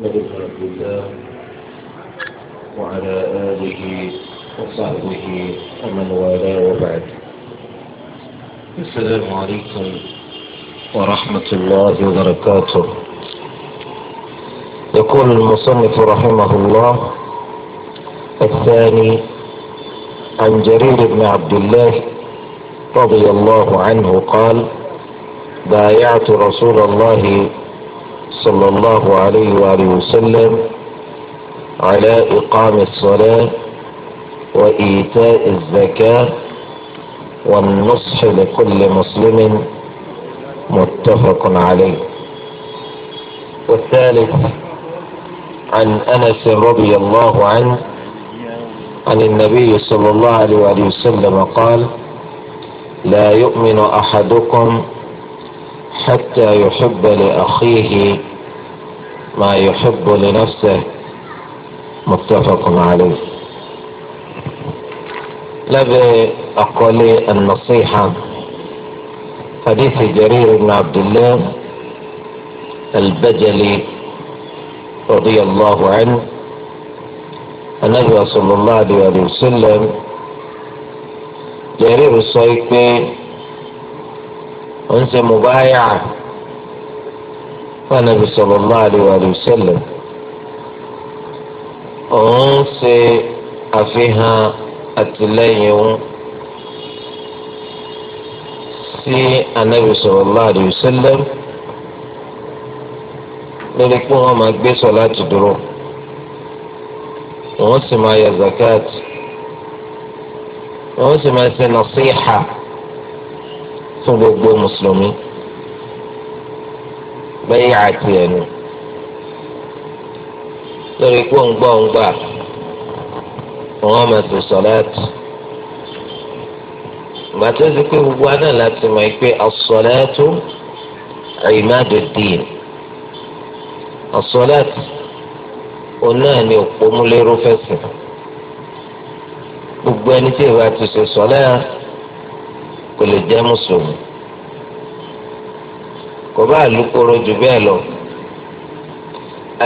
محمد بن عبد الله وعلى آله وصحبه ومن والاه وبعد السلام عليكم ورحمة الله وبركاته يقول المصنف رحمه الله الثاني عن جرير بن عبد الله رضي الله عنه قال بايعت رسول الله صلى الله عليه وآله وسلم على إقام الصلاة وإيتاء الزكاة والنصح لكل مسلم متفق عليه والثالث عن أنس رضي الله عنه عن النبي صلى الله عليه وآله وسلم قال لا يؤمن أحدكم حتى يحب لأخيه ما يحب لنفسه متفق عليه لذي أقول النصيحة حديث جرير بن عبد الله البجلي رضي الله عنه النبي صلى الله عليه وسلم جرير الصيفي ó ń ṣe mùbáyà fún Ànábì sallallahu alaihi wa sallam ó ń ṣe àfihàn àtìlẹ́yìn òun sí Ànábì sallallahu alaihi wa sallam lórí pé wọ́n máa gbé sọ̀láàtì dúró wọ́n sì máa yọ zakat wọ́n sì máa ṣe nàṣíhà fún gbogbo mùsùlùmí bẹ́ẹ̀ àti ẹ̀nu lórí pé ń gbọ́ ń gbà wọn máa tó sọláàtì ìgbà tó ti pé gbogbo aná láti mọ̀ pé as-salatu imaduddin as-salatu òun náà ni òpómúlérò fẹ̀sìn gbogbo ẹni tí ìwà ti ṣe sọláàtì kò lè jẹ́ mùsùlùmí kò bá lukoro jù bẹ́ẹ̀ lọ.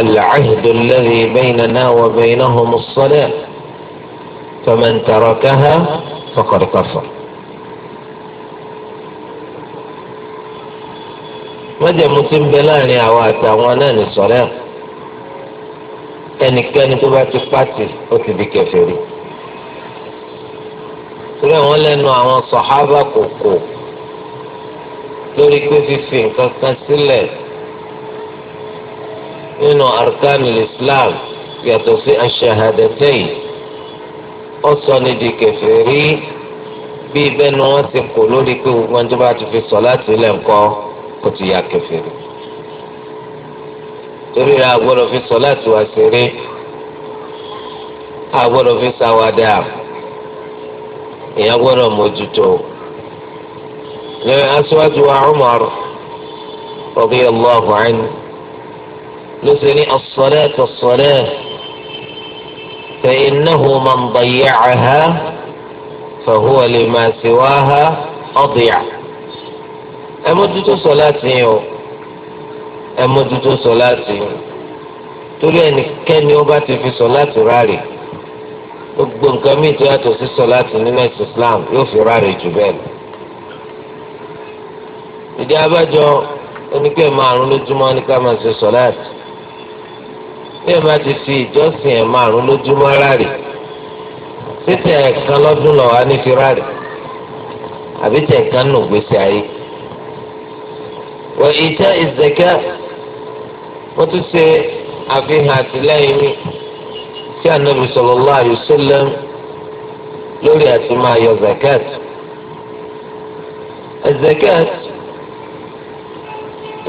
العهد الذي بيننا وبينهم الصلاة فمن تركها فقد كفر májẹ̀mú tí ń bẹ láàrin àwa àtàwọn náà ní sọ̀rẹ́ ẹnikẹ́ni tó bá ti pàtì ó ti di kèfèrí torí àwọn lẹ́nu àwọn sọ̀hábà kòkò lórí pé fífi nǹkan kan sílẹ̀ nínú arkanul islam yàtọ̀ sí aṣahadẹ́tẹ́yì ó sọ ní di kèfèrí bí bẹ́ẹ̀ni wọ́n ti kò lórí pé gbogbo ẹni tó bá ti fi sọ láti ilẹ̀ ńkọ́ kò ti ya kèfèrí torí rẹ̀ fi sọ láti wá ṣeré a gbọ́dọ̀ fi sáwádà. èèyàn gbọ́dọ̀ mójútó lẹ́yìn aṣáájú wa Umar radiyallahu anhu ló ṣe ní as-salat as-salat fa innahu man dayya'aha fa huwa ha siwaha ẹ mójútó sọláàtì yìí o ẹ mójútó yìí torí ẹnikẹ́ni ó bá ti fi gbogbo nǹkan míì tó yàtọ̀ sí nínú ẹ̀sìn Islam yóò fi ráre jù bẹ́ẹ̀ lọ. ìdí abájọ oníkẹ́ márùn lójúmọ́ ní ká máa ṣe bí ẹ bá ti fi ìjọsìn ẹ̀ márùn lójúmọ́ ráre títẹ̀ ẹ̀kan lọ́dún lọ́wọ́ á ní fi ráre àbí tẹ̀ ẹ̀kan nù gbèsè ayé. ìzẹ̀kẹ́ tún ṣe àfihàn tí anabi sallallahu alayhi wa sallam lórí àti máa yọ zakat zakat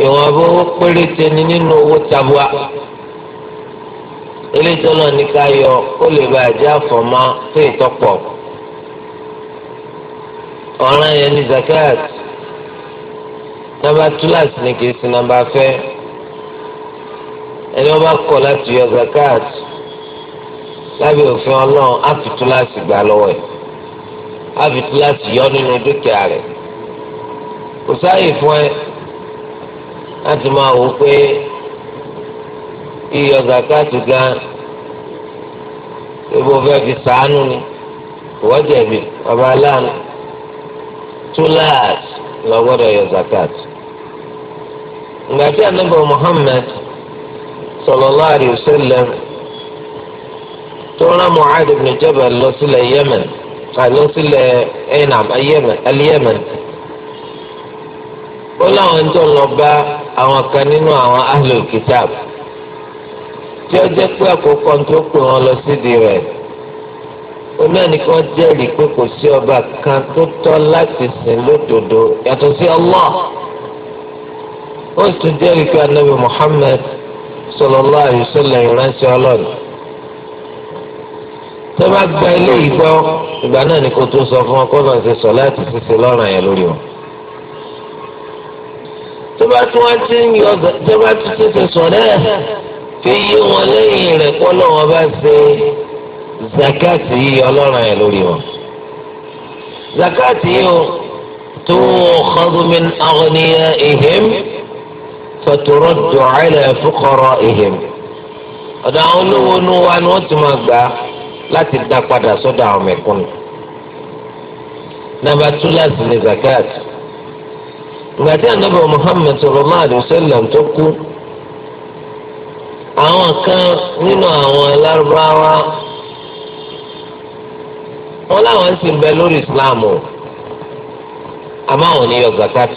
ìwọ̀n abówó péréte ni nínú owó tabua eléyìí tó lọ ní ká yọ ó lè bá àjẹ àfọmọ fún ìtọpọ ọ̀ràn yẹn ní zakat nàbà túláàsì ni kìí sin nàbà fẹ́ ẹni wọ́n bá kọ̀ láti yọ zakat lábẹ́ òfin ọlọ́run á fi túláàsì gbà lọ́wọ́ ẹ̀ á fi túláàsì yọ nínú dúkìá rẹ̀ kò sáàyè fún ẹ láti máa wò pé iyọ̀ zakati gan ebo fẹ́ fi sàánú ni ìwọ́jẹ̀bi baba aláàánú túláàsì lọ́gbọ́dọ̀ yọ zakati. ìgbà tí ànábì Muhammad sallallahu tó rán Mu'adh ibn Jabal Yemen lọ sílẹ̀ ẹnam al-Yemen ó láwọn tó lọ bá àwọn kan nínú tí ó jẹ́ pé àkókò tó pè wọ́n lọ sídìí rẹ̀ onáà ni kí wọ́n jẹ́rìí pé kò sí ọba kan tó tọ́ láti sìn lódodo yàtọ̀ sí Allah ó sì tún pé anabi sallallahu tó bá gba ilé yìí gbọ́ ìgbà náà ni kò tó sọ fún ọ kó lọ ṣe sọ láti ṣiṣẹ́ lọ́rùn yẹn lórí wọn. tó bá tún wá sí yọ tó bá tún ṣiṣẹ́ sọ náà fi yí wọn lẹ́yìn rẹ̀ kọ́ lọ́wọ́ bá ṣe zakati yíyọ lọ́rùn yẹn lórí wọn. zakati yìí o tó kọ́dún mi àwọn fẹ̀tọ̀rọ̀ dùn àìlẹ̀ fúkọ̀rọ̀ ìhìn. ọ̀dọ̀ àwọn olówó inú wa ni wọ́n ti máa gbà á láti dá padà sọ́dọ̀ àwọn mẹ̀kúnnù nàbà túláàsì ní zakat gbàtí ànábà Muhammad sallallahu alaihi wasallam tó kú àwọn kan nínú àwọn alárúbáwá wọn láwọn ń sìn bẹ lórí Islam o àmọ́ àwọn oníyọ zakat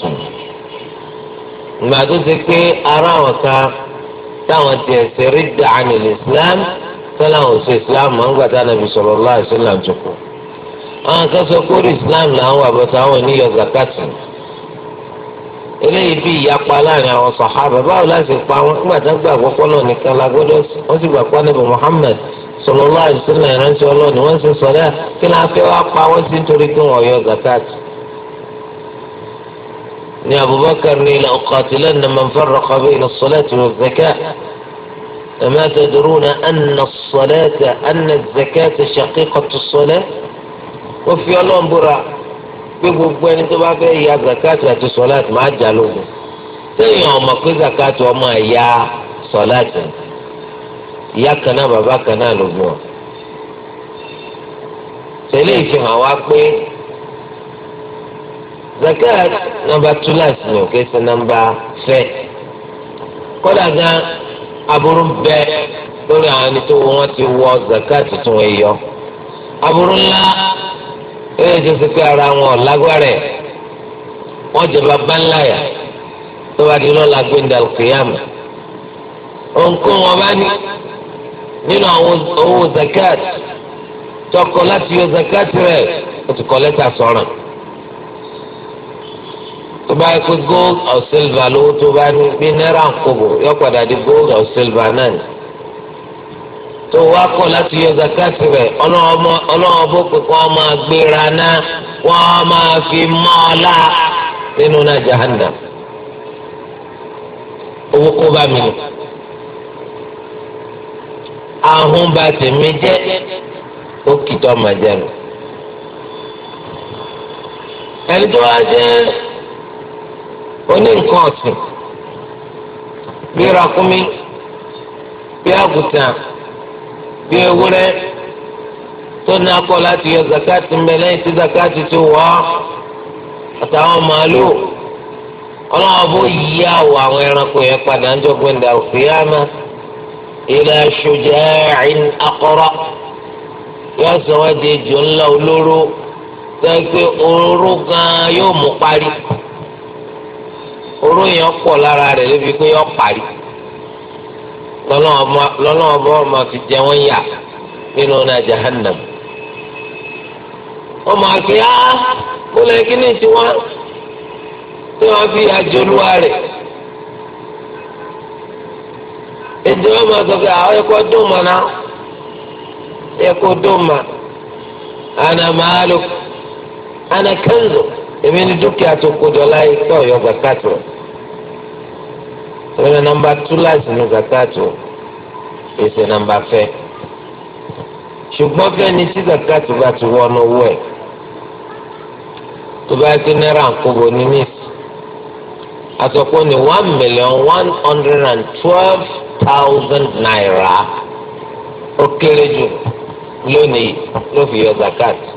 gbàtó ti pé ara àwọn táwọn tiẹ̀ ṣe rí dàánù Islam sọ́lá àwọn òṣè islam àwọn gbàtà nàbì sọ̀rọ̀ lọ́wọ́ àìsílà jòkó. àwọn kan sọ kórè islam làwọn àbọ̀tà àwọn oníyọ zakati. eléyìí bí ìyapa láàrin àwọn sàhábà báwo láti pa wọn nígbà tá gbà àkọ́kọ́ lọ nìkan la gbọ́dọ̀ wọ́n sì gbà pa nàbì Muhammad sọ̀rọ̀ lọ́wọ́ àìsílà ìrántí ọlọ́ọ̀ni wọ́n sì sọ̀rọ̀ kí ni a fẹ́ pa wọ́n sí nítorí pé wọ́n yọ zakati. ni Abubakar ni ilà ọkọ̀ àtìlẹ́yìn أما تدرون أن الصلاة أن الزكاة شقيقة الصلاة وفي الله برا gbogbo ẹni tó bá fẹ́ ya zakati àti sọláàtì máa jà lógun téèyàn ọmọ pé zakati ọmọ ẹ̀yà sọláàtì ìyá kan náà bàbá kan náà lógun ọ̀ tẹ̀lé ìfihàn wa pé zakati nọ́mbà túláàsì ni òkè sí nọ́mbà fẹ́ kọ́dà gan-an. aburú bẹ lórí àwọn tó ti wọ zakat tuntun ẹ aburu aburú ńlá eré ti ara wọn lágbára ẹ wọ́n jẹ tó bá di lọ́la gbẹ̀ndà kìyàmù nǹkan wọn bá ní nínú àwọn owó zakat tọkọ láti yọ ti tó bá yẹ gold or silver lówó tó bá ní bí náírà ń gold or silver náà tó wá kọ̀ láti yọ zakati rẹ̀ ọlọ́wọ́ bó máa gbéra náà wọ́n máa fi mọ́ ọ lá nínú náà jahanda owó kó bá mi ahun bá tèmi ó kìtọ́ oní nǹkan ọ̀sìn bí ràkúnmí bí àgùtàn bí ewúrẹ́ tó ní akọ láti yọ zakati mbẹ tí zakati tó wá àtàwọn màálù ọlọ́wọ́n bó yí àwọ̀ àwọn ẹranko yẹn padà ń jọ́gbọ́n dà òfìyàmá ilẹ̀ ṣojàáìn akọ́rọ́ yóò sọ wọ́n oró yẹn pọ̀ lára rẹ̀ lébi pé yọ parí lọ́nà ọba ọmọ fi jẹ wọ́n yà nínú náà jahannam wọ́n máa fi á kó lè kí ní tí wọ́n fi àjò olúwa rẹ̀ èdè wọn máa àwọn ẹ̀kọ́ dùn náà ẹ̀kọ́ dùn mọ́ àná sọ́dọ̀ nọ́mbà túláàsì ní zakati o èsè nọ́mbà fẹ́ ṣùgbọ́n fẹ́ni tí zakati bá ti wọnú owó ẹ̀ tó bá gbé náírà nkóbo ní ní àtọ̀kọ́ ní one million one hundred and twelve thousand naira ó kéré jù lónìí ló fi yọ zakati.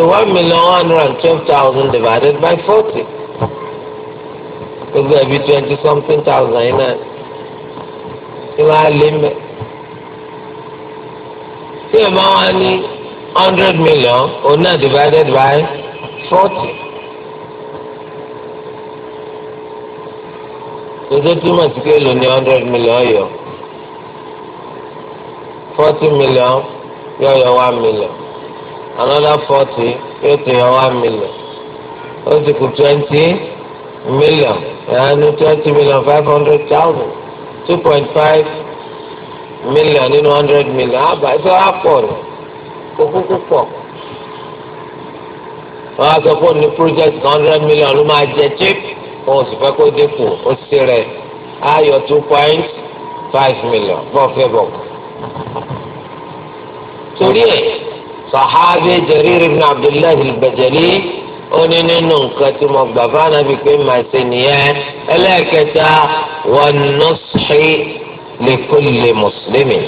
So one million one hundred and twelve thousand divided by forty. Gbogbo ẹbí twenty something thousand yìí náà. Ṣé wàá lé mẹ́? Ṣé ẹ máa wá ní hundred million òun náà divided by forty? Ṣé túmọ̀ sí pé èlò ní hundred million yọ? forty million yọ yọ one million another forty yóò tó yẹ one million ó ti kù twenty million ìyanu twenty million five hundred thousand two point five million nínú hundred million àbá ẹsẹ wàá pọ̀ ni kó kúkú pọ̀ wọ́n á sọ fún ní project hundred million ló máa jẹ chip òun sì fẹ́ kó dínkù ó sì rẹ̀ ayọ̀ two point five million bọ́ọ̀ fẹ́ bọ̀ torí ẹ̀ sahabi jarir ibn abdullahi al-bajali ó ní nínú nǹkan tí mo gbà bá nàbí pé màá ṣe nìyẹn ẹlẹ́ẹ̀kẹta wan nushi li kulli mùsùlùmí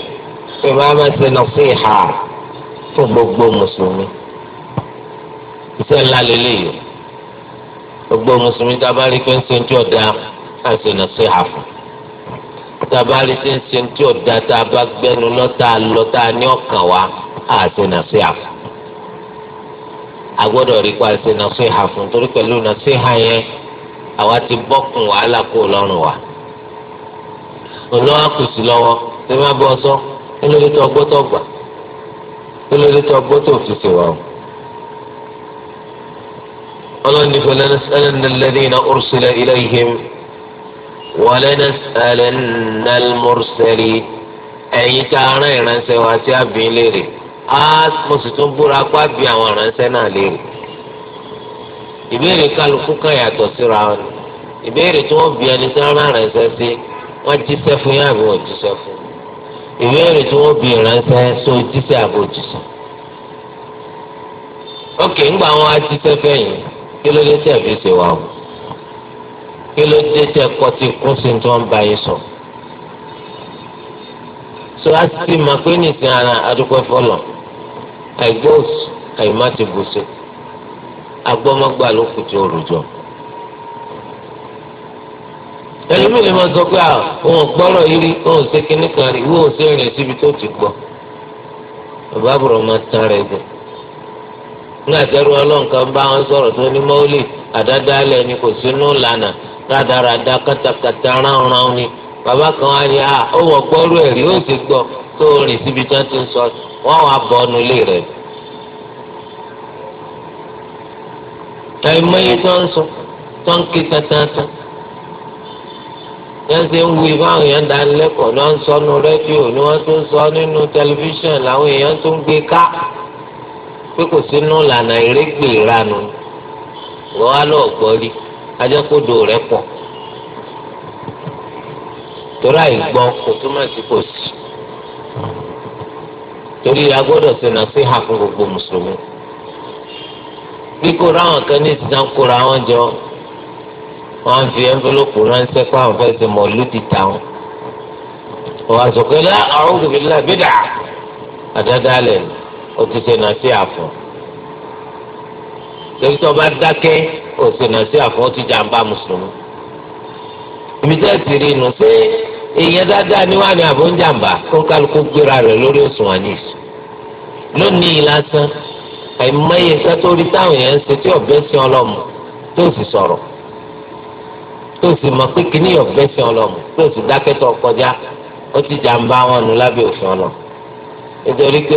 pé màá máa ṣe nasiha fún gbogbo mùsùlùmí iṣẹ́ ńlá lélẹ́yìí gbogbo mùsùlùmí tá a bá rí pé ń ṣe ń tí ọ̀dà á ṣe nasiha fún tá a bá rí pé ń ṣe ń tí ọ̀dà tá a bá gbẹnu lọ́ta lọ́ta ní ọ̀kàn wa àti nàṣíà fún agbọ́dọ̀ rí pa ṣe nàṣíà fún torí pẹ̀lú nàṣíà yẹn àwa ti bọ́kùn wàhálà kó lọ́rùn wa olówó kù sí lọ́wọ́ ṣé má bọ́ sọ kí ló dé tó ọgbọ́ tó gbà kí ló dé tó ọgbọ́ tó fi ṣe wà o. ọlọ́ni فلنسألن الذين أرسل إليهم ولنسألن المرسلين ẹ̀yin tá a rán ìránṣẹ́ wa á mo sì tún búra kó bí àwọn aránṣẹ́ náà léèrè ìbéèrè kálukú kan yàtọ̀ síra wọn ìbéèrè tí wọ́n bí ẹni tí wọ́n rán sí wọ́n jíṣẹ́ fún yín àbí wọ́n jíṣẹ́ fún ìbéèrè tí wọ́n bí aránṣẹ́ sọ jíṣẹ́ àbí wọ́n jíṣẹ́. ok ńgbà wọn á kí ló dé fi wa o kí ló dé kún sí tí sọ so a ti pé ara adúpẹ́ fọlọ. àìgbọ́ òsì àìmá ti bùsè agbọ́mọgbà ló kù tí ó rùjọ. ẹlòmíì lè máa sọ pé òun gbọ́rọ̀ yìí rí òun ṣe kinní kan rí òun ṣe rìn síbi tó ti gbọ́ bàbá máa tán jẹ ní àtẹrù ọlọ́run kan bá wọn sọ̀rọ̀ tó mọ́ọ́lì àdádálẹ̀ ni kò sínú lànà kátàkátà bàbá kan á à tó rìn síbi tí wọ́n ti ń sọ wọ́n wàá bọ̀ ọ́nu ilé rẹ̀. àìmọye tó ń sọ tó ń ké tantan yẹn ṣe ń wu ìbáwọn èèyàn dánilẹ́kọ̀ọ́ ni wọ́n ń sọ nínú rédíò ni wọ́n tún ń sọ nínú tẹlifíṣàn làwọn èèyàn tún ń gbé ká pé kò sínú lànà ìrégbè ìranu wọ́n wá lọ́ọ̀ gbọ́ rí ajẹ́kódò rẹ̀ pọ̀ torí àìgbọ́ kò túmọ̀ sí kò sí torí agbọ́dọ̀ ṣe nàṣíhà fún gbogbo mùsùlùmí kíkó ráwọn kan ní ìtìjáń kóra wọn jọ wọn ń fi ẹnfẹlọpù ránṣẹ́ pé àwọn fẹẹ ṣe mọlúdì táwọn wọn sọ pé lá a'udhu billahi bídà àdádálẹ o ti ṣe nàṣíhà fún torí tó bá dákẹ́ o ṣe nàṣíhà fún o ti jàǹbá mùsùlùmí ibi ti rí inú pé. èèyàn dáadáa ní wà ní àbóńjàmbá kó kálukú gbéra rẹ̀ lórí òṣùwọ̀n ní lónìí lásán àìmọye iṣẹ́ tó rí táwọn èèyàn ń ṣe tí ọ̀bẹ sí tó sì sọ̀rọ̀ tó sì mọ̀ pé kíní sí tó sì dákẹ́tọ̀ kọjá ó ti wọn nù òfin nítorí pé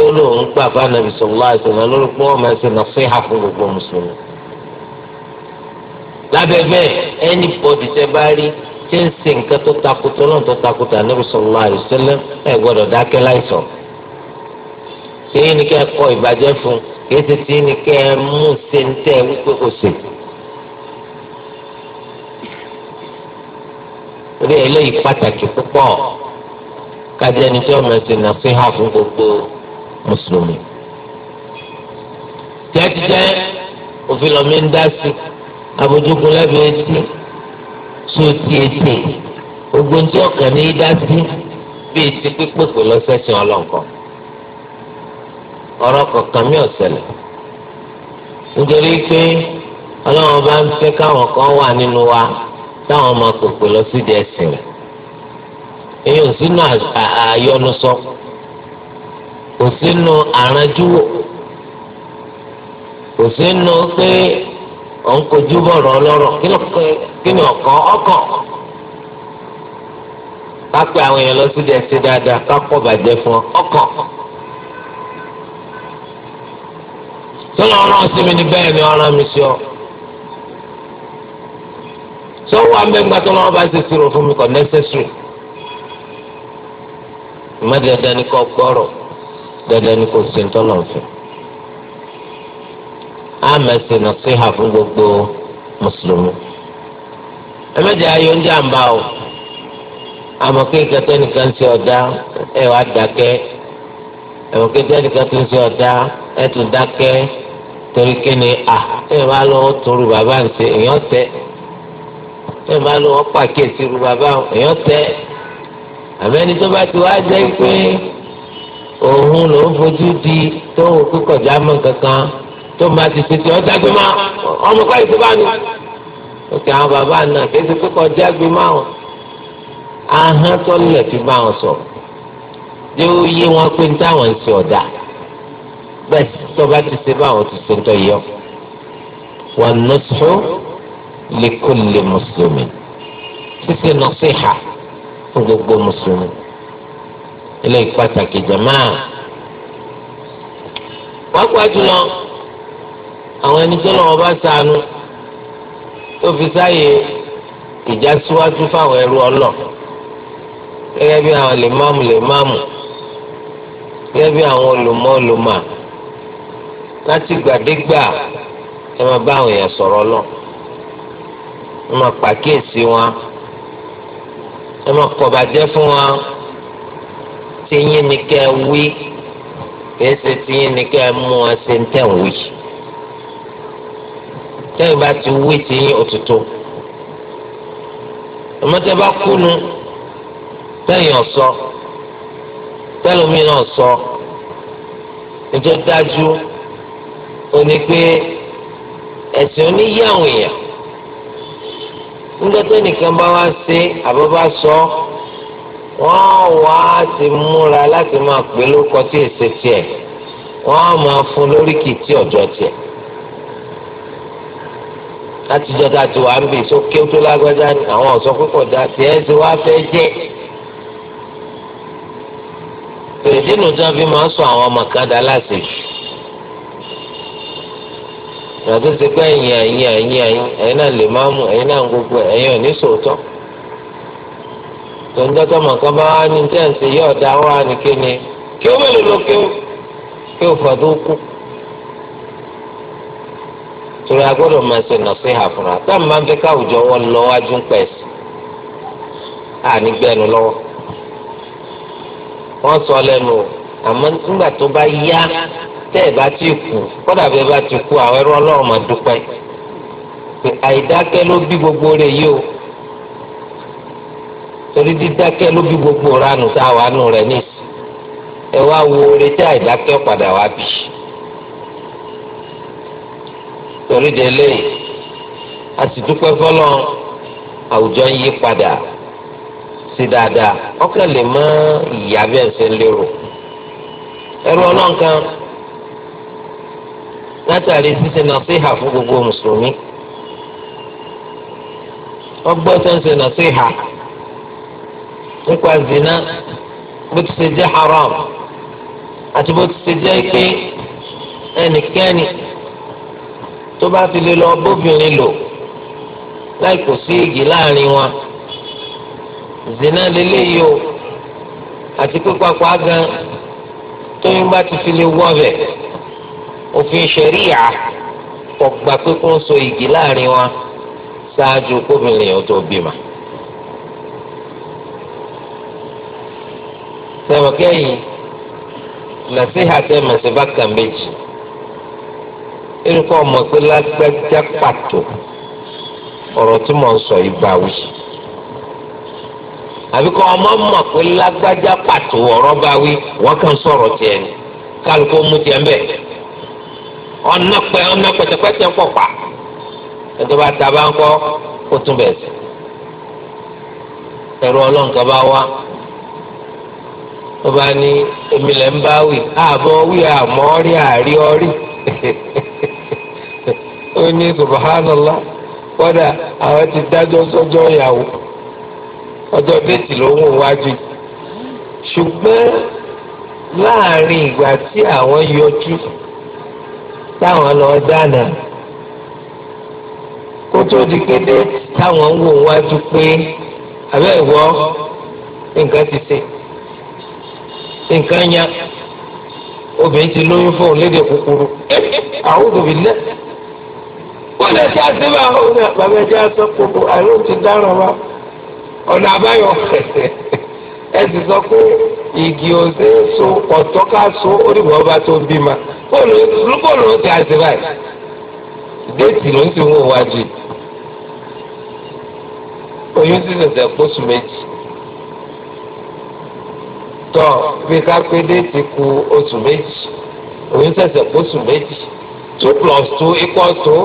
ó lóun nàbì ṣé ń ṣe nǹkan tó takùtà lọ́n tó takùtà Ànábì sallallahu alaihi wasallam ẹ̀ gbọ́dọ̀ dákẹ́ láìsọ̀ kéyìn ni kẹ́ ìbàjẹ́ fún kéyìn ti n'ike ni kẹ́ mú ṣe ń tẹ́ wípé kò ṣe. orí eléyìí pàtàkì púpọ̀ kájẹ́ ni tí ọmọ fi fún gbogbo mùsùlùmí. jẹ́jẹ́ òfin lọ́mí ń dá sí abojúkun lẹ́bi etí. sọ tiẹ̀ tiẹ̀ gbogbo ní ọkàn ní dá sí bíi ti pípòpò lọ sẹ́sìn ọlọ́nkọ ọ̀rọ̀ kọ̀ọ̀kan mi ò ṣẹlẹ̀ nítorí pé ọlọ́run bá ń fẹ́ káwọn kan wà nínú wa táwọn máa pòpò lọ sí díẹ̀ sìn rẹ̀ èyí ò sínú àyọnusọ kò sínú àránjúwò kò sínú pé. òun kojú bọ̀rọ̀ ọlọ́rọ̀ kí ni ọ̀kan ọkàn kápẹ́ àwọn èèyàn lọ síbi ẹ̀sìn dáadáa kápọ̀ bàjẹ́ fún ọkàn. sọlọ ọ̀rọ̀ sí mi ní bẹ́ẹ̀ ni ọ̀rọ̀ mi ọ. sọ wà mẹ́gbàá tó lọ́wọ́ bá ṣe sírò fún mi kò necessary. ìmọ̀ dandan ni kò gbọ́rọ̀ dandan ni kò ṣe ń àmẹsẹ ha fún gbogbo mùsùlùmí ẹmẹjẹ ayọ ń jàǹbá o àmọ́ kéèké tẹnìkan ti ọdá ẹ wàá dákẹ́ ẹmọ ti ọdá ẹ tún dákẹ́ torí kíni à ẹ bá lọ tóru bàbá ń èèyàn tẹ ẹ bá ru bàbá èèyàn tẹ tó bá ti wá pé òun ló ń fojú di tó ń kókò tó máa ti pèsè ọjà gbé máa ọmọ kọ́ ìṣe bá ní. òkè àwọn bàbá náà kì í ṣe pípọ̀ ọjà gbé máa wọn. ahọ́n tó lẹ̀ fi bá wọn sọ̀rọ̀ dé ó yé wọn pé ní táwọn ń ọ̀dà bẹ́ẹ̀ tó bá ti ṣe báwọn ti ṣe ń yọ. wà nọ́sọ́ lè kó lè mùsùlùmí ṣíṣe nọ́síhà fún gbogbo mùsùlùmí. ilé ìpàtàkì jàmáà wọ́n pàjù náà àwọn ẹni tó lọ́wọ́ bá sànù tó fi sáyè ìjà síwájú fáwọn ẹrú ọlọ́ gẹ́gẹ́ bí àwọn lèmáàmù lèmáàmù gẹ́gẹ́ bí àwọn olùmọ̀ olùmọ̀ láti gbàdégbà ẹ máa bá àwọn èèyàn sọ̀rọ̀ lọ ẹ máa pàkíyèsí wọn ẹ máa kọ̀bàjẹ́ fún wọn tiyín ni kẹ́ ẹ wí kìí ṣe tiyín ni kẹ́ ẹ mú wọn ṣe ń tẹ̀ wí tẹ́yìn bá ti wí ti yín òtútù tòmọ́tẹ́ bá kúnu tẹ́yìn ọ̀sọ́ tẹ́lómi náà sọ ètò dájú òní pé ẹ̀sìn oníyí àwọn èèyàn ńgbẹ́tẹ́ nìkan bá wá ṣe àbábá sọ wọ́n wá ti múra láti máa pè lóko tí èsè tiẹ̀ wọ́n á máa fún lóríkì tí ọ̀jọ́ tiẹ̀. látijọ́ tá a ti wà ń bì so kí ó tó lágbájá ni àwọn ọ̀sọ́ púpọ̀ dá tiẹ̀ ṣe wá fẹ́ jẹ́ tòlídìnnú tí fi máa ń sọ àwọn ọmọ kan dá láti yàtọ̀ sí pé ẹ̀yin ẹ̀yin ẹ̀yin ẹ̀yin ẹ̀yin náà lè máa mú ẹ̀yin náà gbogbo ẹ̀yin ò ní sòótọ́ bá wá ní tẹ́ǹsì yóò dá torí agbọ́dọ̀ máa ṣe nasiha fúnra tá a máa ń fẹ́ káwùjọ wọn lọ wájú ń a lọ́wọ́ wọ́n sọ lẹ́nu àmọ́ nígbà tó bá yá tẹ́ ẹ̀ bá ti kú kọ́dà bẹ́ẹ̀ bá ti kú àwọn ẹrú ọlọ́run gbogbo rẹ̀ yìí o torí gbogbo nù rẹ̀ wo oore tí àìdákẹ́ padà wá torí de léyìí a sì dúpẹ́ fọlọ́ àwùjọ ń yí padà sí dáadáa ọkàn lè mọ ìyá bẹ́ẹ̀ lérò ẹrú ọlọ́nkan látàrí ṣíṣe nàṣíhà fún gbogbo mùsùlùmí ọgbọ́n tó nàṣíhà nípa zina bó ti ṣe jẹ́ haram àti bó ti ṣe jẹ́ pé ẹnikẹ́ni. tó bá fi lè lọ bóbìnrin lò láì kò sí igi láàrin wọn zina lélẹ́yìí o àti pípapọ̀ agan tóyún bá ti fi lè wọ́ bẹ̀ òfin ṣẹ̀ríyà kò gbà pé kó ń so igi láàrin wọn ṣáájú kóbìnrin yẹn tó bímọ. sẹ́wọ̀n kẹ́yìn làṣíhà tẹ́ mẹ̀sẹ̀ bá kàn méjì. irú ọmọ pé lágbájá pàtó ọrọ tí mò ń sọ yìí bá wí àbí ọmọ mọ̀ pé lágbájá pàtó ọ̀rọ̀ bá wí wọ́n kàn sọ̀rọ̀ tiẹ̀ ni kálukó mú tiẹ̀ mbẹ́ ọ̀nà pẹ́ ọ̀nà pẹ̀tẹ̀pẹ̀tẹ̀ ń pa ẹ̀tọ́ bá ta bá ń tún ó ní subhanallah kódà àwọn ti dájọ́ sọ́jọ́ ìyàwó ọjọ́ déètì ló ń wò wájú ṣùgbọ́n láàrin ìgbà tí àwọn yọjú táwọn lọ dáná kó tó di kété táwọn ń wò wájú pé àbẹ́ nǹkan ti ṣe nǹkan yá obìnrin ti lóyún fún òun lédè kúkúrú àwọn òbí lẹ́sẹ̀. ó lè ṣe àṣìbà òun náà bàbá ẹjẹ àtọkùnbù àrùn ti dára wa ọ̀nà àbáyọ ẹ sì sọ pé igi òsè so ọ̀tọ́ ká so onímọ̀ ọba tó ń bímọ bóòlù ó ti àṣìbà yìí déètì ló ń ti wọ́n wájú oyún sì ṣẹ̀ṣẹ̀ pósù méjì tọ́ bí ká pé déètì ku oṣù méjì oyún ṣẹ̀ṣẹ̀ pósù méjì two plus two equals two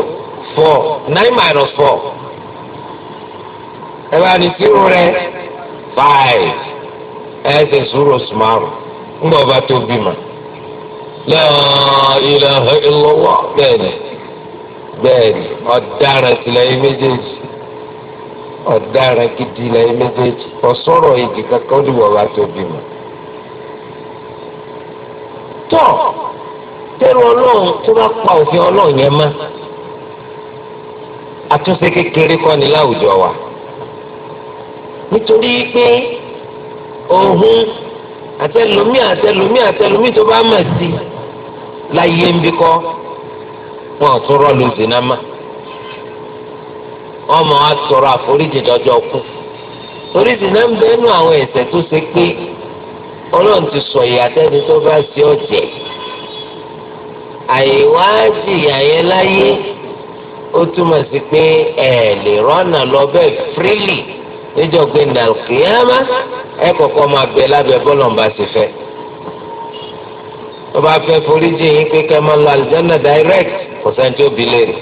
four nine minus four ẹ bá ní zero rẹ five ẹ ṣe zero sumaru ńgbà ọba tó bímọ la ilaha illallah bẹ́ẹ̀ni bẹ́ẹ̀ni ọ̀daràn tilẹ̀ yìí méjèèjì ọ̀daràn gidi ilẹ̀ yìí méjèèjì ọ̀sọ̀rọ̀ èdè kankan ó dìbò ọba tó bímọ. tọ́ tẹ́lu ọlọ́run tó bá pa òfin ọlọ́run yẹn mọ́. àtúnṣe kékeré kọ́ ni láwùjọ wa nítorí pé ohun àtẹlómi àtẹlómi àtẹlómi tó bá mọ̀ sí láyé ń bí kọ́ wọn tún afọ zina mọ́ ọmọ wa sọ̀rọ̀ àforíjì dọ́jọ́ kú torí zina bẹ́ẹ̀ nú àwọn ẹ̀ṣẹ̀ tó ṣe pé ọlọ́run ti sọ ìyá ó túmọ̀ sí pé ẹ lè rọ́nà lọ bẹ́ẹ̀ fírìlì níjọ́ pé nàìjíríà ẹ kọ̀kọ́ máa bẹ lábẹ́ bọ́lọ̀mbà sì fẹ́ tó bá fẹ́ foríjì yín pé kẹ́ lọ direct kò sẹ́ni tó bi léèrè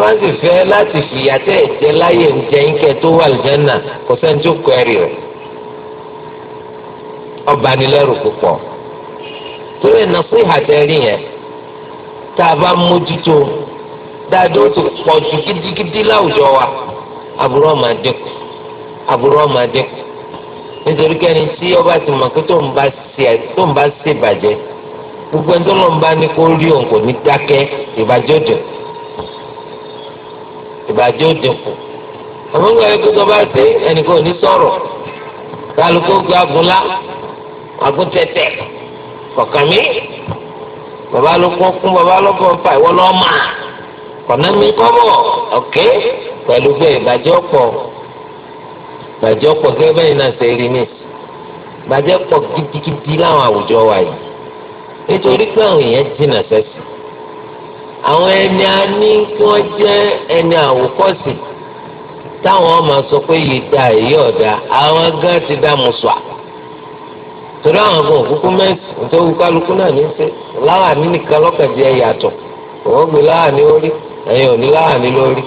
bá sì fẹ́ láti fìyà tẹ́ ẹ̀ jẹ́ láyé ń yín kẹ́ tó wà àlùjáná kò ẹ̀rì rẹ̀ a dáadọ́ otu ti pọ̀ jù gidigidi láwùjọ wa aburú ọmọ aburú ọmọ nítorí kẹ́ni tí ọba ti mọ̀ pé tó ń bá ṣe bàjẹ́ gbogbo ẹni tó lọ́n bá ní kó rí kò ní dákẹ́ ìbàjẹ́ òdì ìbàjẹ́ òdì kù àwọn ìgbà yẹn kókó bá ṣe ò ní sọ̀rọ̀ kálukó gba agunlá agúntẹ̀tẹ̀ kọ̀nà mi kọ́bọ̀ ọ̀kẹ́ pẹ̀lú bẹ́ẹ̀ ìbàjẹ́ pọ̀ ìbàjẹ́ pọ̀ gẹ́gẹ́ bẹ́ẹ̀ náà ṣe rí mi ìbàjẹ́ pọ̀ gidigidi láwọn àwùjọ wa yìí nítorí pé àwọn èèyàn jìnnà sẹ́sì àwọn ẹni a ní kí wọ́n jẹ́ ẹni àwòkọ́sì táwọn ọmọ sọ pé yìí da èyí ọ̀dà àwọn gan ti dá mùsùà torí àwọn kan òkúkú mẹ́sì nítorí kálukú náà ní í ṣe láwàní nìkan lọ́kàdí ẹ̀ yàtọ̀ òwò gbé láwàní orí ẹ̀yin ò ní láàánú lórí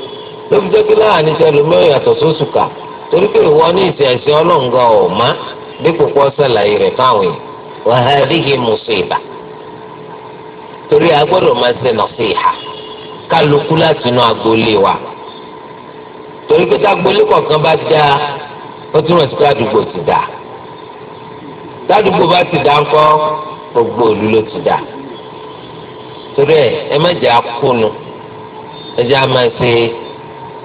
ló fi jẹ́ kí láàánú ṣe lómìnira yàtọ̀ sóṣù torí pé ìwọ ní ìsìn ẹ̀sìn ọlọ́ǹgá ọ̀ má dípò pọ́ sàlàyé rẹ̀ fáwọn èèyàn wàhálà dígí mùsíbà torí máa ṣe kálukú láti inú agboolé wa torí pé kọ̀ọ̀kan bá ó sí pé àdúgbò ti tádùgbò bá ti dà ńkọ́ gbogbo ti dà. torí ẹ ẹ má jẹ́ akúnu ẹjẹ́ a máa ṣe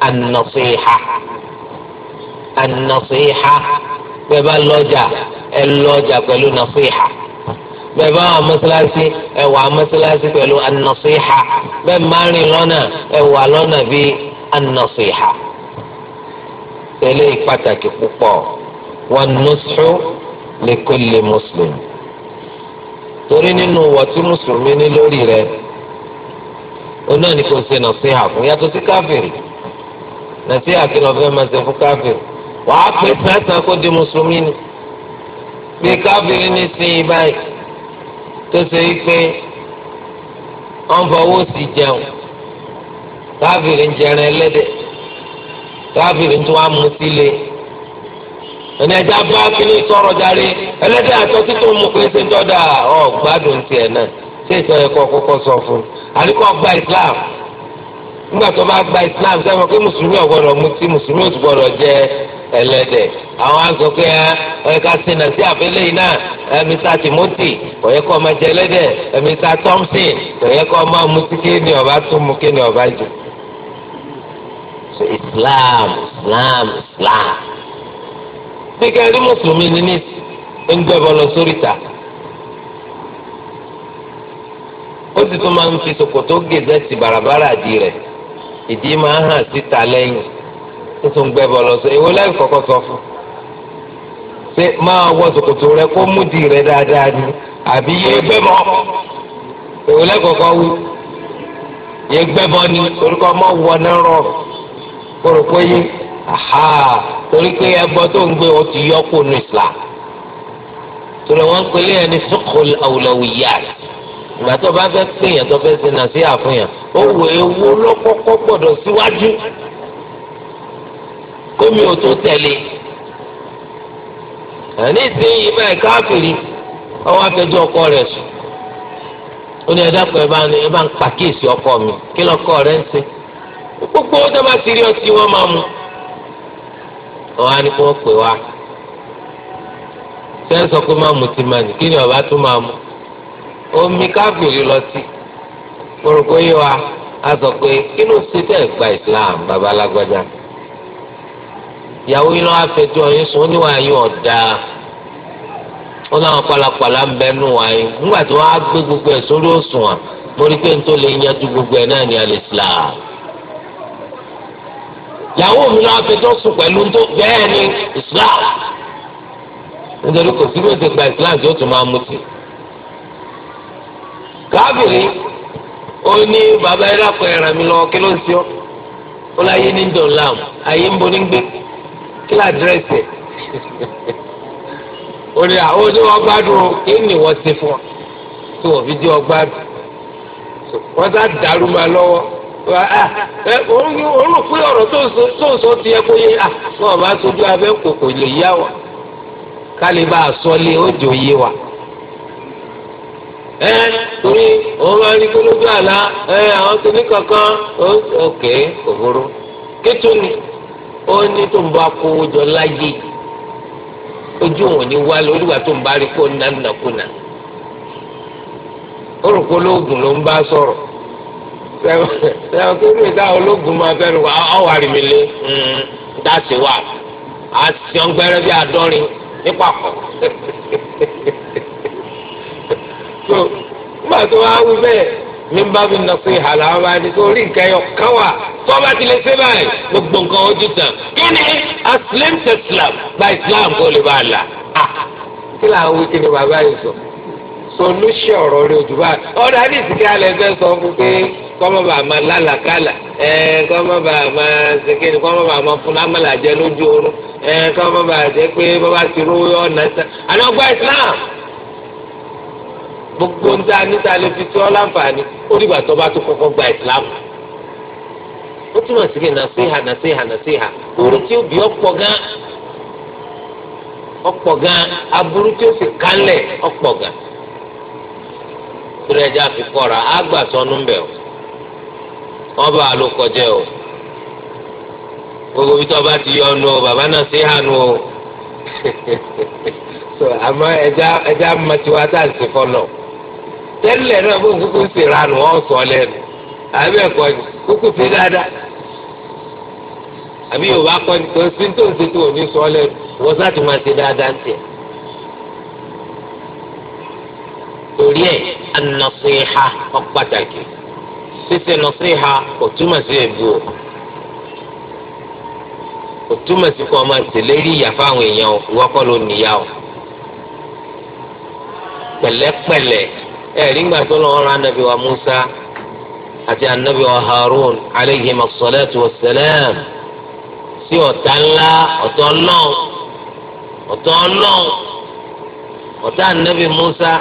an-nasiha an-nasiha bẹ́ẹ̀ bá lọ́jà ẹ lọ́jà pẹ̀lú nasiha bẹ́ẹ̀ bá wà mọ́sálásí ẹ wà mọ́sálásí pẹ̀lú an-nasiha bẹ́ẹ̀ máa rìn lọ́nà ẹ wà lọ́nà bíi an-nasiha tẹ̀lé pàtàkì púpọ̀ wan nushu li kulli muslim torí nínú wọ́n mùsùlùmí ní lórí rẹ̀ òun náà ní kò ṣe nọ̀síhà fún yàtọ̀ sí káfíìrì nọ̀síhà kí lọ́ọ́ fẹ́ máa ṣe fún káfíìrì wàá pè sẹ́sàn kó di mùsùlùmí ni bí káfíìrì ní sí i báyìí tó ṣe é pé wọ́n fọwọ́ sí jẹun káfíìrì ń jẹran ẹlẹ́dẹ̀ káfíìrì ń tún wá mú sílé ẹni ẹja bá kí ni sọ̀rọ̀ járe ẹlẹ́dẹ̀ àtọ́tí tó mú pé ṣe ń dọ́dà ọ̀ gbádùn tiẹ̀ náà ṣé ìtọ́jú kọ́ kọ́kọ́ sọ fún un àríkọ́ gba islam nígbà tó bá gba islam sẹ́wọ̀n pé mùsùlùmí ọ̀gbọ́dọ̀ mutí mùsùlùmí ò gbọ́dọ̀ jẹ ẹlẹ́dẹ̀ àwọn àgọ́ pé ẹ ká sinà sí àfẹ́lẹ́ yìí náà ẹ Mr Timothy kò yẹ kó ọmọ jẹ ẹlẹ́dẹ̀ ẹ Mr Thompson kò yẹ kó ọmọ mutí kí ni ọba tún mu kí ni ọba jù. islam islam islam. bí kẹ́rin mùsùlùmí ni ní ń gbẹ́bọ̀ lọ sóríta. So ó sì tún máa ń fi ṣòkòtò gèdè sí bàràbàrà di rẹ̀ ìdí máa ń hàn síta lẹ́yìn ó tún gbẹ́bọ̀ lọ sọ èwo lẹ́yìn kọ́kọ́ sọ fún ṣé máa wọ ṣòkòtò rẹ kó mú di rẹ dáadáa ni àbí yé gbẹ́bọ̀ èwo lẹ́yìn kọ́kọ́ wú yé gbẹ́bọ̀ ni orúkọ ọmọ wọ náà rọ kó rò pé yé aha torí pé ẹgbọ́ tó ń gbé o ti yọ kó nu ìsìlá torí wọ́n ń pè é ní fiqhul awlawiyat ìgbà tó bá fẹ́ pè yàn tó fẹ́ ṣe nà sí àfihàn ó wò ewu ló kọ́kọ́ gbọ́dọ̀ síwájú kómi ò tó tẹ̀lé ẹni tí ìmọ̀ ẹ̀ka àfìrí ọwọ́ afẹ́jọ́ ọkọ rẹ̀ sùn ó ní ẹ̀dá pẹ̀ bá ní ẹ ń pàkíyèsí ọkọ mi kí lọ́kọ rẹ̀ ń ṣe gbogbo ó dábàá sí ọtí wọn máa mu ọ̀hún á ní kí wọ́n pè wá sẹ́ńsọ̀ pé máa mu ti máa kí ni ọ̀bá tún máa mu omi káfíìrì lọ sí kórókó yé wa a sọ pé kí ló ṣe tẹ̀ gba islam bàbá alágbájá ìyàwó yìí lọ́wọ́ afẹ́jọ́ yín sùn ó níwà yín ọ̀dà ó láwọn pàlàpàlà ń bẹ nù wáyé nígbà tí wọ́n á gbé gbogbo ẹ̀ sórí òṣùwọ̀n mo rí pé n tó lè yanjú gbogbo ẹ̀ náà ní alìsílám ìyàwó mi lọ́wọ́ afẹ́jọ́ sùn pẹ̀lú tó bẹ́ẹ̀ ni islam nítorí kò sí bó ti gba islam tí ó tún máa mutí. káàbìrì ó ní baba yẹn lápò ẹ̀ràn mi lọ kí ló ń sọ ó láyé ní dùn ayé ń bo ní gbé kí lè ó ní àwọn ojú kí ni wọ́n ṣe fún ọ tí wọ́n fi dé ọ sá dàrú ma lọ́wọ́ ah, òun pé ọ̀rọ̀ tó sọ ti ẹ kó yé ah, wọ́n bá wa ká lè bá a wa. ẹ torí òun máa rí kólójú àlá ẹ àwọn kìíní kankan òkè òhòrò kétùnì ó ní tó ń bá kówó jọ láyé ojú òun ní wá lóríwà tó ń bá rí kó nánàkúnà ó rò ló ń bá sọ̀rọ̀ sẹ́wọ̀n kí ló ń dá máa wá hmm, dá sí wa àti so nígbà tó wá wí bẹ́ẹ̀ ní bá mi nà pé àlà wa ni tó rí nǹkan yọ kán wà tó bá ti lè ṣe báyìí gbogbo nǹkan ojú tàn kí ni aslim teslam gba islam kó lè bá a là á kí làwọn wí kí ni bàbá yìí sọ solution ọ̀rọ̀ rẹ̀ ojú báyìí ọ̀rọ̀ àdìsí kí alẹ́ fẹ́ sọ fún pé kọ́mọ́ bá máa lálàkálà ẹ̀ kọ́mọ́ bá máa ṣèkéde kọ́mọ́ bá máa fún lámàlà jẹ lójú oorun ẹ̀ kọ́mọ́ bá jẹ pé bọ́bá ti rú ọ̀nà ẹ̀sán àná ọgbà Islam gbogbo ń dá níta lè fi tí ọ láǹfààní ó dìgbà tó bá tó gba ìsìlámù ó túmọ̀ sí pé nàṣíhà nàṣíhà nàṣíhà orí tí ó bí ọ̀pọ̀ gan ọ̀pọ̀ gan aburú tí ó sì kálẹ̀ ọ̀pọ̀ gan fi kọ́ra á gbà sọnù o wọ́n bá a ló kọjá o gbogbo bí tó bá ti o bàbá ẹja ẹja tá tẹ́lẹ̀ náà bó kúkú sì ranù ọ́ sọ lẹ́nu àbí ẹ̀kọ́ ni kúkú sí dáadáa àbí yorùbá kọ́ ni kò sí tó ń ṣe tó ní sọ lẹ́nu wọ́n sá ti máa ṣe dáadáa ń tẹ̀. torí ẹ̀ anasiha ọ pàtàkì ṣíṣe nasiha kò túmọ̀ sí èbú o kò túmọ̀ sí kọ́ máa tẹ̀lé rí ìyá fáwọn èèyàn o ló níyà pẹ̀lẹ́pẹ̀lẹ́ ẹ̀rí ńgbà tó lọ́wọ́ ra anabi wa Musa àti anabi wa Harun aleyhi masalatu wa salam sí ọ̀tá ńlá ọ̀tá ọlọ́run ọ̀tá ọlọ́run ọ̀tá anabi Musa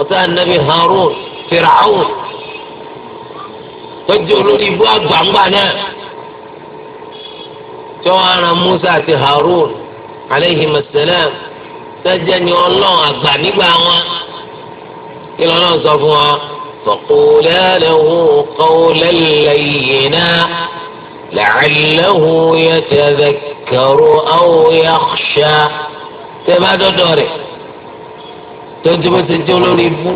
ọ̀tá anabi Harun Fir'aun tọ́jú olórí ibú àgbàǹgbà náà tí wọ́n ara Musa àti Harun aleyhi masalam sẹ́jẹ́ ni ọlọ́run àgbà nígbà wọn kí ló sọ fún ọ. فقولا له قولا لينا لعله يتذكر أو يخشى تبا دوري تجب تجولو لبو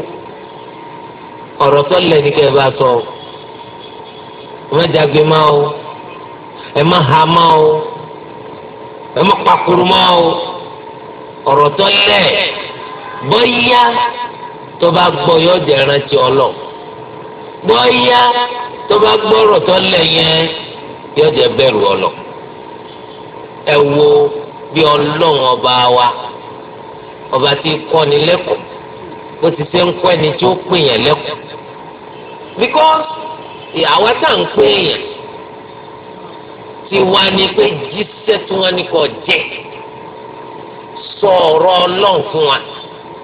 ọ̀rọ̀ tó lẹ̀ ní kẹ́ ẹ bá sọ ọ́ ẹ má o ẹ ha má o ẹ má pakuru o ọ̀rọ̀ tó lẹ̀ bóyá tó bá gbọ́ yóò jẹ́ rántí ọlọ́ bóyá tó bá gbọ́rọ̀ tó lẹ̀ yẹn jẹ́ bẹ̀rù ọlọ́ ẹ wo bí ọlọ́run ọba wa ọba lẹ́kọ̀ọ́ bó ti ṣe ń kọ́ ẹni tí ó pè yẹn lẹ́kọ̀ọ́ because àwa tá à ń pè yẹn ti pé jíṣẹ́ tí wọ́n ní kọ́ jẹ́ fún wa.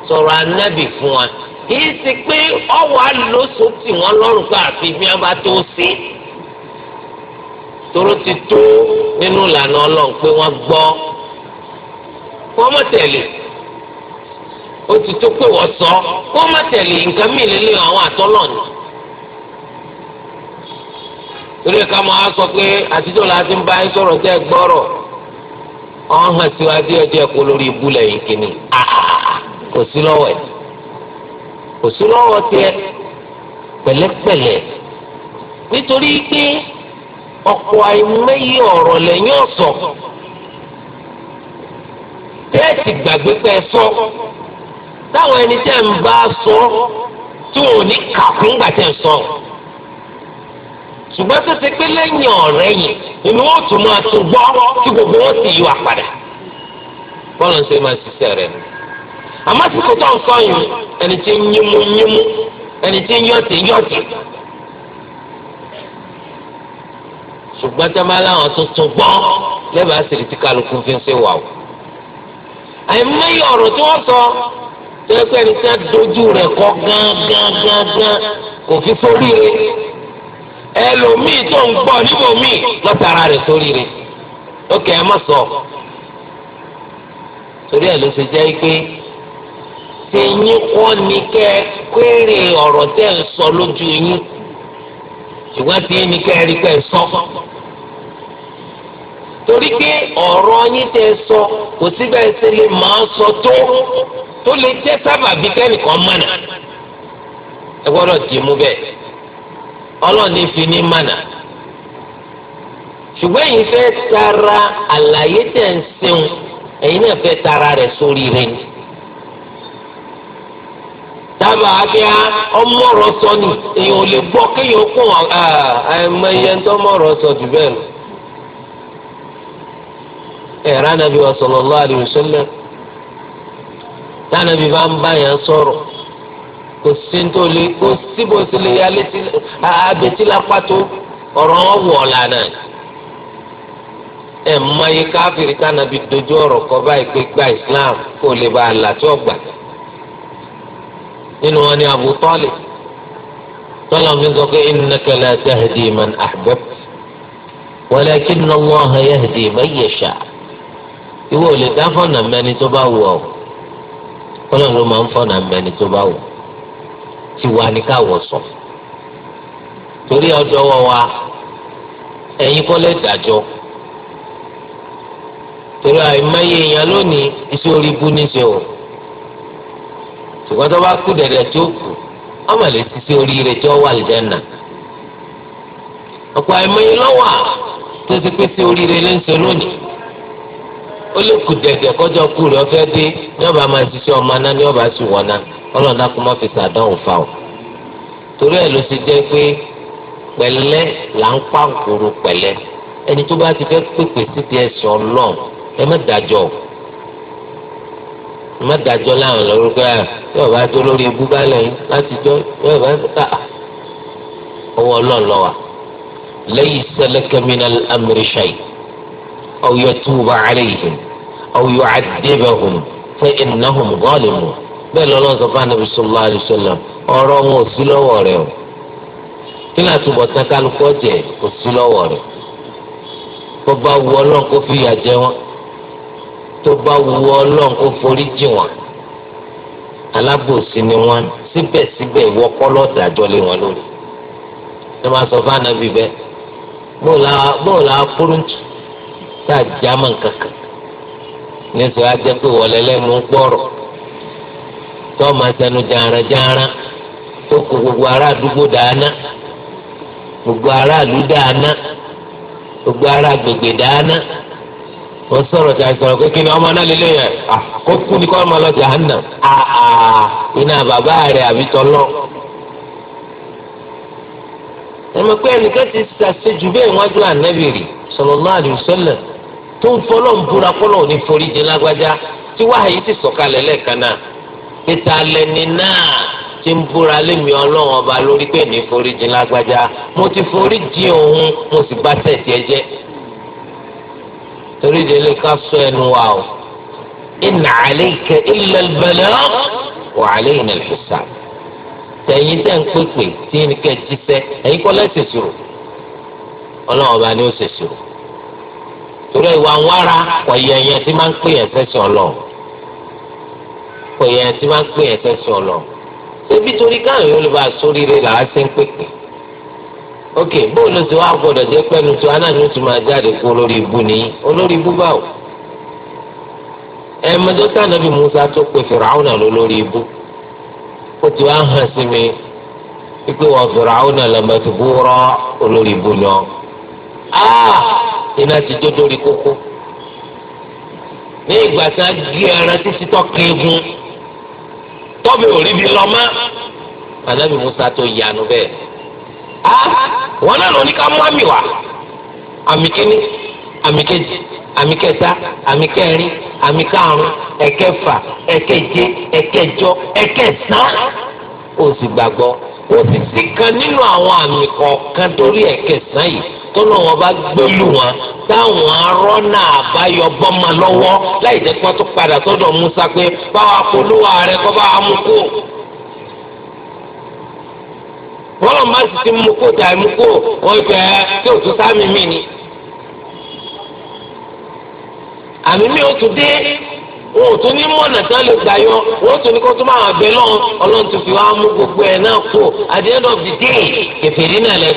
sọ̀rọ̀ anábì fún wa kì í ṣe pé ọwọ́ àlòsò tì wọ́n lọ́rùn pé àfi bí wọ́n bá tó sí toro ti tó nínú ìlànà ọlọ́run pé wọ́n gbọ́ kó ó ti tó pé wọ́n sọ kó nǹkan mìíràn lé àwọn àtọ́lọ́ọ̀nù torí máa sọ pé àtijọ́ la ti ń bá sọ̀rọ̀ tẹ́ gbọ́rọ̀ ọ̀hún hàn síwájú kò sí lọ́wọ́ ẹ̀ kò sí lọ́wọ́ tiẹ̀ pẹ̀lẹ́pẹ̀lẹ́ nítorí pé ọ̀pọ̀ àìmọye ọ̀rọ̀ lẹ́yìn ọ̀sọ̀ tẹ́ẹ̀tì gbàgbé pé ẹ sọ táwọn ẹni tẹ́ ń bá sọ tí wọn ò ní kà fún ìgbà tẹ́ ń sọ ṣùgbọ́n tó ṣe pé lẹ́yìn ọ̀rẹ́ yìí inú wọn tún máa tún gbọ́ kí gbogbo wọn sì yíwà padà bọ́ọ̀lù ń ṣe máa ṣiṣẹ́ rẹ̀ nù àmọ́ sìkò tó ń sọ yìí ẹni tí ń yímú yímú ẹni tí ń yọ̀tì yọ̀tì. ṣùgbọ́n tẹ́ máa láwọn tó tún gbọ́ lẹ́bàá sì ti kálukú fi ń ṣe wà o. àìmọye ọ̀rọ̀ tí wọ́n sọ tó yẹ pé ẹni tí wọ́n dojú rẹ̀ kọ́ gángangangan kò fi sórí rẹ̀ ẹlòmíì tó ń gbọ́ níbòmíì lọ́tara rẹ̀ sórí rẹ̀ ó kẹ́ ẹ má sọ torí ẹ̀ ló ṣe jẹ́ pé tẹ̀yìn kọ́ ni kẹ́ ẹ péré ọ̀rọ̀ tẹ́ ń sọ lójú yín ṣùgbọ́n tí yín ni kẹ́ ẹ rí pẹ́ sọ. torí pé ọ̀rọ̀ yín tẹ́ sọ kò síbẹ̀ ṣe lè máa sọ tó tó lè jẹ́ sábàbí kẹ́nìkan mọ̀nà ẹ gbọ́dọ̀ dì mú bẹ́ẹ̀ ọlọ́ọ̀ni fi ní mọ̀nà ṣùgbọ́n èyí fẹ́ tara àlàyé tẹ̀ ń sẹ́wọ̀n èyí náà fẹ́ tara rẹ̀ sórí rẹ̀ yìí. dábàá kí á ọmọọrọ sọ ni èèyàn ò lè gbọ kéèyàn kún àìmọ̀ iye ń tọmọọrọ sọ jù bẹ́ẹ̀ lọ. ẹ̀rọ anabi wa sallallahu alaihi wasallam tánàbí bá ń bá yẹn sọ̀rọ̀ kò sí tó lè kò sí lè yálé la pàtó ọ̀rọ̀ wọn lànà ẹ̀ iye káfíìrì tánàbí dojú Islam kó lè bá a nínú wọn ni Abu Talib tọ́lọ́mù fi sọ pé innaka la tahdi man ahbabta walakinna Allaha yahdi man yasha ìwọ ò lè dá fọ̀nà mẹ́ni tó bá wù o Ọlọ́run ló máa ń fọ̀nà mẹ́ni tó bá wụ tiwa ni káwọ̀ sọ torí ọjọ́ wọ wa ẹ̀yin kọ́ lè torí o. ṣùgbọ́n tó bá kú dẹ̀dẹ̀ tó kù ọmọ lè ti sí oríire tí wọ́n wà lìjánà ọ̀pọ̀ àìmọye lọ́wọ́ tó ti pèsè oríire lónìí ó kọjọ kú rẹ̀ dé ní ọba máa ṣiṣẹ́ ọmọ aná ní ọba sì wọ̀nà kó má fa o torí ẹ̀ ló ṣe jẹ́ pé pẹ̀lẹ́ là ń pa pẹ̀lẹ́ ẹni tó bá ti fẹ́ pèpè sí mọ́tàjọ́ láwọn lórúkọ yà yóò bá tó lórí ibú bálẹ̀ yìí láti jọ yóò bá tó ọwọ́ ọlọ́ọ̀lọ́ wa laysa laka min al-amri shay aw yatuba alayhim aw yu'adhibahum fa innahum zalimun bẹ́ẹ̀ lọ́lọ́run sọ fún anabi sallallahu alayhi wa ọ̀rọ̀ wọn ò sí lọ́wọ́ rẹ o kí ni àtúbọ̀ tán kálukọ́ jẹ kò sí lọ́wọ́ rẹ bọ́ bá wọ ọlọ́run kó fi jẹ wọn. tó bá wu ọlọ́run ó forí jì alábòsí ni wọ́n síbẹ̀síbẹ̀ ìwọ kọ́lọ́ wọn lórí ẹ máa sọ fún anabi bẹ́ẹ̀ bóò la fúrúntù tá a nkankan nítorí ajẹ́ pé wọlé lẹ́nu ń gbọ́rọ̀ tó máa sẹnu jàǹràjàǹrà tó kó gbogbo ará àdúgbò dáná gbogbo ará dáná wọ́n sọ̀rọ̀ tí a sọ̀rọ̀ pé kí ni ọmọ náà lélẹ̀ yẹn ah, kó kú ni ọmọ lọ jahannam ah, ah, iná bàbá rẹ̀ àbí tọ́lọ́. ẹ̀mọ̀ pé ẹnìkan ti bẹ́ẹ̀ wájú tó ń búra forí jẹ lágbájá náà ti ń búra lémi ọba lórí pé ní forí jẹ lágbájá mo ti forí jẹ òun mo sì bá torí délé ká sọ ẹnu wa o inna alayka illa al-balagh wa alayna al-hisab tẹ̀yìn tẹ̀ ń pèpè tí ní kẹ́ jíṣẹ́ ẹ̀yin kọ́ lẹ́sẹ̀ sòrò ọlọ́run ọba ni ó ṣe sòrò torí ìwà ń wára kọ̀yẹ̀ ẹ̀yẹn tí máa ń pè ẹ̀sẹ̀ sí ọlọ́run kọ̀yẹ̀ ẹ̀yẹn tí máa ń pè ẹ̀sẹ̀ sí ọlọ́run ṣébi torí káàyàn yóò lè bá a sóríire làá ṣe ń pèpè ok bóòlù tí wàá gbọ́dọ̀ jẹ pẹnu tí wàá náà ní oṣù máa jáde kó olórí ibu ni olórí ibu báwo ẹ mẹjọta nàbí Musa tó pe Fìràwùnà lólórí ibu ó ti wàá hàn sí mi wípé wọn Fìràwùnà lọmọtòkú rọ olórí ibu náà aa ah! iná ti jó dórí kókó ní ìgbà tí a gé ẹran títí tó kéegun tọ́bi ò rí bi lọ́mọ ànábì Musa tó yanu bẹ́ẹ̀ wọn náà lọ ní ká mú àmì wá àmì kíní àmì kejì àmì kẹta àmì kẹrin àmì karùn ẹ̀kẹfà ẹ̀keje ẹ̀kẹjọ ẹ̀kẹsàn ó sì gbàgbọ́ ó sì sí kan nínú àwọn àmì kọ̀ọ̀kan torí ẹ̀kẹsàn yìí tó náà wọn bá gbẹlú wọn táwọn arọ́nà àbáyọ bọ́mọ lọ́wọ́ láì jẹ́ pé padà sọ́dọ̀ Musa pé báwa polówó ààrẹ kọ́ báwa mú kó. wọn má sì ti mú kó tà mú kó ọjà tí o tún sáàmì mi ni. àmì mi ò tún dé wọn ò tún ní mọ̀nà tán lè gbà yọ wọn ò tún ní kó tún máa lọ́wọ́ ọlọ́run gbogbo ẹ̀ náà kó náà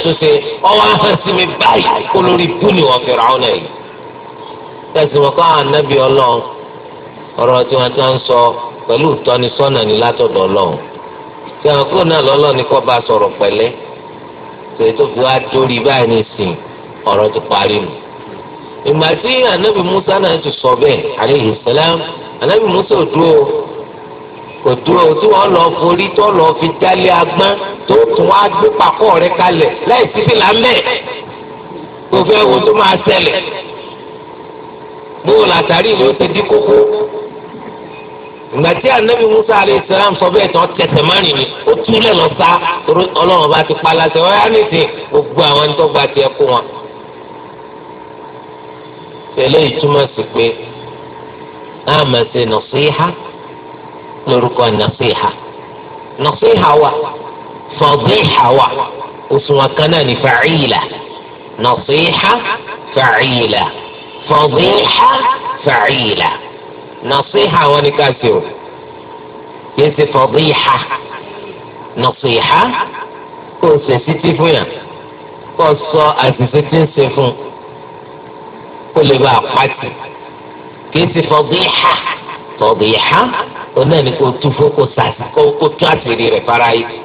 ṣe ọwọ́ ahọ́n sí mi báyìí kó lórí búni wọn àwọn ẹ̀ yìí. tẹ̀sán wọn kọ́ àwọn anábì wọ́n ti ń sọ pẹ̀lú sọ̀rọ̀ kúrò náà lọ́lọ́ ní kọ́ bá sọ̀rọ̀ pẹ̀lẹ́ sọ̀rọ̀ tó fi wá dórí báyìí nìsín ọ̀rọ̀ ti parí nù. ìgbà tí anabi musa náà ti sọ bẹ́ẹ̀ aleyhi salam anabi musa ò dúró kò dúró tí wọ́n lọ forí tó lọ fi dálé agbọ́n tó tún wá gbé pakọ́ rẹ̀ kalẹ̀ láì síbi lámbẹ́ kò fẹ́ wo tó máa ṣẹlẹ̀ bó o làtàrí ìlú ti di kókó ìgbà tí anabi musa alayhi salam sọ bẹ́ẹ̀ tán tẹsẹ̀ márùn ni ó túlẹ̀ lọ sá ọlọ́run bá ti pa aláṣẹ wáyà nìsín gbogbo àwọn ẹni tó gba tiẹ̀ kó wọn. tẹ̀lé ìtumọ̀ sí pé àmọ̀ ṣe nasiha lórúkọ nasiha nasiha wa fadiha wa òṣùwọ̀n kan náà ní fàáyìlà nasiha fàáyìlà fadiha fàáyìlà nasiha wọn ni ká ṣe o yẹn ti fadiha nasiha kó o ṣe títí fún yàn kó o sọ àṣìṣe tí ń ṣe fún kó lè bá a pàtì kì í ti fadiha fadiha o náà ni kó o tú fún kó o tú àṣírí rẹ̀ fara yìí.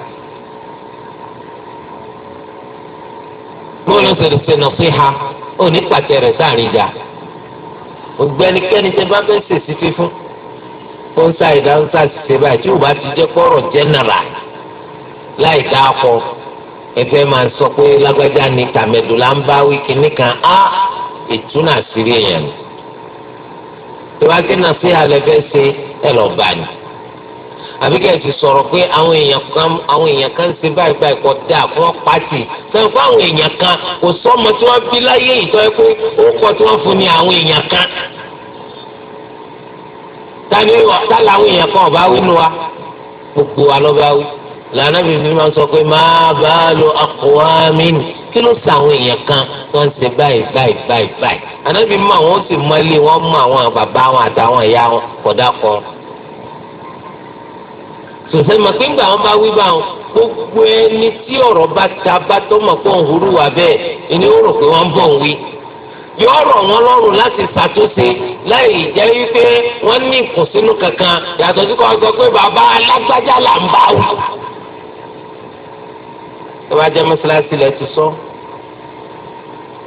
bóyá o ṣe lè ṣe nasiha o ní pàtẹ rẹ̀ sáà rìn jà ògbẹ́nikẹ́ni tẹ bá fẹ́ ṣèṣì fífún ó ń sa ìdá ń sa ṣiṣẹ́ báyìí tí ò bá ti jẹ́ kọ́rọ̀ jẹ́nẹ̀rà láì dáàkọ ẹgbẹ́ máa sọ pé lágbájá ni tàmẹ̀dù là ń bá wí kinní kan á ìtúnà sírí èèyàn ni tó bá kí nàá sí alẹ́ fẹ́ ṣe ẹ lọ́ọ́ bá ni àbí kẹ́ ẹ̀ ti sọ̀rọ̀ pé àwọn èèyàn kan àwọn èèyàn kan ń ṣe báyìí báyìí kọ́ da fún pàtì sẹ́yìn fún àwọn èèyàn kan kò sọ́mọ tí wọ́n bí láyé ìtọ́ ẹ pé ó kọ́ tí wọ́n fún ni àwọn èèyàn kan. tani ọ̀tá làwọn èèyàn kan ọ̀bá wí nu wa gbogbo wa ló wí lànà bìbí máa ń sọ pé máa bá a lo àkùnwámínì kí ló sa àwọn èèyàn kan tó ń ṣe báyìí báyìí báyìí báyìí ànábì mọ àwọn ó sì mọ ilé wọn mọ àwọn bàbá wọn àtàwọn ìyá wọn kódà kan sòsẹ́ ma pé ńgbà wọn bá wí bá wọn gbogbo ẹni tí ọ̀rọ̀ bá ta bá tó mọ̀ pé òun hurú wa bẹ́ẹ̀ ẹni ó rò pé wọ́n ń bọ̀ wí yóò rọ̀ wọ́n lọ́rùn láti ṣàtúnṣe láì jẹ́ wípé wọ́n ní ìkùnsínú kankan yàtọ̀ sí kò sọ pé bàbá alágbájá là ń bá wí. ẹ bá jẹ́ mọ́ṣáláṣí lẹ ti sọ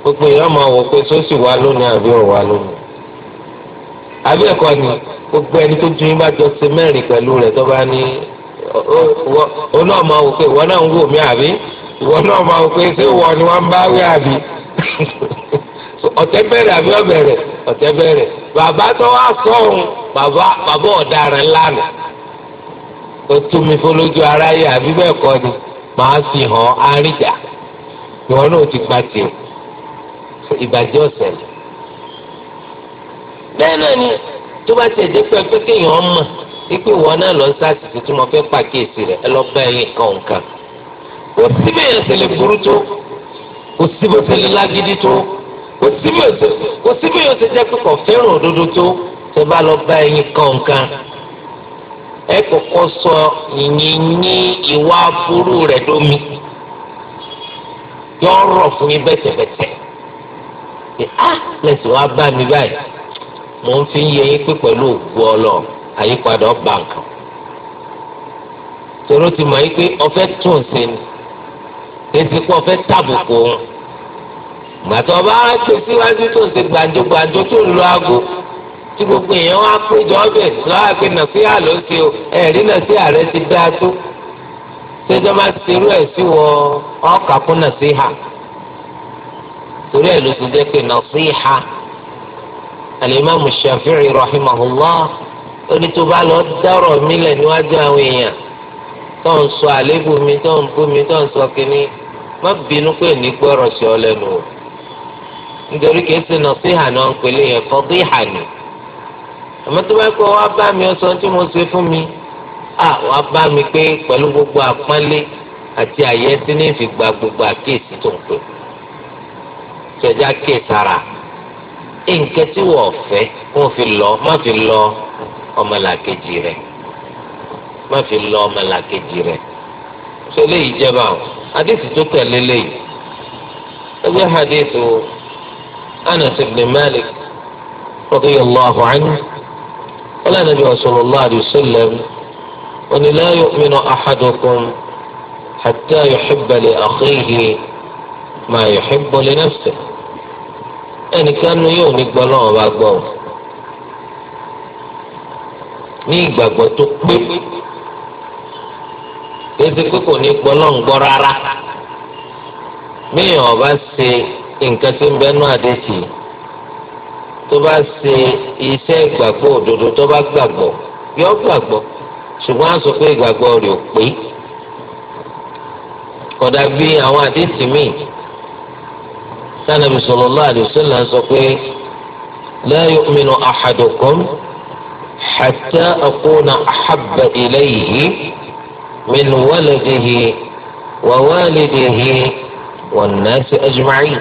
gbogbo èèyàn máa wọ̀ pé sọ́sì wa lónìí àbí ọ̀wà lónìí àbí ẹ̀kọ́ ni gbogbo ẹni tó dun yín bá jọ ṣe mẹ́rin pẹ̀lú rẹ̀ tó bá ní ó náà máa wò pé ìwọ náà ń wò mí àbí ìwọ náà máa wò pé ṣé ìwọ ni wọ́n bá wí àbí ọ̀tẹ̀ bẹ̀rẹ̀ àbí ọ̀bẹ̀rẹ̀ ọ̀tẹ̀ bẹ̀rẹ̀ bàbá tó wá sọ̀hún bàbá bàbá ọ̀daràn lánà ó tún mi fọlójú aráyé àbí bẹ́ẹ̀ kọ́ ni màá fi hàn áríjà ìwọ náà ti gbà tiẹ̀ ìbàjẹ́ ọ̀sẹ̀ yìí bẹ́ẹ̀ náà ni tó bá ti ẹ̀jẹ̀ pé pé kéèyàn mọ̀ wípé ìwọ náà lọ sí àṣìṣe tí mo fẹ́ pàkíyèsí rẹ̀ ẹ lọ bá ẹ̀yìn kan nǹkan kò sí bí èèyàn ṣe lè burú tó kò sí bó ṣe lè lágídí tó kò sí bí èèyàn ṣe jẹ́ pé kò fẹ́ràn òdodo tó tó bá lọ bá ẹ̀yìn kan nǹkan ẹ kọ́kọ́ sọ yìnyínní ìwà burú rẹ̀ dómi yọ ọ̀rọ̀ fún mi bẹ́tẹ̀bẹ́tẹ̀ ẹ á ah, lẹ́sìn wá bá mi báyìí. mò ń fi yẹ yín pé pẹ̀lú òkú ọlọ àyípadà ọba nǹkan tòró ti mọ̀ yín pé ọfẹ́ tún ṣe ni èsì pé ọfẹ́ tàbùkù òun ọba tó síwájú tó ṣe gbàǹjo gbàǹjo tó aago tí gbogbo èèyàn wá péjọ ọbẹ̀ lọ́wọ́ pé nàṣíà ló ń ṣe o ti dá tó ṣéjọ́ máa ti rú ẹ̀ sí wọ ọkà fún nàṣíà torí ẹ̀ ló ti jẹ́ pé alimami shafi'i rahimahullah oní tó bá lọ dárọ̀ mi lẹ̀ níwájú àwọn èèyàn tó ń sọ àlébù mi tó ń bú mi tó ń sọ kínní má bínú pé ní gbọ́rọ̀ sí ọ lẹ́nu o nítorí kìí ṣe nà sí ìhànà òǹpẹ̀lẹ̀ yẹn kọ́ bí ìhànà àmọ́ tó bá kọ́ wá bá mi ọsàn tí mo ṣe fún mi à wá bá mi pé pẹ̀lú gbogbo àpọ́nlé àti àyẹ́sí ní ìfìgbà gbogbo àkíyèsí tó ń pè ṣẹ̀dá kíyèsára nǹkan tí wọ́n fẹ́ kó fi lọ má fi lọ ọmọlàkejì rẹ̀ má fi lọ ọmọlàkejì rẹ̀ ṣe léyìí jẹba o hadisi tó tẹ̀lé léyìí ẹgbẹ́ hadisi o Anas ibn Malik radiyallahu anhu qala nabi sallallahu alayhi wa sallam wa la yu'minu ahadukum hatta yuhibba li akhihi ma yuhibbu li nafsihi. ẹnìkan nu yóò ní gbọ́ náà wá gbọ́ ọ ní ìgbàgbọ́ tó pé kéde pé kò ní gbọ́ náà ń gbọ́ rárá míyàn ọba ṣe nǹkan tó ń bẹnu àdéhìí tó bá ṣe iṣẹ́ ìgbàgbọ́ òdodo yọ gbàgbọ́ ṣùgbọ́n a pé ìgbàgbọ́ rẹ̀ ò pé kódà bí àwọn sanabi sallallahu alayhi wa sallam sọ pé la yu'minu ahadukum hatta akuna ahabba ilayhi min waladihi wa walidihi wan nasi ajma'in.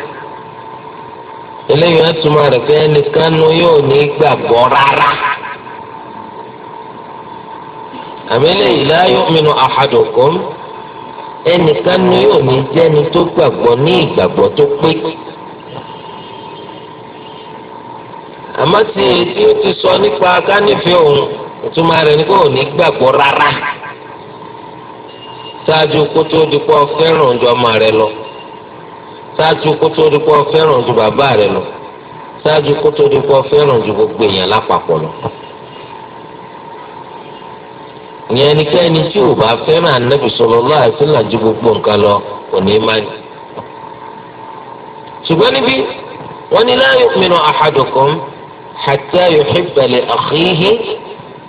eléyìí wọn túmọ̀ rẹ̀ pé ẹnìkan nu yóò ní gbàgbọ́ rárá. àmì eléyìí la yu'minu ahadukum ẹnìkan nu yóò ní jẹ́ni tó gbàgbọ́ ní ìgbàgbọ́ tó pé. àmọ́ sí i tí ó ti sọ nípa kánífẹ́ òun ìtumọ̀ rẹ̀ ni pé òní gbàgbọ́ rárá ṣáájú kó tó di pé ọ fẹ́ràn ju ọmọ rẹ lọ ṣáájú kó tó di pé ọ fẹ́ràn ju bàbá rẹ lọ ṣáájú kó tó di pé ọ fẹ́ràn ju gbogbo èèyàn lápapọ̀ lọ. ìyẹn ẹnikẹ́ni tí ò bá fẹ́ràn anábì sallallahu alaihi wasallam ju gbogbo nǹkan lọ kò ní má ní. ṣùgbọ́n níbí wọ́n ní la yu'minu ahadukum. حتى يحب لأخيه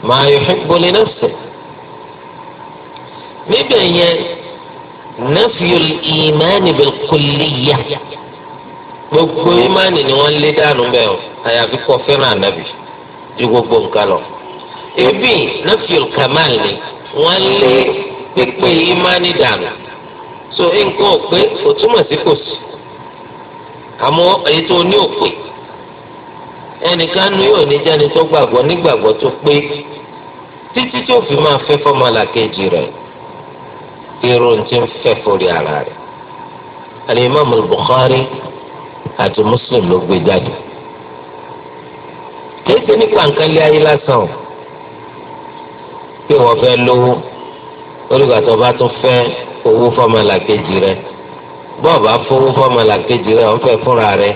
ما يحب لنفسه níbẹ̀ yẹn nafiyul ìmánì bil kulliyya gbogbo imani ni wọ́n lé dànù bẹ́ẹ̀ o àyàfi kó fẹ́ràn ànábì ju gbogbo nǹkan ebi nafiyul kamal ni wọ́n lé pípé dànù so nǹkan ò pé kò sí kò sí àmọ́ èyí tó ní ẹnìkan nu yóò ní jẹ́ni tó gbàgbọ́ nígbàgbọ́ tó pé títí tí ó fi máa fẹ́ fọ́mọlà kejì rẹ̀ irú ti ń fẹ́ forí ara rẹ̀ alimami Bukhari àti Muslim ló gbé jáde kìí ṣe nípa nǹkan lé ayé lásán o pé wọ́n fẹ́ lówó olùgbàtọ̀ bá tún fẹ́ owó fọ́mọlà rẹ̀ bọ́ọ̀ bá fowó fọ́mọlà rẹ̀ wọ́n fẹ́ fúnra rẹ̀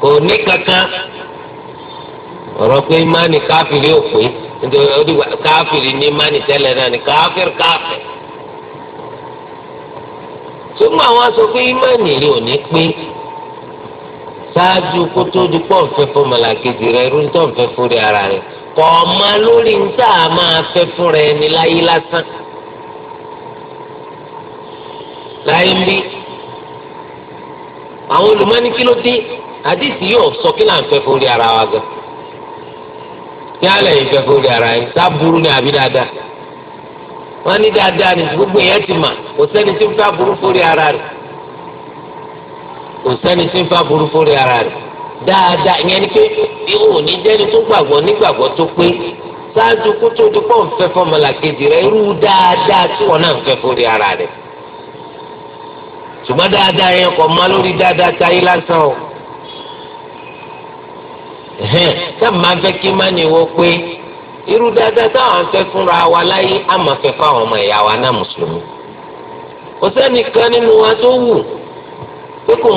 kò ní kankan ọ̀rọ̀ pé imáni káfíìrì ò pé nítorí káfíìrì ní imáni tẹ́lẹ̀ náà ni káfíìrì káfíìrì túmọ̀ àwọn aṣọ pé imáni rẹ ò ní pé ṣáájú kó tó di pọ̀ nfẹ́ fún mọ̀làkejì rẹ irú tó nfẹ́ fún rí ara rẹ kọ̀ ọ̀ma lórí ń máa fẹ́ fún rẹ ní láyé lásán láyé ń bí àwọn olùmọ́ni kí ló dé. àdìsí yóò sọ kí là ń fẹ́ forí ara wa gan kí á ara yẹn ni àbí dáadáa dada ní dáadáa ni gbogbo yẹn ti mà kò sẹ́ni tí ń ara rẹ̀ kò sẹ́ni tí ń fẹ́ forí ara rẹ̀ dáadáa ìyẹn ni pé ìhò ní jẹ́ni tó gbàgbọ́ nígbàgbọ́ tó pé kó tó ń fẹ́ kejì rẹ̀ irú dáadáa tí náà ń ara rẹ̀ ṣùgbọ́n dáadáa yẹn sábà máa jẹ́ kí má wo wọ́n pé irú dáadáa táwọn fẹ́ fúnra wa láyé àmọ́ fẹ́ fáwọn ọmọ ìyá wa náà mùsùlùmí kò sẹ́nìkan nínú wa tó wù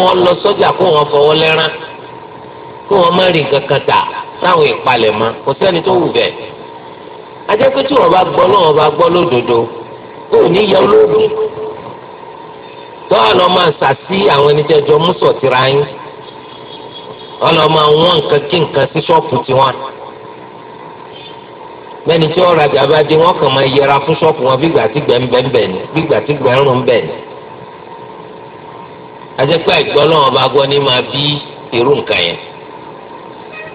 wọn lọ sọ́jà kó wọn fọwọ́ lẹ́rán kó wọn má rí nǹkan kan tà táwọn ìpalẹ̀ mọ́ kò sẹ́ni tó wù bẹ́ẹ̀ ajẹ́ pé tí wọ́n ní yẹ olóògùn máa àwọn mú sọ̀tìrà wọn lọ máa wọ́n nǹkan kí nǹkan sí tiwọn mẹni tí ọ̀rọ̀ àjà bá dé wọ́n kàn máa fún ṣọ́ọ̀pù wọn bígbà tí gbẹmgbẹm ń bẹ̀ ń ni bígbà tí gbẹ̀ ń rún bẹ̀ ni àjẹpẹ́ àìgbọ́ bá gbọ́ ní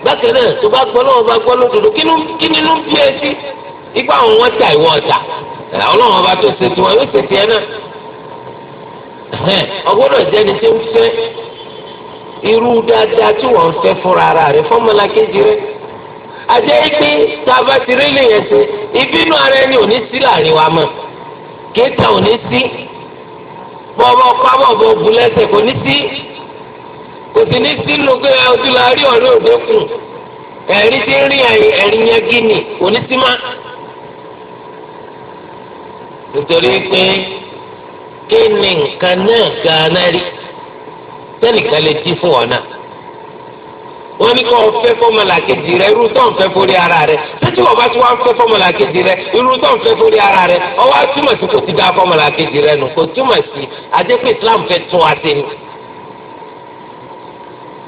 bá gbọ́ gbọ́ lódodo kí ni ló ń etí àwọn wọn ta ìwọ bá tó ṣe tiwọn yóò ṣe náà ọgbọ́dọ̀ jẹ́ni irú dáadáa tí wọ́n fẹ́ fúnra ara rẹ̀ fọ́mọlá kejì rẹ̀ àti ẹgbẹ́ tá a bá ti rí lè yẹn ṣe ìbínú ara ẹni ò ní sí láàrin wa mọ̀ kéèta ò ní sí bọ́ọ̀bọ́ pamọ́ bọ́ ògùn lẹ́sẹ̀ kò ní sí kò sì ní sí lóge ojú rí ọ̀rẹ́ òde kù ẹ̀rí ti rí ẹ̀rí yẹn gíní kò ní sí má. nítorí pé kí ni nǹkan náà gan-an rí sẹ́nìkan lè dí fún ọ náà wọ́n ní kó o fẹ́ fọ́mọlàkejì rẹ irú tó ń fẹ́ forí ara rẹ títí wọ́n bá tí wọ́n fẹ́ fọ́mọlàkejì rẹ irú tó ń fẹ́ forí ara rẹ ọwọ́ túmọ̀ sí kò ti dá fọ́mọlàkejì rẹ nù kò túmọ̀ sí àdékù Islam fẹ́ tún wa sí ni.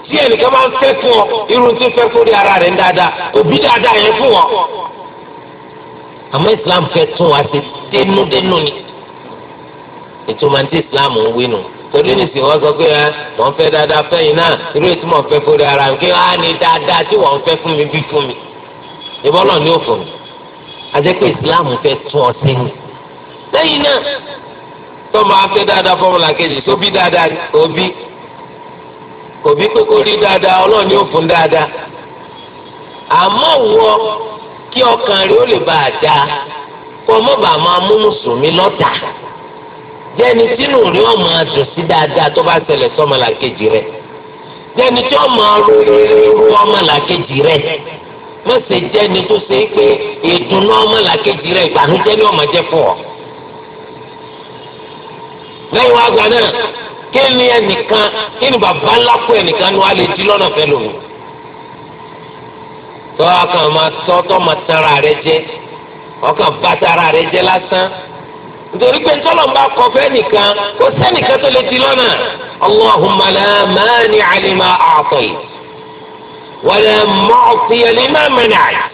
tí ẹnìkan máa ń fẹ́ fún ọ irú tó fẹ́ forí ara rẹ dáadáa òbí dáadáa yẹn fún ọ. àmọ́ Islam fẹ́ tún wa sí dénúdénú ni ètò màá ń tí Islam ń wí nù torí nìsín wọn sọ pé ẹ wọn fẹ́ dáadáa fẹ̀yìn náà irú ètò wọn fẹ́ fún ara mi kí wọn á ní dáadáa tí wọn fẹ́ fún mi bí fún mi ìbọn náà ni ó fún mi àti islam fẹ́ tún ọ sí mi lẹ́yìn náà tọmọ afẹ́ dáadáa fọmọlà kejì tó bí dáadáa kò bí kò bí kókó rí dáadáa Ọlọ́run ni ó fún dáadáa àmọ́ wọ kí ọkàn rẹ ó lè bá a dáa kó ọmọ bàá máa mú mùsùlùmí lọ́tà jẹ́ni tínú rí ọmọ àdùn sí dáadáa tó bá ṣẹlẹ̀ sọ́mọ làkejì rẹ̀ jẹ́ni tí ọmọ rúru ọmọ làkejì rẹ̀ má ṣe jẹ́ni tó ṣe é pé ìdùnnú ọmọ làkejì rẹ̀ ìbànújẹ́ ni ọmọ jẹ́ fún ọ. lẹ́yìn wá gba náà kí ni ẹnìkan kí ni bàbá ńlá kó ẹnìkan ni wàá lè di lọ́nà fẹ́ lòun. tọ́ a kan máa tọ́ tọ́ máa tara rẹ jẹ́ ọkàn bá tara rẹ jẹ́ lásán nítorí pé ntọ́lọ́n bá kọ fẹ́ nìkan kó sẹ́nìkan tó lè ti lọ́nà allahumma la mani'a lima a'tayt wala mu'tiya lima mana'ta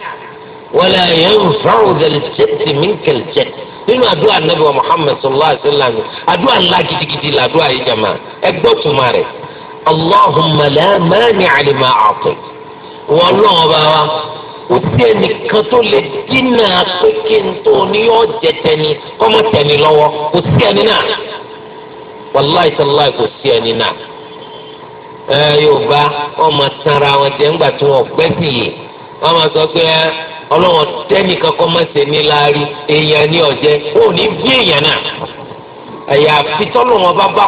wala yanfa'u dhal jaddi minkal jadd nínú àdúrà nàbẹ wa muhammed sallallahu alayhi wa sallam àdúrà ńlá gidigidi la àdúrà yìí jama ẹgbẹ́ tuma rẹ̀ allahumma la mani'a lima a'tayt wọn lọ́wọ́ bá wa. kò sí ẹnìkan tó lè dínà pé kí n tó ní yọ tẹni kọ́mọ tẹni lọ́wọ́ kò sí ẹni náà wàláì sàláì kò sí ẹni náà ẹ yóò bá ọmọ sanra wọn jẹ ńgbà tí wọn gbẹ sí yìí wọn máa sọ pé ọlọ́wọ́n tẹ́nìkan kọ́ máa ṣe ní láàrí èèyàn ní ọ̀jẹ́ ó ní bí èèyàn náà àyàfi tọ́lọ́wọ́n bá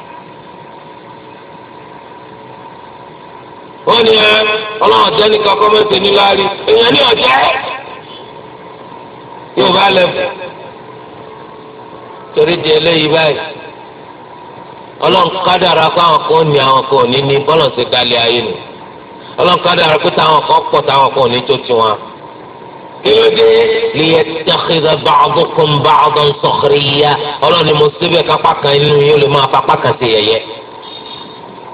ó ní ẹ ọlọ́run ọ̀jẹ́ nìkan kọ́ mẹ́sẹ̀ ní láàrin èèyàn ní ọ̀jẹ́ yóò bá lẹ̀ fún torí di eléyìí báyìí ọlọ́run kádàrá kó àwọn kan ní àwọn kan ní ní bọ́lọ̀ ṣe dalẹ̀ ayé nù ọlọ́run kádàrá kó táwọn kan pọ̀ táwọn kan ní tó tiwọn kéde liyẹtẹkẹdẹ bàdókùn bàdón sọkìrìyà ọlọ́run ni mo síbẹ̀ kápákan inú yóò lè máa fa pákan yẹyẹ.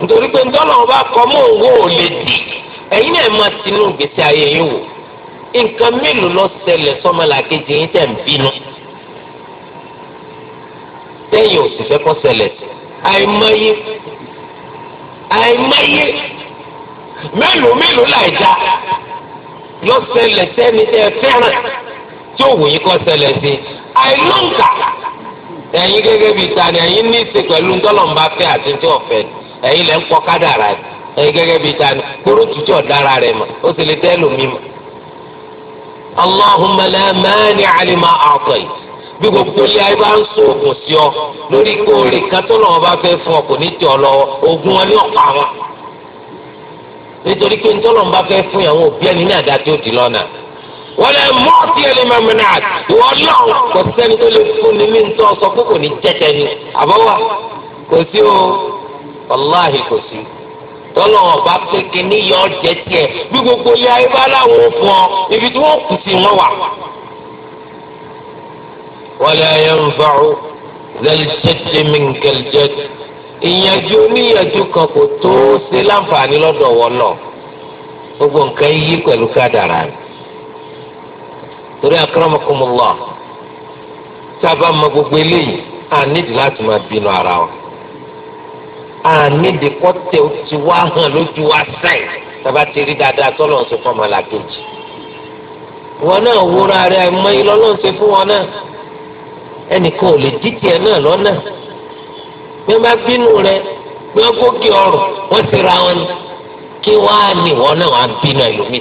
nítorí pé ntọ́lọ̀ ọba kọ́ mọ́ òun wò lè dì ẹ̀yin náà máa tinú gbèsè ayé yín wò nǹkan mélòó lọ ṣẹlẹ̀ sọ́mọlàkejì yín tẹ̀ ń bínú tẹ́yìn òṣìṣẹ́ kọ́ ṣẹlẹ̀ àìmọye àìmọye mélòó mélòó láì dá lọ ṣẹlẹ̀ sẹ́ni tẹ́ fẹ́ràn tí òwò yìí kọ́ ṣẹlẹ̀ sí àìlóǹkà ẹ̀yin gẹ́gẹ́ bíi tani ẹ̀yin ní ìsìn pẹ̀lú ntọ́lọ̀ àti tí ọ̀fẹ́ ni. ẹ̀yin ń kádàrà bíi ta ni kóró tutù ọ̀dára ó sì lè tẹ́ lómi Allahumma la mani'a lima a'tayt bí gbogbo ilé ayé bá ń so oògùn sí ọ lórí kóòrè kan tó bá fẹ́ fún ọ ní tẹ ọ lọ́wọ́ oògùn wọn ní ọ̀pá wọn. nítorí pé ntọ́lọ́wọ́ bá fẹ́ fún àwọn òbí ẹni ní àdá di lọ́nà. wọ́n mọ́ ẹni mẹ́mìnà ìwọ náà kò sẹ́ni ni mí ń tọ́ sọ pé kò ní ni wàláhì kò sí tọ́lọ́wọ́n bá pé kíní yọ tiẹ̀ gbogbo ya, ayé láwọn fún ọ ibi tí wọ́n kù sí wọn wà. wala yanfa'u zal jaddi ìyànjú oníyànjú kan kò tó ṣe láǹfààní lọ́dọ̀ wọn gbogbo nǹkan yí pẹ̀lú ni torí akramakumullah tá a bá a nídìí láti máa bínú ara ànídìí kọ́tẹ̀ ó ti wá hàn lójú wa sẹ́yìn tàbá ti rí dáadáa tọ́lọ̀ ń fún náà wúra rẹ mọ ilé ọlọ́run ṣe fún wọn náà ẹnìkan ò lè náà lọ́nà bí wọ́n bá bínú rẹ bí wọ́n gòkè ọ̀rọ̀ wọ́n ti ra wọn kí ní náà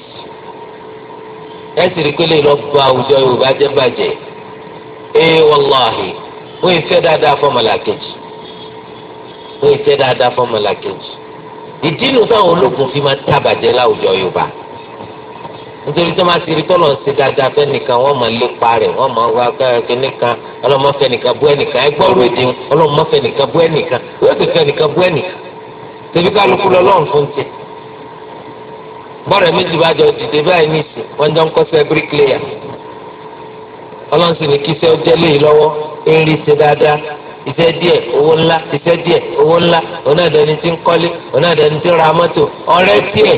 ẹ sì rí lọ gba àwùjọ Yorùbá ẹ fún iṣẹ́ dáadáa fọ́mọlà kejì ìdínú táwọn ológun fi máa tábàjẹ́ láwùjọ yorùbá nítorí tó máa ti rí tọ́lọ̀ ṣe dáadáa fẹ́nìkan wọ́n máa lépa rẹ̀ wọ́n máa wá kẹ́nìkan ọlọ́mọfẹ́nìkan bú ẹnìkan ẹgbọ́rò èdè ọlọ́mọfẹ́nìkan bú ẹnìkan wọ́pẹ̀fẹ́nìkan bú ẹnìkan tẹ̀bí kálukú lọ́lọ́run fún tiẹ̀. bọ́ọ̀rẹ̀ méjì bá jọ dìde báyìí ní ìfẹ́ díẹ̀ owó ńlá ìfẹ́ díẹ̀ owó ńlá onáàdẹni tí ń kọ́lé onáàdẹni tí ra mọ́tò ọ̀rẹ́ díẹ̀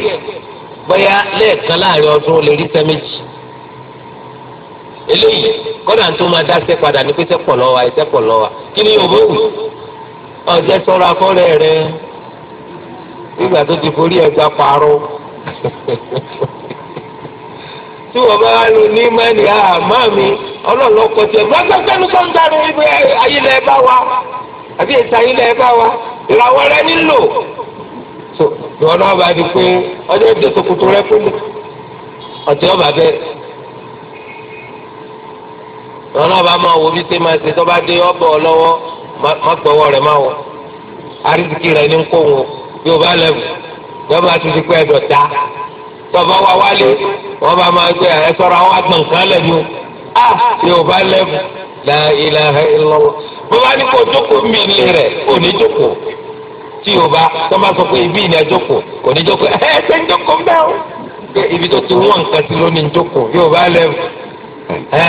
lẹ́ẹ̀kan láàrin ọdún lè rí sẹ́méjì eléyìí tó máa dáṣẹ́ padà ní lọ́wọ́ lọ́wọ́ kí ni wù ọ̀jẹ̀ sọ̀rọ̀ afọ́rẹ́ rẹ nígbà tó ti forí tí wọ́n bá wá ní mẹ́rin àmọ́ ah, mi ọlọ́ọ̀lọ́ kọ tiẹ̀ gbọ́dọ̀gbọ́dọ̀ tó ń darí ibi eh, ayílẹ̀ bá wa àbí ètò ayílẹ̀ bá wa ìràwọ̀ rẹ nílò. so ìwọ náà bá di pé ọjọ́ ìdè tó kutu rẹ ọba ìwọ náà bá máa wo bí máa ṣe tó bá ọbọ lọ́wọ́ má gbọ́wọ́ rẹ má wọ rẹ ní bá lẹ́wù wọ́n bá máa gbé ẹ sọ̀rọ̀ àwọn àtàn kan lẹ́nu a ah, yóò bá lẹ́nu la ilaha illallah bó bá ní kó jókòó mi ilé rẹ̀ kò ní jókòó tí yóò bá tó máa sọ pé ibi ìní ẹjọ́kòó kò ní jókòó ẹ ṣe ń jókòó ń o ibi tó ti wọ́n nǹkan sí lónìí ń jókòó yóò bá lẹ́nu ẹ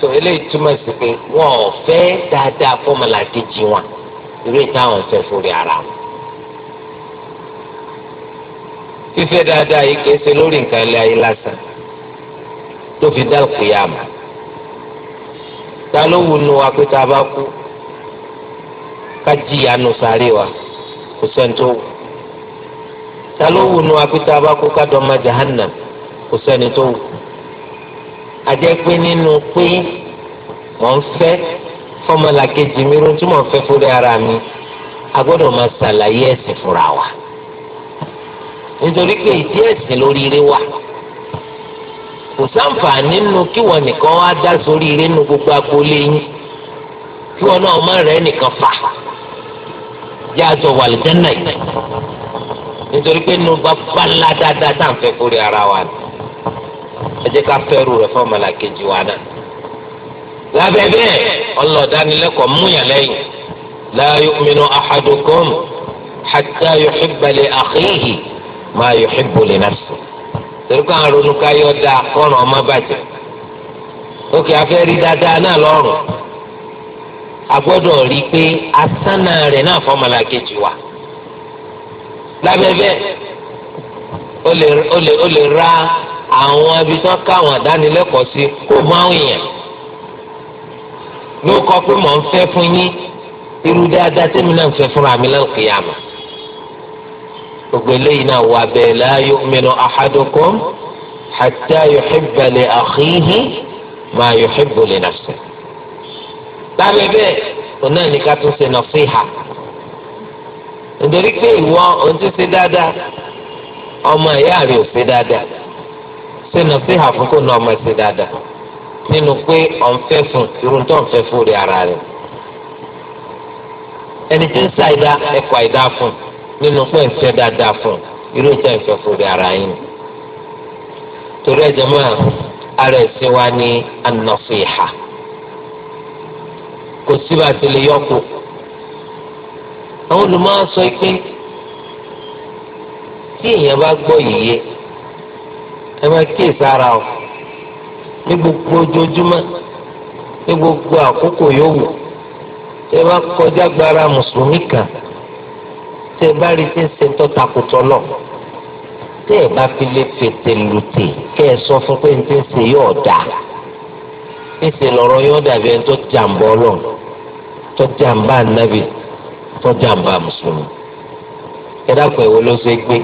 sọ eléyìí túmọ̀ sí pé wọn ò fẹ́ dáadáa fọmọlá kejì wọn irú ìtàwọn fẹ́ fúri ara wọn. fífẹ́ dáadáa yìí kìí ṣe lórí nǹkan ilé ayé lásán tó fi dá kìyàmù ta ló wù nù wa pé tá a bá kú ká jìyà nù sáré wa kò sẹ́ni tó wù ta ló wù nù wa pé tá a bá kú ká dọ́mọ jahannam kò sẹ́ni tó wù àjẹ́ pé nínú pé mò ń fẹ́ fọmọlàkejì mi ronú tí mò ń fẹ́ fúnra ara mi a gbọ́dọ̀ máa ṣàlàyé ẹ̀sìn fúnra wa nítorí pé ìdí ẹ̀sìn lóríire wà kò sáǹfààní nínú kí wọn nìkan wá dá sórí ire nínú gbogbo agboolé yín kí wọn náà má rẹ nìkan fà yá àjọ wà lẹ́nà yìí nítorí pé nínú bàbá ńlá dáadáa tá à ń fẹ́ kórè ara wa ni ẹ jẹ́ ká fẹ́rù rẹ̀ fún ọmọlàkejì wa náà lábẹ́ bẹ́ẹ̀ ọlọ́dánilẹ́kọ̀ọ́ múyàn lẹ́yìn la yu'minu ahadukum hatta yuhibba li akhihi ma yuhibbu li nafsihi torí kó àwọn ronú káyọ̀ da ọ̀ràn ọmọ bàjẹ́ òkè afẹ́ rí dáadáa náà lọ́rùn a gbọ́dọ̀ rí i pé asánà rẹ̀ náà fọmọlá kejì wa lábẹ́bẹ́ o lè o lè o lè ra àwọn ibi tí wọ́n ká àwọn àdánilẹ́kọ̀ọ́ sí kó mọ àwọn èèyàn ló kọ́ pé mò ń fẹ́ fún yín irú dáadáa tẹ́mi náà ń fẹ́ fúnra mi lẹ́nu kìyàmù gbogbo eléyìí náà wà bẹ́ẹ̀ la yu'minu ahadukum hatta yuhibba li akhihi ma yuhibbu li nafsi. lábẹ́ bẹ́ẹ̀ òun náà ní ká tún ṣe nasiha. nítorí pé ìwọ òun ti ṣe dáadáa ọmọ ìyá rẹ̀ ò ṣe dáadáa ṣe nasiha fún kó na ọmọ ṣe dáadáa nínú pé ọ̀nfẹ́ fún irun tó ọ̀nfẹ́ fún rí ara rẹ̀ ẹni tí ń ṣàìdá ẹ̀kọ́ àìdá fún nínú pé nfẹ́ dáadáa fún irú nǹkan ìfẹ́ fúnbi ara yín torí ẹ̀jẹ̀ a ara ẹ̀sìn wa ní an-nasiha kò síbi àtìlẹ́ yọkù àwọn olùmọ̀ sọ pé tí èèyàn bá gbọ́ yìí ẹ máa kíyè sára o ní gbogbo ojoojúmọ́ ní gbogbo àkókò yòówù ẹ bá kọjá gbára mùsùlùmí kan. tẹ ẹ bá rí tí ń ṣe ń tọ́ta kò tọ́ lọ tẹ ẹ bá fi lè fètè lùtè kẹ ẹ sọ fún pé n ti ń ṣe yóò dà ìṣe lọ́rọ̀ yóò dàbí ẹni tó jàǹbá ọlọ́run tó jàǹbá ànábì tó jàǹbá mùsùlùmí ẹ dákun ìwo ló ṣe gbé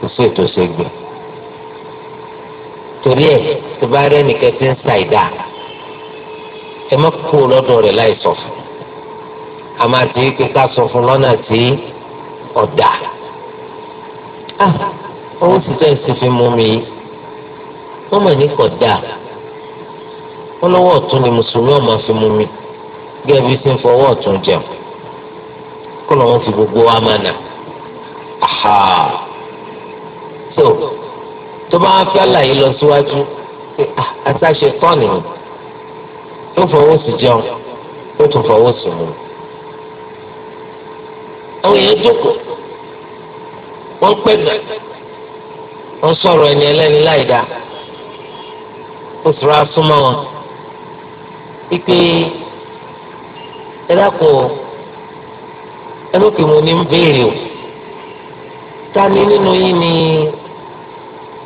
kò sí ṣe gbé torí ẹ tó bá rẹ nìkan ti ń sa ìdá ẹ má kú lọ́dọ̀ rẹ̀ láì sọ fún a ti ké ká sọ fún lọ́nà tí ọ̀dà ọ̀hún ti tẹ́ ẹ̀sìn fi mú mi wọ́n mọ̀ ní kọ̀dà wọ́n lọ́wọ́ ọ̀tún ni mùsùlùmí ọ̀mọ̀ fi mú mi gẹ́gẹ́ bí ti ń fọwọ́ ọ̀tún jẹun kó lọ́wọ́ fi gbogbo wa máa nà aha so tó bá wá fi àlàyé lọ síwájú ah, àtàṣe tọ́ni ó fọwọ́ sí jẹun ó tún fọwọ́ sí mú mi àwọn èèyàn jókòó wọ́n pè mí wọ́n sọ̀rọ̀ ẹni ẹlẹ́ni láì dáa ó sọ̀rọ̀ asúnmọ́ wọn pípé ẹ dákun o ẹ lókè mo ní ń béèrè o ta ni nínú yín ni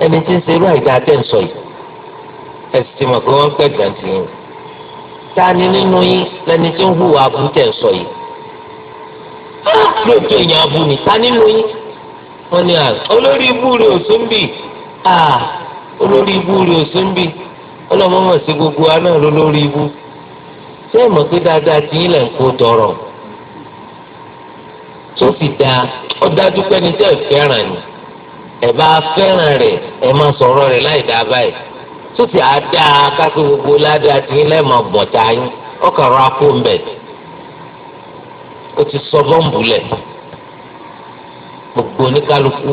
ẹni tí ń ṣe irú àìdá tẹ̀ ń sọ yìí ẹ sì ti mọ̀ pé wọ́n pẹ̀ gàǹtì yín ta ni nínú yín lẹni tí ń hùwà abúlé sọ yìí. lóòótọ́ èèyàn abu ni ta nínú yín wọ́n ní à olórí ibú rẹ̀ òsínbì à olórí ibú rẹ̀ òsínbì sí gbogbo aná lólórí ibú ṣé ẹ mọ̀ pé dáadáa ti yín ń kó tọrọ tó fi da ọ dájú ní tẹ́ ẹ fẹ́ràn ni ẹ bá fẹ́ràn ẹ gbogbo ládàá yín ọkàn rọ akó ń ó ti sọ bọ́ǹbù lẹ̀ gbogbo oníkálukú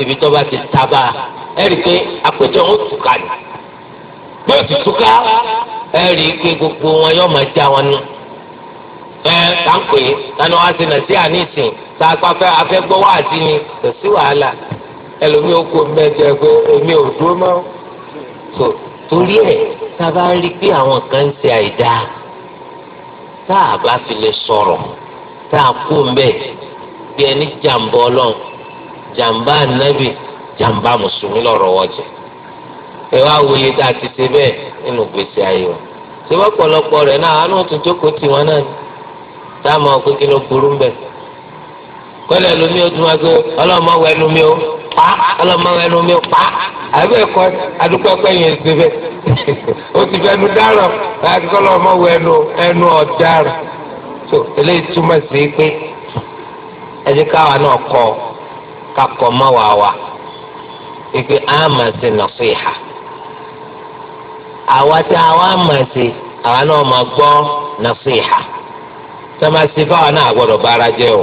ibi tó bá ti tábà ẹ̀rí pé àpèjọ ń túká ni bí ó ti túká ẹ̀rí pé gbogbo wọn yóò máa já wọn nù ẹ kàńpé lánàá wá sí nàìjíríà ní ìsìn tá a pàfẹ́ afẹ́gbọ́ wá sí ni kò sí wàhálà ẹlòmíì ó kó mẹ́jọ pé èmi ò dúró mọ́ so torí ẹ̀ tá a bá rí pé àwọn kan ń ṣe àìdáa tá a bá fi lè sọ̀rọ̀. tá a kú mbẹ bí ẹni jàǹbá ọlọ́run jàǹbá ànábì jàǹbá mùsùlùmí lọ́rọ̀ wọ́jẹ. ẹ wá tá a ti ṣe bẹ́ẹ̀ nínú gbèsè ayé wọn. ṣé wọ́n pọ̀lọpọ̀ rẹ̀ náà àánú náà ni tá a máa ló burú mbẹ. kọ́lẹ̀ lómi ó ọlọ́mọ tó eléyìí túmọ̀ sí pé ẹ káwa náà wa wa a máa ṣe nàṣíhà àwa tí àwa máa ṣe àwa náà máa gbọ́ ha tọ́mà sí fáwọn náà gbọ́dọ̀ bára jẹ́ o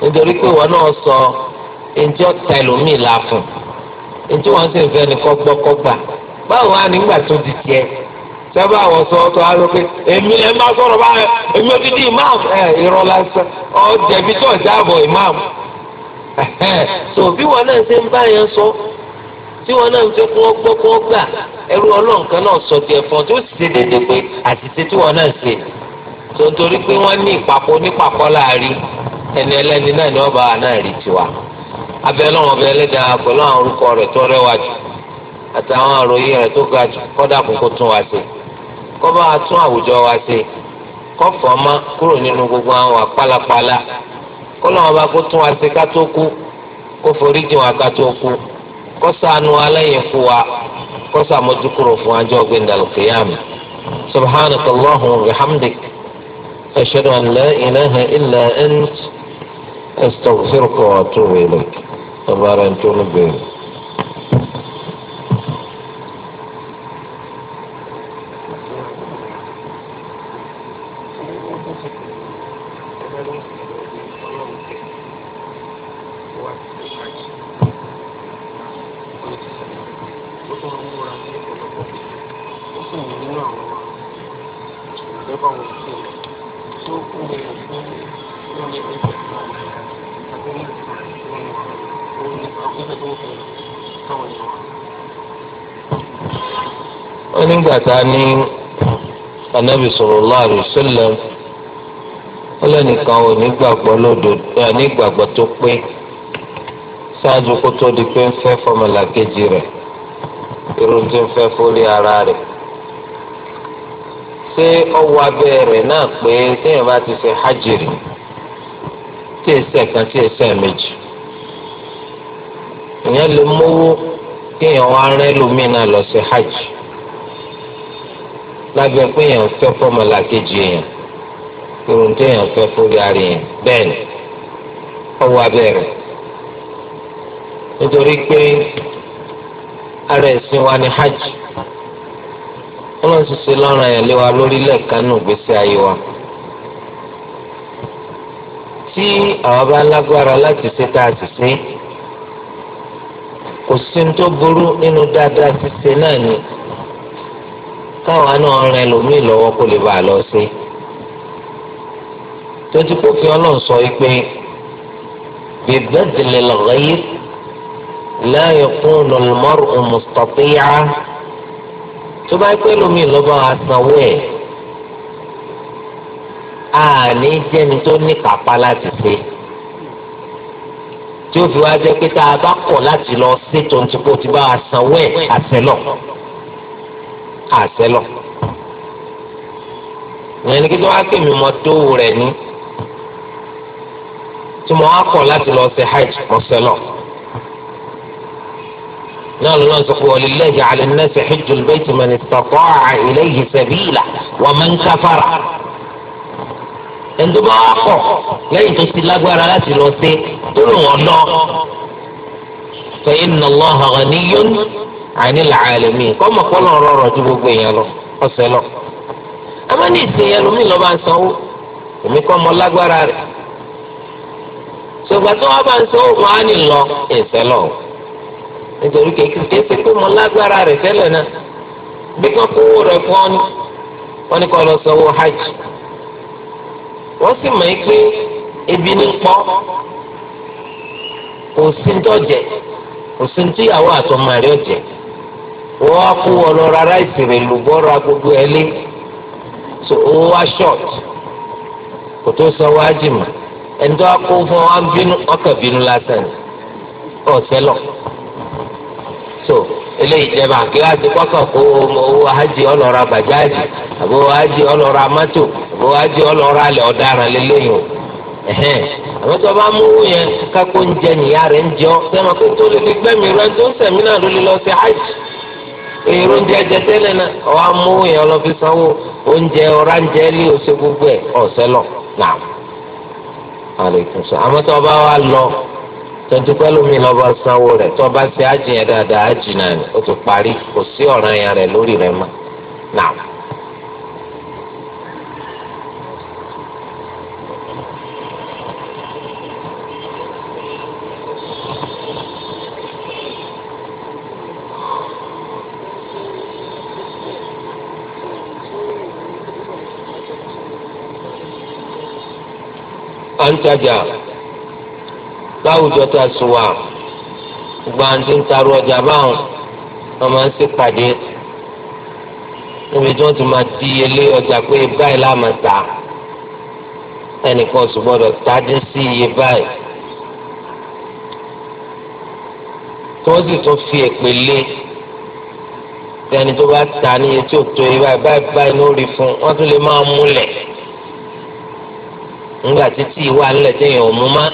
nítorí pé wọn náà sọ ẹnjẹ́ ọ̀tá ẹlòmíì la fún ẹnjẹ́ wọn sì ń ni kọ́ gbọ́ kọ́ gbà báwo wá nígbà sábà wọ sọtọ alóke èmi ẹ má sọ̀rọ̀ báyìí èmi ò imam ẹ lásán ọ jẹ̀bi tó àbọ imam so bí wọn náà ṣe ń sọ tí wọn náà ń fẹ́ kó gbọ́ kó gbà ẹrú sọ tiẹ̀ fún ọ tí ó sì ṣe déédéé pé àṣìṣe tí wọn náà ṣe tó pé wọn ní ìpapò láàrin rí tiwa ẹlẹ́dàá pẹ̀lú àwọn orúkọ rẹ̀ tó rẹwà jù àtàwọn àròyé rẹ̀ tó ga jù kọba bá àwùjọ wa ṣe kó fọ́ kúrò nínú gbogbo àwọn kó lọ́wọ́ bá wa ṣe ká tó kú kó forí jìn wa ká tó kú kó aláyẹ̀ fún wa kó ṣàmójúkúrò fún ajọ́ gbẹ̀ndàlùkìyàmù subhanaka wa an la ilaha illa ant astaghfiruka wa atubu ilayk nígbàtà ní anabi sallallahu alaihi wasallam ọlọ́nìkan ò nígbàgbọ́ lódodo nígbàgbọ́ tó pé ṣáájú kó tó di pé ń fẹ́ fọmọlàkejì rẹ irun ń ara rẹ ṣé ọwọ́ abẹ́ rẹ náà pé bá ti ṣe hajiri tí èsẹ̀ kan tí méjì ìyẹn lè mówó kéèyàn wá lọ sí hajj. lábẹ́ pé èèyàn fẹ́ fọ́mọ làkejì èèyàn irun tó èèyàn fẹ́ fórí ara èèyàn bẹ́ẹ̀ ni ọwọ́ abẹ́rẹ́ nítorí pé ara ẹ̀sìn wa ni hajj ọlọ́run lọ́rùn ẹ̀ lé gbèsè ayé wa tí àwọn bá lágbára láti ṣe tá a sì ṣe kò sí ní nínú dáadáa náà ni. káwọn náà rẹ lómi lọ́wọ́ kó lè bá a lọ sí tó ti kó fi ọlọ́run sọ yìí pé bíbẹ́dìlẹ̀ lọ́yìí lẹ́yìn fún lọ́lọ́mọ́rù mùsùlùmíà tó bá pẹ́ lómi lọ́ba àsanwó ẹ̀ àní jẹ́ni tó ní kápá láti pé tí ó fi wá jẹ́ pé tá a bá kọ̀ láti lọ sí tòun ti ti bá àsanwó ẹ̀ àtẹ̀lọ́ àṣẹlọ ìyẹn ni kí tó wá pè mí mọ tó rẹ ní tí mo wá kọ̀ láti lọ ṣe hajj mọ ṣẹlọ náà lọ́nà sọ pé walillahi 'ala an-nasi hajjul bayti man istata'a ilayhi sabila wa man kafara ẹnití bá wà kọ̀ lẹ́yìn tó ti lágbára láti lọ sí tó lò wọ́n lọ fa inna Allaha ghaniyyun. àní làálẹ̀mí kọ́mọ̀ kọ́lọ̀ rọrọ̀ ju gbogbo èèyàn lọ ọ̀sẹ̀ lọ. àmọ́ ní ìsìn yẹn lómi lọ́ba ń sanwó èmi kọ́ mọ lágbára rẹ̀. ṣùgbọ́n tí wọ́n bá ń sanwó á lọ lọ. nítorí kékeré mọ lágbára rẹ̀ tẹ́lẹ̀ náà bí kan rẹ̀ hajj. wọ́n sì mọ̀ pé ebi ní pọ́ kò sí ń òun kú wọ lọ rárá ìsèrè lùbọ́rọ̀ so òun wá short kò tó sọ wá jìmọ̀ ẹni tó wá kó fún wa so eléyìí jẹba kíláàsì kọkàn kó owó hajj ọlọ́ra bàjáàjì àbò owó ọlọ́ra mọ́tò àbò owó abụọ ọlọ́ra alẹ́ ọ̀daràn lélẹ́yìn o àwọn tó bá mú owó yẹn kákó ń jẹ nìyá ń sẹ́wọ̀n kó tó lè fi èrò oúnjẹ jẹtẹlẹ náà ọwọ amú yẹn lọ fi sanwó oúnjẹ ọ̀ránjẹ lé oṣù gbogbo ẹ̀ lọ náà àlèkùn sọ wa lọ tuntun mi bá sanwó rẹ tọ bá ṣe ájì yẹn dáadáa náà ni o ti parí kò sí yẹn à ń tajà láwùjọ tá a sùn wà gbogbo à ń ti ń taru ọjà báwọn wọn máa ń ṣèpàdé níbi tí wọ́n ti máa di ilé ọjà pé báyìí láàmà ta ẹnìkan sì gbọ́dọ̀ tájú sí iye báyìí tí wọ́n sì tún fi èpè lé ẹni tó bá ta ní iye tí ò báyìí báyìí báyìí ló rí fún wọ́n tún lè máa múlẹ̀ ńgbà títí wà lẹ̀ téèyàn ò mú má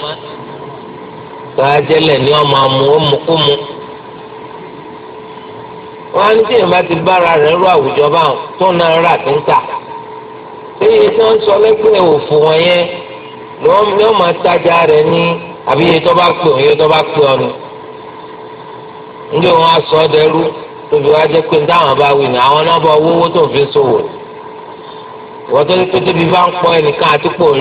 tọ́jájẹ́lẹ̀ ni wọ́n máa mú ó mú kú mu. wọ́n á ní tí èèyàn bá ti bára rẹ̀ rú àwùjọ báwọn tó náà rà tó ń tà. iye tí wọ́n ń sọ lẹ́gbẹ̀ẹ́ òfò wọn yẹn ni wọ́n máa tajà rẹ̀ ní àbí iye tó bá pè ọ́ iye tó bá pè ọ́ ni. ńjẹ́ wọn á sọ ọ́ dẹrú tóbi wá jẹ́ pé táwọn bá wí ni àwọn náà bá owó tó ń fi sòwò. wọ́n tó ní pété bí bá ń pọ́ ẹnìkan àtúpọ̀ ń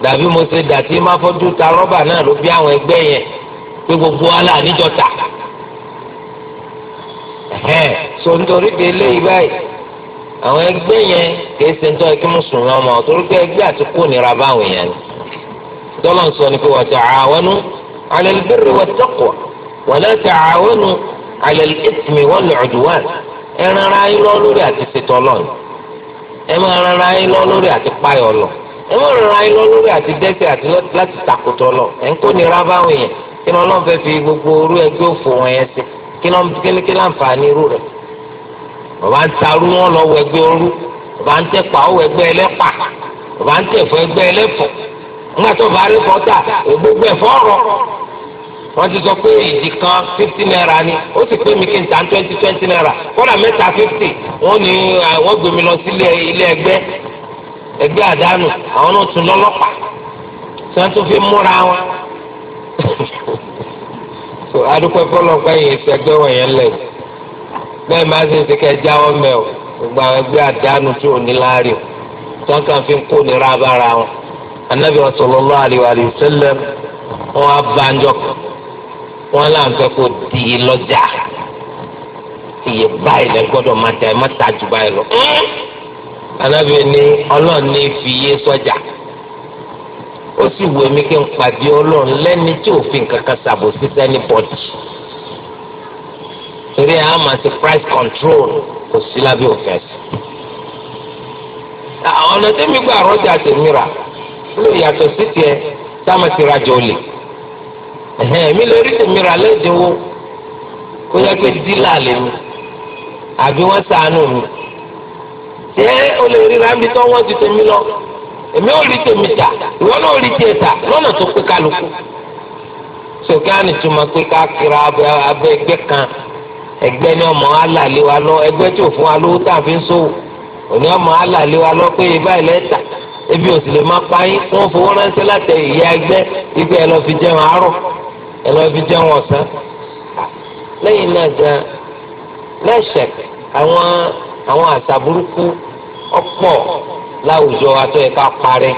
dàbí mo ṣe dàtí má fọ́jú ta rọ́bà náà ló bí àwọn ẹgbẹ́ yẹn pé gbogbo wàhálà níjọta so nítorí pé eléyìí báyìí àwọn ẹgbẹ́ yẹn kìí ṣe nítorí kí mùsùlùmí ọmọ torí pé ẹgbẹ́ àti kó nira báwọn èèyàn ni dọ́là ń sọ ni pé wa ta'awanu 'ala al-birri wat-taqwa wa la ta'awanu 'ala al-ithmi wal-'udwan ẹ rárá yín lọ lórí àti ṣètò ọlọ́run ẹ máa rárá yín lọ lórí àti páyọ̀ ọlọ́run ẹ má rọra yín lọ lórí àti dẹ́sẹ̀ àti láti takùtọ̀ lọ ẹ̀ ń kó ní rábàwìn yẹn kí ló lọ́n fẹ́ fi gbogbo orú ẹgbẹ́ òfò wọn yẹn sí kí ló ń kéle kí irú rẹ̀ bàbá ń tarú wọn lọ wọ ẹgbẹ́ orú bàbá ń tẹ̀ pa ẹgbẹ́ ẹlẹ́pà bàbá ń tẹ̀ ẹgbẹ́ ẹlẹ́fọ̀ ńgbà tó bá rí fọ́tà gbogbo ẹ̀fọ́ ọ̀rọ̀ wọ́n ti sọ pé ìdí kan fifty naira ni ó sì pé mi kí n ta twenty twenty naira kọ́dà mẹ́ta fifty wọ́n ní wọ́n gbé mi lọ sílé ilé ẹgbẹ́ ẹgbẹ́ àdánù àwọn náà tún lọ́lọ́pàá tí wọ́n tún fi múra wọn. adúpẹ́ fọlọ́pẹ́ yìí ṣẹgbẹ́ wọ̀nyẹn lẹ̀ bẹ́ẹ̀ máa ṣe ti kẹ́ jáwọ́ mẹ́ o gbogbo àwọn ẹgbẹ́ àdánù tí ò ní láàrin o tí wọ́n kàn fi ń kó ní rábára wọn. anabi sallallahu alaihi wa sallam wọn á bá ń jọ wọn là ń fẹ́ kó di lọ́jà iye báyìí lẹ gbọ́dọ̀ máa ta ẹ má ta jù báyìí lọ anábì ni ọlọ́run ní fi yé sọ́jà ó sì wù mí kí n pàdé ọlọ́run lẹ́ni tí òfin kankan ṣàbò sí sẹ́ni bọ́dì torí a máa ti price control kò sí lábẹ́ òfin ẹ̀sìn. àwọn ọ̀nà tẹ́mi gba àrọ́jà tèmi rà ló yàtọ̀ sí tiẹ̀ táwọn ti rajà olè èmi lè rí tèmi rà lẹ́dínwó kó yẹ pé dílà lèmi àbí wọ́n ṣàánú mi. ẹ o lè ríra mi tó wọ́n ju tèmi lọ èmi ò rí tèmi tà ìwọ náà rí tiẹ̀ tà lọ́nà tó pé kálukú. kira abẹ́ ẹgbẹ́ kan ẹgbẹ́ ni ọmọ alàlẹ́ wa lọ ẹgbẹ́ tí fún wa lówó tá a fi ń sòwò òní ọmọ alàlẹ́ wa lọ pé ibà ebi ò sì lè má pa wọ́n fowó ránṣẹ́ láti ẹgbẹ́ ibi lọ fi jẹun àárọ̀ ẹ lọ fi jẹun ọ̀sán lẹ́yìn náà gan lẹ́sẹ̀ àwọn àwọn àṣà ọ̀pọ̀ láwùjọ atọ́ ẹ̀ka parẹ́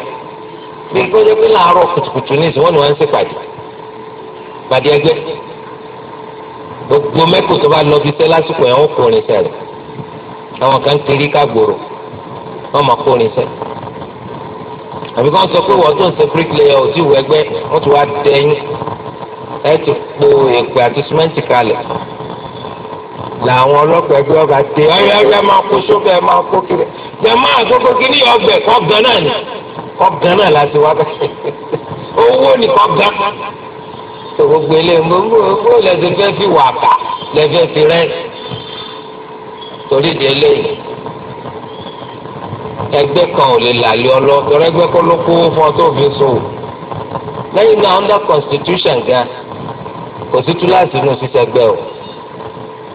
bí gbọ́dọ̀ pé làárọ̀ kùtùkùtù ní ìsìn wọn ni wọ́n ń ṣèpàdé pàdé ẹgbẹ́ gbogbo mẹ́kò tó bá lọ bí sẹ́ lásìkò yẹn wọ́n kọrin sẹ́rẹ̀ àwọn kan kiri kágbòrò wọ́n máa kọrin sẹ́rẹ̀ àbí kàn sọ pé wọ́n tó ń ṣe bricklayer ò tí wọ ẹgbẹ́ wọ́n ti wá dẹ́yìn ẹ̀ ti po èpè àti símẹ́ǹtì kalẹ̀ làwọn ọlọ́pàá ẹgbẹ́ ọba tẹ ọyọ ẹyọ máa kó sóbẹ ẹ máa kó kiri ẹ máa gbogbo kiri ọgbẹ kọ gan náà ni kọ gan náà láti wá bẹ owó ni kọ gan tó gbogbo eléyìí gbogbo lẹsẹ fẹ fi wà bá lẹsẹ fi rẹ torí di eléyìí ẹgbẹ́ kan ò lè làlẹ ọlọ tọrọ ẹgbẹ́ kọ ló kó fún ọ tó fi sòwò lẹ́yìn náà under constitution gan kò sí túláàsì inú sísẹgbẹ o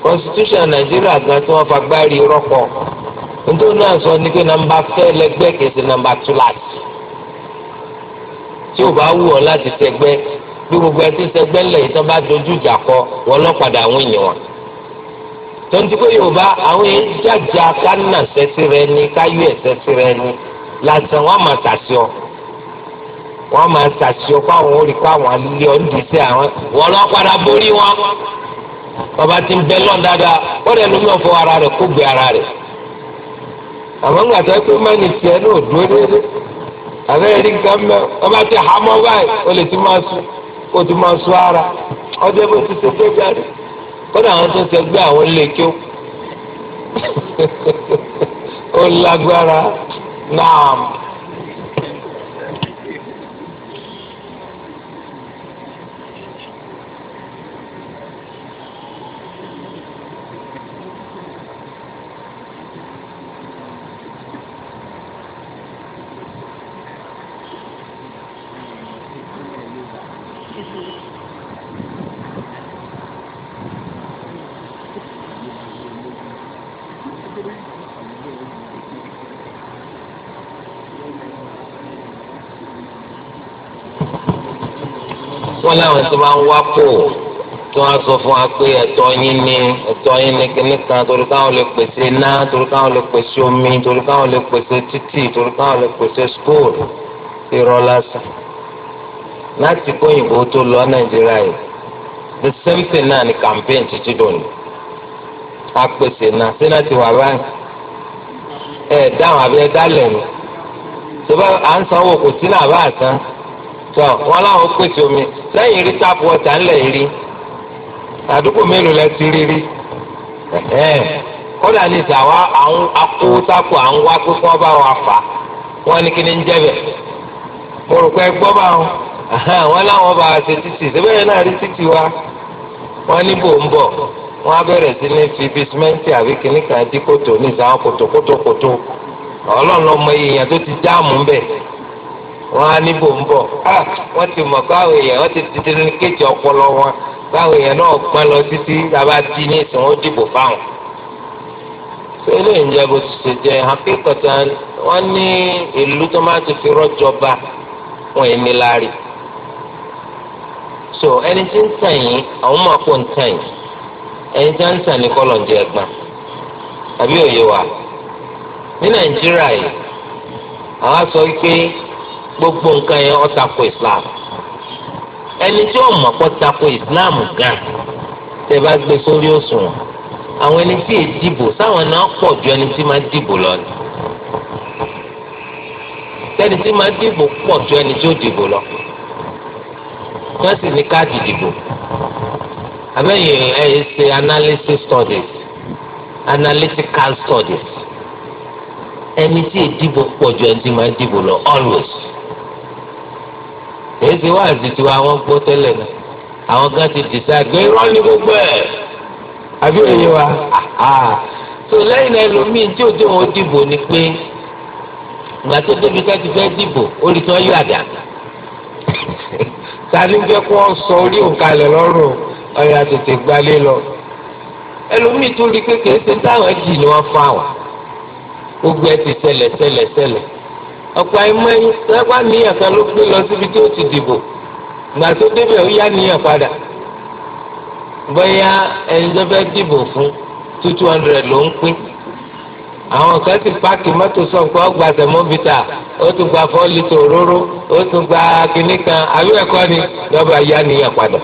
constitution nàìjíríà gan tí wọ́n fagbárí rọ́pọ̀ nítorí náà sọ ni pé nàmbà fẹ́ lẹ́gbẹ́ kìí nàmbà tú láti tí o bá wù ọ́ láti ṣẹgbẹ́ bí gbogbo ẹ ti ṣẹgbẹ́ ńlẹ̀ yìí tán bá dojú ìjà kọ wọ́n lọ́ padà àwọn èèyàn wọn tonti pé yorùbá àwọn èèyàn jàjà kánà sẹ́sí rẹ ni káyọ̀ ẹ̀sẹ̀sí rẹ ni lásán wọ́n máa tàṣí ọ wọ́n máa tàṣí ọ fáwọn orí fáwọn alẹ́ ọ̀ ń dìísẹ́ àwọn wọ́n lọ́ padà borí wọn. ọba ti ń bẹ lọ́n dáadáa ó rẹ̀ lómi ọ̀fọ̀ ara rẹ kó gbé ara rẹ àmọ́ ńgbà tó pé mẹ́ni tiẹ̀ náà dúró déédéé yẹn ní nǹkan ti hà báyìí ó lè máa sùn ara bó ti ṣe jáde tó bá ń wá pò tí wọ́n sọ fún wa pé ẹ̀tọ́ yín ni ẹ̀tọ́ yín ni kìnnìkan torí káwọn lè pèsè iná torí káwọn lè pèsè omi torí káwọn lè pèsè títì torí káwọn lè pèsè skul irọ́ lásán láti kóyìnbó tó lọ nàìjíríà yìí the same thing náà ni campaign títí dòní apèsè náà sínú ti wà báyìí ẹ dáhùn àbí ẹ dálẹ̀ ni tó bá à ń sanwó kò sí náà bá àtàn. tọ wọn pèsè omi lẹ́yìn rí tap water ńlẹ̀ rí àdúgbò mélòó lẹ ti rí rí kódà ní ìsàwọ àwọn akówótákò à ń wá wa fà wọn ní kí ń jẹbẹ mo rò pé gbọ́ bá wọn wọn làwọn bá a ṣe títì síbẹ̀ yẹn náà rí títì wa wọn ní bò ń bọ̀ wọn á bẹ̀rẹ̀ sí ní fi àbí kan dí kòtò wọn á níbò ń bọ̀ wọ́n ti mọ̀ káwọn èèyàn wọ́n ti tètè ní kéjì ọpọlọ wọn náà pọn títí tàbá di ní ìsìn wọn dìbò fáwọn. sẹ́lẹ̀ ń jẹ́ bó ti ṣe jẹ́ wọ́n ní ìlú tó máa ti fi rọ́jọba wọn so ẹni tí ń tàn yín àwọn ẹni tí ń tàn ní kọ́lọ̀ ń ẹ̀gbọ́n àbí òye wa ní sọ wípé. gbogbo nǹkan yẹn ó tako islam ẹni tí ó mọ̀ kó tako islam gan tẹ́ bá gbé sórí òṣùwọ̀n àwọn ẹni tí èyí dìbò sáwọn náà pọ̀ ju ẹni tí máa dìbò lọ ni tẹ́ni tí máa dìbò pọ̀ ju ẹni tí ó dìbò lọ wọ́n sì ní káàdì dìbò abẹ́yìn ẹ̀ ṣe analysis studies analytical studies ẹni tí ìdìbò pọ̀ ju ẹni tí máa dìbò lọ always èyí ti wá àdìtì wa àwọn gbọ́ tẹ́lẹ̀ náà àwọn kan ti dìtà gbé irọ́ ní gbogbo ẹ̀ àbí òye wa tó lẹ́yìn náà ẹlòmíín tí òjò wọn dìbò ni pé ìgbà tó débi ká ti fẹ́ dìbò orí tí wọ́n yọ àdá sani jẹ́ kó wọ́n sọ orí òǹkalẹ̀ lọ́rùn ọ̀yà tètè gbalé lọ ẹlòmíín tó rí kékeré ṣe táwọn ẹ̀jì ni wọ́n fà wá gbogbo ẹ̀ ti ṣẹlẹ̀ ṣẹlẹ̀ ṣẹlẹ̀ ọ̀pọ̀ ime nwere lọ́gbà níyàn kan ló gbé lọ síbi tí ó ti dìbò ìgbà tó débẹ̀ ó yá níyàn padà bóyá ẹni tó fẹ́ dìbò fún two two hundred ló ń pín àwọn kan ti mọ́tò sọ̀kọ́ tẹ̀mọ́bìtà ó tún gba ó tún gba ni yá níyàn padà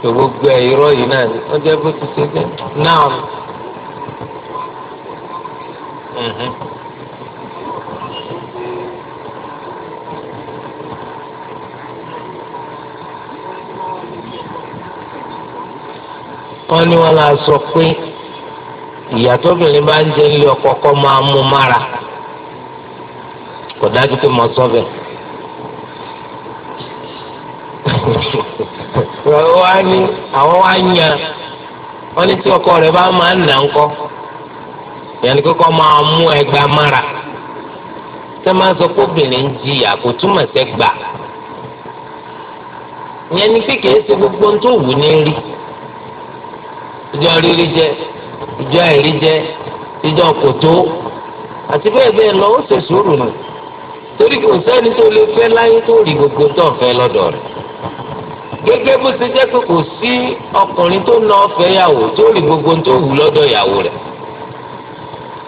gbogbo wọ́n ní wọ́n la sọ pé ìyá tóbìnrin bá ń jẹ ilé ọkọ kọ́ máa mú mára kò dájú pé mo sọ bẹ́ẹ̀. wọ́n wá ní àwọn wá ń yan wọ́n ní tí ọkọ rẹ̀ bá máa ń nà ń kọ́ yẹnni kókó máa mú ẹgbàá mára tẹ́ máa sọ pé obìnrin ń jìyà kò túmọ̀ sẹ́gbà yẹnni kékeré ṣe gbogbo ohun tó wù ní rí ìjọ rírí jẹ ìjọ àìrí jẹ ìjọ kòtó àti bẹ́ẹ̀ bẹ́ẹ̀ lọ ó ṣe sùúrù nù torí kò sẹ́ni tó lè fẹ́ láyé tó rí gbogbo tó ń fẹ́ lọ́dọ̀ rẹ̀ gẹ́gẹ́ bó ṣe jẹ́ pé kò sí ọkùnrin tó na ọ̀fẹ́ yàwó tó rí gbogbo tó wù lọ́dọ̀ yàwó rẹ̀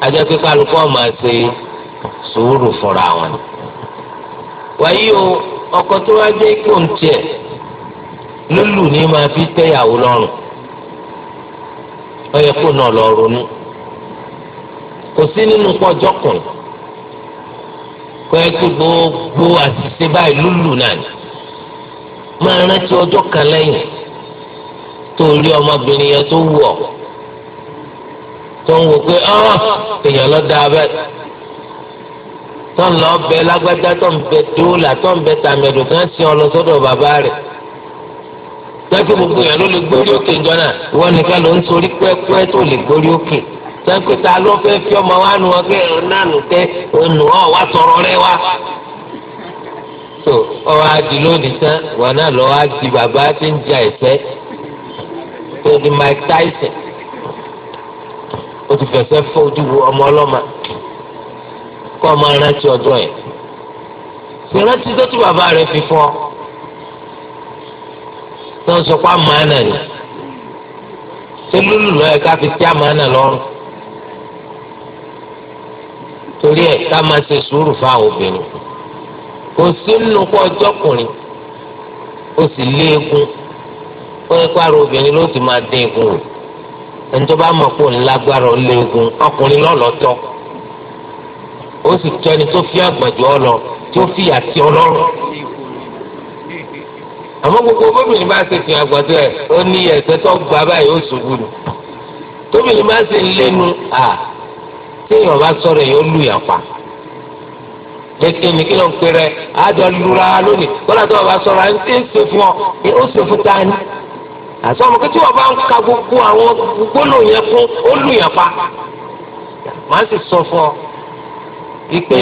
ajẹ́ pé kálukú máa ṣe sùúrù fúnra wọn. wàyí o ọkọ tó wá jẹ́ kí òun tiẹ̀ lólù ní máa fi tẹ́ lọ́rùn ọyẹ kó náà lọ ronú kò sí nínú pọ́jọ́ kan kọ́ ẹ kó gbogbo àṣìṣe báyìí lúlù náà ni máa rántí ọjọ́ kan lẹ́yìn tó rí ọmọbìnrin yẹn tó wù ọ́ tó ń wò pé ọ́ èèyàn lọ da abẹ́ tó ń lọ bẹ lágbájá tó ń bẹ dóòlà tó ń bẹ tàmẹ̀dù kan sí ọ lọ sọ́dọ̀ bàbá rẹ̀ jẹ́pẹ́ gbogbo yẹn ló lè gbórí òkè ńjọ náà ìwọ nìkan ló ń sorí pẹ́pẹ́ tó lè gbórí òkè jẹ́pẹ́ ta ló fẹ́ fi ọmọ wa nu wọn pé òun náà nù tẹ́ òun nù ọ́ wá sọ̀rọ̀ rẹ wá. tó ọwọ́ adi lónìí tán wọn náà lọ́wọ́ adi bàbá tí ń ja ẹ̀fẹ́ tó di Mike Tyson ó ti fẹsẹ̀ fọ́ ojú ọmọ ọlọ́mà kọ́ ọmọ arántí ọjọ́ yẹn ìrántí tó ti bàbá rẹ fi fọ́ tó ń sọ pé àmàna ni tó lùlù ẹ̀ ká fi tí àmàna lọ́rùn torí ẹ̀ ká máa ṣe sùúrù fáwọn obìnrin kò sí nínú pọ̀ ọjọ́kùnrin ó sì lé egun ó yẹ kó ara obìnrin ló ti máa dín egun rẹ̀ ẹni tó bá mọ̀ pé òun lágbára lé egun ọkùnrin lọ́lọ́tọ́ ó sì tọ́ ẹni tó fi àgbàjọ ọ lọ tí ó fìyà sí àmọ́ gbogbo bóbìnrin bá ṣe fi àgbàdo ẹ̀ ó ní ẹ̀sẹ̀ tó gba báyìí ó ṣubú ni tóbìnrin bá ṣe lénu à téèyàn bá sọ̀rọ̀ yóò lù yàn pa lẹ́kẹ́ ni kí ló ń pèrè àjọ lura lónìí kọ́lá tó o bá sọ̀rọ̀ à ń tẹ́ ṣe fún ọ ni ó ṣe fún ta ni àti ọmọ kẹ́tí wọn bá ń ka gbogbo àwọn gbólóhùn yẹn fún ó lù yàn pa màá sì sọ fún ọ wípé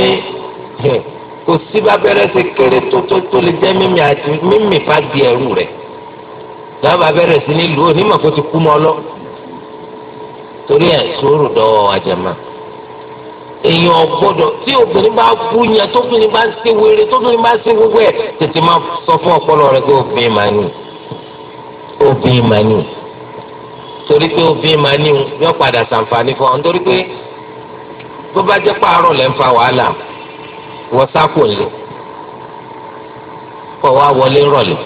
kò sí bábẹ́rẹ́ ṣe kéré tó tó tó lè jẹ́ mímì àti mímì fagi ẹ̀rù rẹ̀ lọ́wọ́ bábẹ́rẹ́ sí nílùú onímọ̀ kó ti kú mọ́ lọ. torí ẹ̀ sùúrù dọ́wọ́ àjẹmọ́ èèyàn gbọ́dọ̀ tí obìnrin bá kú yẹn tóbìnrin bá ṣe wéré tóbìnrin bá ṣe gbogbo ẹ̀ tètè máa sọ fún ọpọlọ rẹ pé obìnrin máa ní obìnrin máa ní torí pé obìnrin máa ní yọ padà ṣàǹfààní fún ọ nítorí pé tó bá jẹ́ pààrọ̀ lẹ́ ń fa wàhálà wọ sáko ńlẹ kọ wá wọlé rọlẹ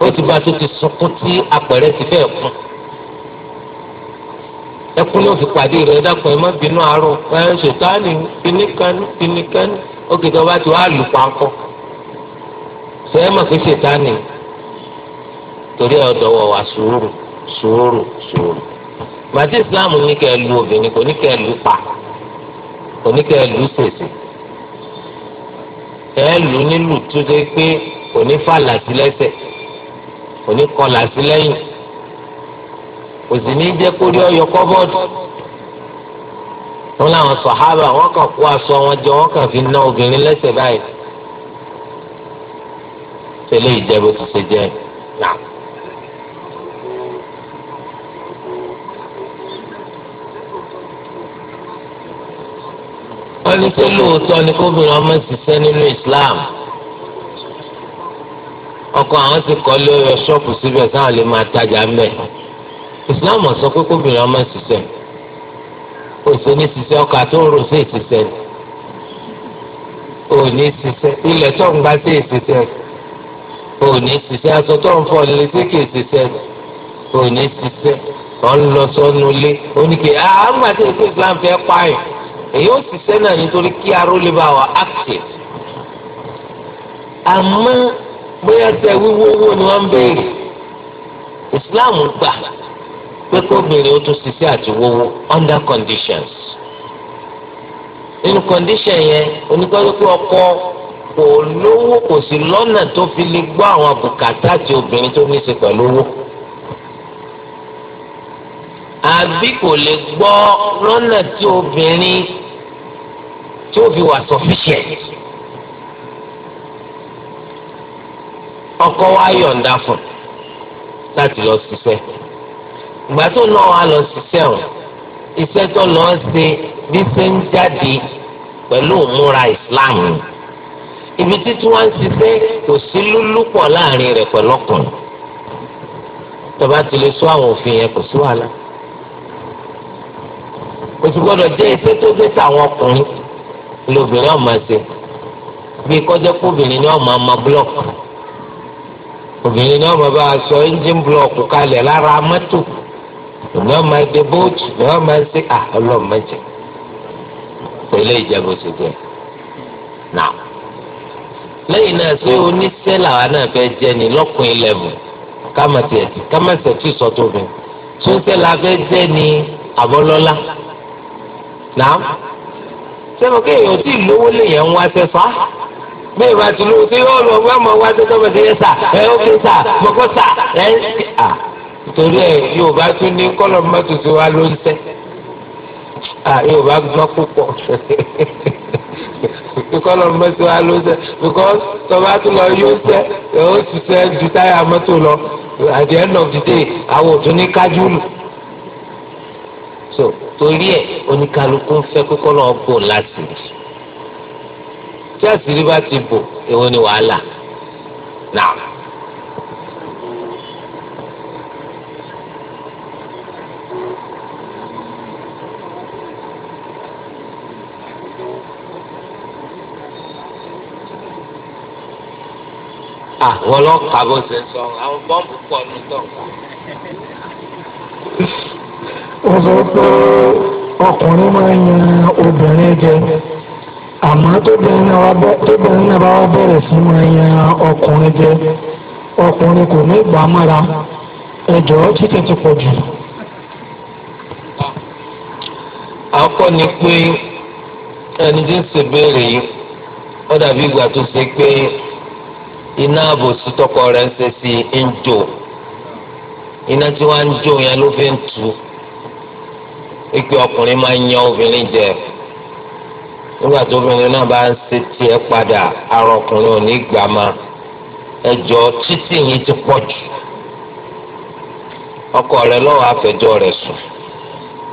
ó ti bá tó ti sunkún tí apẹ̀rẹ̀ ti fẹ́ kún ẹkún ló fi pàdé rẹ dákun ẹ má bínú àárọ̀ ẹ ṣètánì kìnnìkan kìnnìkan ó kìí tó bá ti wá lù pàǹkọ sọ ẹ mọ̀ pé ṣètánì torí ọ̀dọ̀ wọ̀ wá sùúrù sùúrù sùúrù màtí ìsìláàmù ní kẹ́ ẹ lu obìnrin kò ní kẹ́ ẹ lù pa kò ní kẹ́ ẹ lù sèse ẹ lù nílù tó ṣe pé òní fàlà sí lẹ́sẹ̀ òní kọlà sí lẹ́yìn kò sì ní jẹ́ kórí ọyọ kọ́bọ́ọ̀dù wọn làwọn sọ̀hábà wọn kàn kó aṣọ wọn jẹ wọn kàn fi ná obìnrin lẹ́sẹ̀ báyìí tẹ́lẹ̀ ìjẹ́bù ti ṣe jẹ́ náà. wọ́n ní pé lóòótọ́ ni kóbìnrin ọmọ ṣiṣẹ́ nínú Islam ọkọ àwọn ti kọ́ lé ọyọ ṣọ́ọ̀pù síbẹ̀ káwọn lè máa tajà mẹ́ Islam sọ pé kóbìnrin ọmọ ṣiṣẹ́ òṣè ní ṣiṣẹ́ ọkà tó ń rò sí ìṣiṣẹ́ òní ṣiṣẹ́ ilẹ̀ tó ń gbá sí ìṣiṣẹ́ òní ṣiṣẹ́ aṣọ tó ń fọ nílé sí kì í ṣiṣẹ́ òní ṣiṣẹ́ ọ̀ ń lọ sọ́nulé oníkè ah, àwọn àti ìṣe Islam fẹ́ pààyàn èyí ó ṣiṣẹ́ náà nítorí kí aró lè bá wa active àmọ́ bóyá tẹ wíwó owó ni wọ́n ń béèrè Islam gbà pé kóbìnrin ó tún ṣiṣẹ́ àti wówó under conditions nínú condition yẹn oníkọ́jú pé ọkọ kò lówó kò sí lọ́nà tó fi lè gbọ́ àwọn bùkátà àti obìnrin tó ní í ṣe pẹ̀lú owó àbí kò lè gbọ́ lọ́nà tí obìnrin tí ó fi wà sufficient. ọkọ wa yọ̀ǹda fún láti lọ ṣiṣẹ́ ìgbà tó náà wà lọ ṣiṣẹ́ o iṣẹ́ tó lọ ṣe bí ṣe ń jáde pẹ̀lú òmúra Islam ibi títí wọ́n ń ṣiṣẹ́ kò sí lúlúpọ̀ láàrin rẹ̀ pẹ̀lú ọkùnrin tó bá ti lè sọ àwọn òfin yẹn kò sí wàhálà kò sì gbọ́dọ̀ jẹ́ iṣẹ́ tó gbé tàwọn ọkùnrin. lóbìnrin ọmọ ẹsẹ bí kọjá kó obìnrin ni ọmọ ọmọ búlọọkù obìnrin ni ọmọ bá sọ ẹnjìn búlọọkù kalẹ̀ lára mọ́tò ní ọmọ ẹdẹ bóòtù ní ọmọ ẹsẹ à ọlọ́mọ ẹjẹ pẹ̀lẹ́ ìjẹbù sì jẹ náà náà ṣé náà jẹ ní jẹ ní náà. sẹ́nu kí èèyàn tí ìlówó lè yẹn ń wáṣẹ́ fa bẹ́ẹ̀ bá ti lówó tí yóò lọ wá máa wáṣẹ́ tó bẹ̀rẹ̀ sà ẹ ó fi sà mọ̀kọ́ sà ẹ ń ṣe à torí ẹ Yorùbá tún ní kọ́lọ̀ mọ́tò tó wá ló ń tẹ́ à Yorùbá gbọ́ púpọ̀ kọ́lọ̀ mọ́tò wá ló ń tẹ́ because tọ́ba tún lọ yóò tẹ́ ẹ ó ti tẹ́ ju táyà mọ́tò lọ at the end of the day àwọn òtún ní kájúlù so torí ẹ̀ oníkálukú ń fẹ́ kókó náà bò láṣìírí tí àṣírí bá ti bò èwo ni wàhálà náà. àwọn ọlọ́pàá bó ṣe sọ àwọn bọ́ǹbù pọ̀ ní tọ̀ ó sọ pé ọkùnrin máa ń yan obìnrin jẹ àmọ́ tóbìnrin náà bá wá bẹ̀rẹ̀ sí máa yan ọkùnrin jẹ ọkùnrin kò ní ìgbà mára ẹjọ́ títẹ̀ ti pọ̀ jù. àkọ́ ni pé ẹni tí ń ṣèbéèrè yìí ó dàbí ìgbà tó ṣe pé iná àbòsí tọkọ rẹ̀ ń ṣe sí ń jò iná tí wọ́n ń jò yẹn ló fi ń tu pé ọkùnrin máa ń yan obìnrin jẹ nígbà tó obìnrin náà bá ń ṣe tiẹ̀ padà ara ọkùnrin ò ní gbà má ti pọ jù ọkọ rẹ lọ́wọ́ àfẹjọ́ rẹ sùn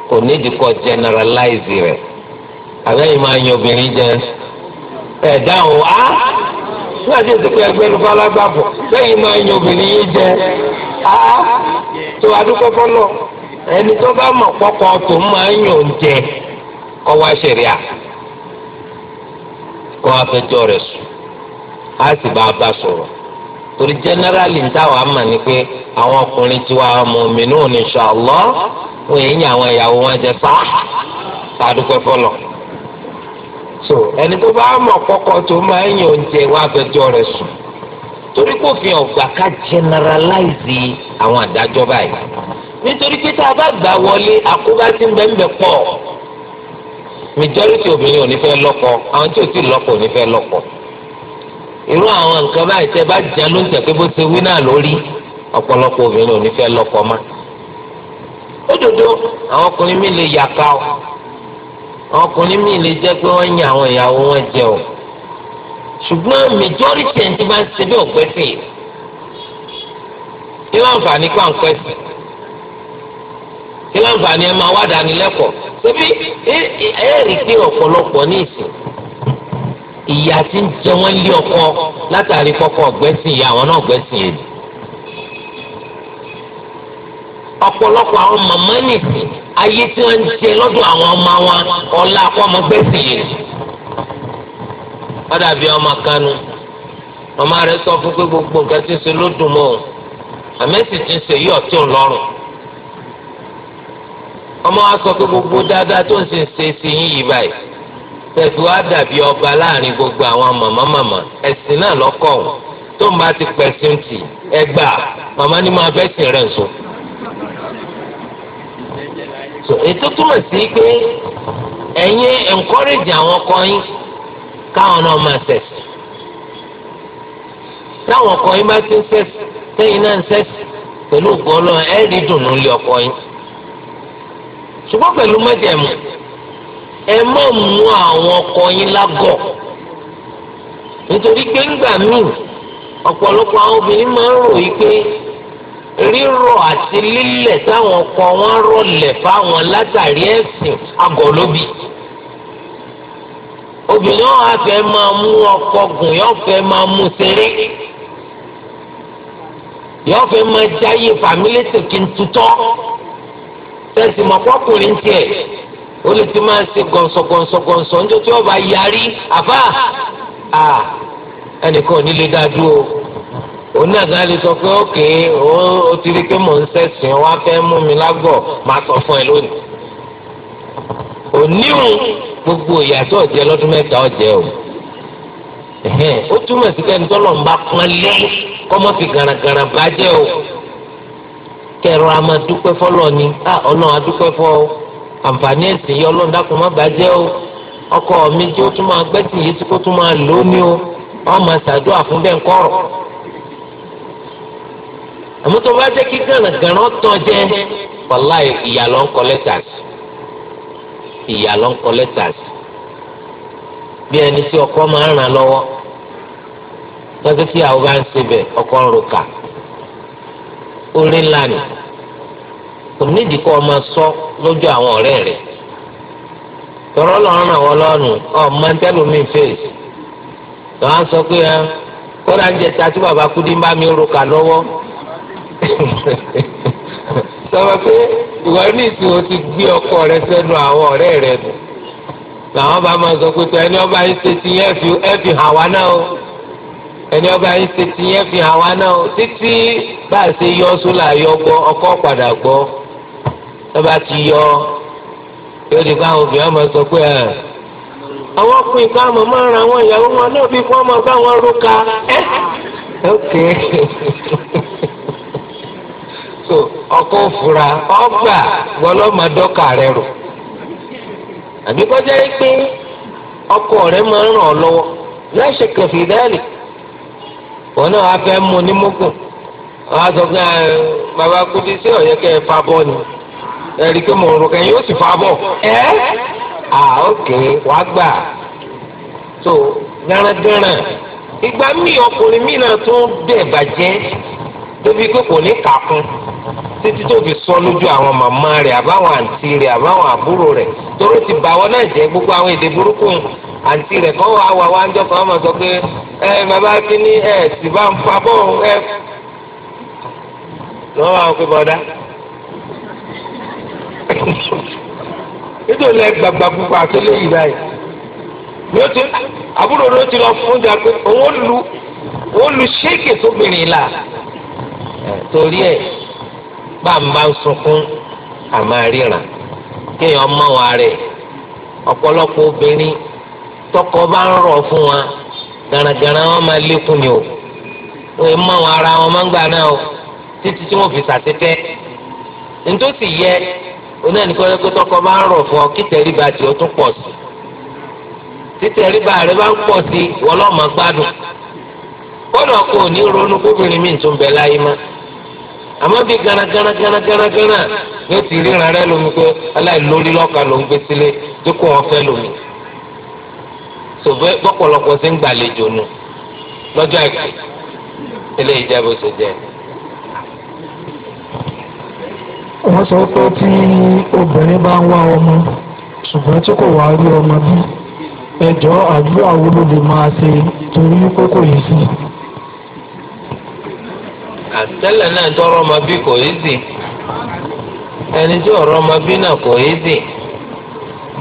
kò nídìí generalize rẹ àbẹ́yìn máa yan obìnrin jẹ ẹ̀ dáhùn á nígbà tí èsì pé ẹgbẹ́ bẹ́yìn máa yan obìnrin yìí jẹ á tó adúgbò fọlọ́. ẹni tó bá mọ̀ pọ́pọ́ tó máa ń yàn jẹ kọ wá ṣẹ̀ríà kọ́ afẹ́jọ́ rẹ̀ sùn á sì bá a bá torí jẹ́nẹ́rálì ń táwọn á pé àwọn ọkùnrin tiwa mùmínùn inshallah wọn èyí àwọn ìyàwó wọn jẹ so ẹni tó bá tó máa ń yàn jẹ wá sùn torí kò fi hàn nítorí pé tá a bá gbà wọlé àkóbá tí ń bẹ ń bẹ pọ̀ majority obìnrin ò ní fẹ́ lọ́kọ àwọn tí ò tí lọ́kọ ò ní fẹ́ lọ́kọ irú àwọn nǹkan báyìí tẹ́ bá jẹ ló ń tẹ pé bó ṣe wí náà lórí ọ̀pọ̀lọpọ̀ obìnrin ò ní fẹ́ lọ́kọ mọ́ òdodo àwọn ọkùnrin mi lè yàká o àwọn ọkùnrin mi lè jẹ́ pé wọ́n yan àwọn ìyàwó wọn jẹ o ṣùgbọ́n majority ẹni tí bá ń ṣe bí òpẹ́sì yìí wọ́n fà ní kí láǹfààní ẹ máa wá dánilẹ́kọ̀ọ́ tóbi ẹ rí pé ọ̀pọ̀lọpọ̀ ní ìsìn ìyá tí ń jẹ wọ́n lé ọkọ látàrí kọ́kọ́ ọ̀gbẹ́sìn ìyá àwọn náà ọ̀gbẹ́sìn yẹn ni. ọ̀pọ̀lọpọ̀ àwọn ọmọ wọn ọ̀la yẹn ni. kanu sọ fún gbogbo nǹkan ti ń lódùn mọ́ ti ń yí ọmọ wa sọ pé gbogbo dáadáa tó ń ṣe ṣe sí yín yìí báyìí tẹ̀sí wa dàbí ọba láàrin gbogbo àwọn màmá màmá ẹ̀sìn náà lọ́kọ̀ ọ̀hún tó ń bá ti pẹ̀sìn tì ẹgbà màmá ni máa fẹ́ sìn rẹ̀ nsọ. ètò túmọ̀ sí pé ẹ̀yin encourage àwọn ọkọ yín káwọn náà máa ṣẹ̀sì táwọn ọkọ yín bá ti ń ṣẹ̀sì tẹ́yìn náà ń ṣẹ̀sì pẹ̀lú ògbọ́n náà ẹ̀ẹ́dì dùnú lé ọkọ yín ṣùgbọ́n pẹ̀lú mẹ́jẹ̀mú ẹ má mú àwọn ọkọ yín lágọ̀ nítorí pé ńgbà míì ọ̀pọ̀lọpọ̀ àwọn obìnrin máa ń rò yí pé rírọ̀ àti lílẹ̀ táwọn ọkọ wọn rọlẹ̀ fáwọn látàrí ẹ̀sìn agọ̀ lóbi obìnrin wọn á fẹ́ máa mú ọkọ gùn yóò fẹ́ máa mú ṣeré yóò fẹ́ máa jáyé fàmílẹ́sì kí n tutọ́ sẹ́ǹsì mọ̀kọ́kùnrin tiẹ̀ ó lè ti máa ṣe gọ̀nsọ̀ gọ̀nsọ̀ gọ̀nsọ̀ níjó tí ọba yarí àbá à ẹnìkan ò ní lè dá dúró òun náà gán lè sọ pé ókè ó ti rí pé mò ń sẹ̀sìn wá fẹ́ mú mi lágbọ̀ máa sọ fún ẹ lónìí òníhùn gbogbo ìyàtọ̀ ọ̀jẹ́ lọ́dún mẹ́ta ọ̀jẹ́ o ó túmọ̀ sí kẹ́ni tọ́lọ̀ ń bá pọ́n lé kọ́mọ́ fi garagara bàjẹ́ o. kẹrọ àmọ́ dúpẹ́ fọlọ ni a Ọlọ́run adúpẹ́ fọ o àǹfààní ẹsìn yìí Ọlọ́run dákun má o ọkọ mi tí ó máa gbẹ́sìn yìí tí kò tún máa lò ó ní o wọn máa ṣàdúrà fún bẹ́ẹ̀ kọ̀rọ̀ bá kí gànàgànà tán wàlá ń kọ ń kọ bí ẹni tí ọkọ máa ń ràn lọ́wọ́ tọ́jú tí àwọn bá ń ṣe ọkọ ń ro kà. orí ńlá ni kò nídìí kọ́ ọmọ sọ lójú àwọn ọ̀rẹ́ rẹ̀ tọrọ lọ́rùn àwọn ọlọ́run ọmọ ntẹ́lómìn fèsì lọ́wọ́ á sọ pé ẹ kọ́dà ń jẹ ta tí bàbá kúndín bá mi rò kà lọ́wọ́ sọ pé ìwọ ní ìsìn o ti gbé ọkọ rẹ sẹ́nu àwọn ọ̀rẹ́ rẹ làwọn bá máa sọ pé tẹ ẹni ọba yìí ṣe ti ẹ fi hàn wá náà o. ẹni ọba yín ṣe ti yẹn fi hàn wá náà títí bá a yọ sólà yọ gbọ, ọkọ padà gbọ́ lọba ti yọ yóò di káwọn obìnrin ọmọ sọ pé ẹ àwọn ọkùnrin ká mọ̀ máa ra àwọn ìyàwó wọn náà bí fún ọmọ káwọn ok so ọkọ òfura ọgbà wọlọ́mọdọ́kà rẹ rò pé ọkọ rẹ máa ràn láṣẹ kẹfì òun náà wá fẹ́ mú ní mọ́gùn wọ́n á sọ pé ah, bàbá kúndé sí ọ̀yẹ́ kẹ́ ẹ fa bọ́ ni ẹ̀rí pé mo rò kẹ́yìn ó sì fa bọ̀ ẹ́ à ókè wá gbà tó gánragánra ìgbà míì ọkùnrin míì náà tó bẹ̀ bàjẹ́ tóbi pé kò ní kà fún títí tó fi sọ lójú àwọn màmá rẹ̀ àbáwọn àǹtí rẹ̀ àbáwọn àbúrò rẹ̀ toró ti bàwọ́ náà jẹ́ gbogbo àwọn èdè burúkú àǹtí rẹ̀ kọ́ wà wà wá ń jọ kàn án mọ̀ sọ pé ẹ bàbá kí ni ẹ sì bá ń fa bọ́ọ̀ ẹ. lọ́wọ́ àwọn pé bọ́dá. nítorí ẹ gbàgbà púpọ̀ àtúnlẹ̀ yìí báyìí. yóò ti àbúrò ló ti lọ fún jà pé òun lu òun lu ṣéèkì tó bìnrin là. torí ẹ bá ń bá ń sunkún àmọ́ àríran kéèyàn mọ́ wọn rẹ̀ ọ̀pọ̀lọpọ̀ obìnrin. tọkọ bá ń rọ̀ fún wa garagara wọn máa lékún ni o wọn mọ àwọn ara wọn máa ń gbà náà o títí tí wọn fi nítòsí yẹ onáà ní kọ́lé pé tọkọ bá ń rọ̀ fún ọ kí tí tún sí rẹ bá ń sí wọn máa gbádùn kò mi tún bẹ láyé bí garagara garagara garagara yóò sòfò bọ́pọ̀lọpọ̀ sí ń gbàlejò nù lọ́jọ́ àìkú ilé ìjẹ́bù sì wọ́n sọ pé tí obìnrin bá ń wá ọmọ ṣùgbọ́n tí kò wá rí ọmọ bí ẹjọ́ àdúrà wo ló lè máa ṣe torí pé kò yé sí. àtẹ́lẹ̀ náà tọrọ ọmọ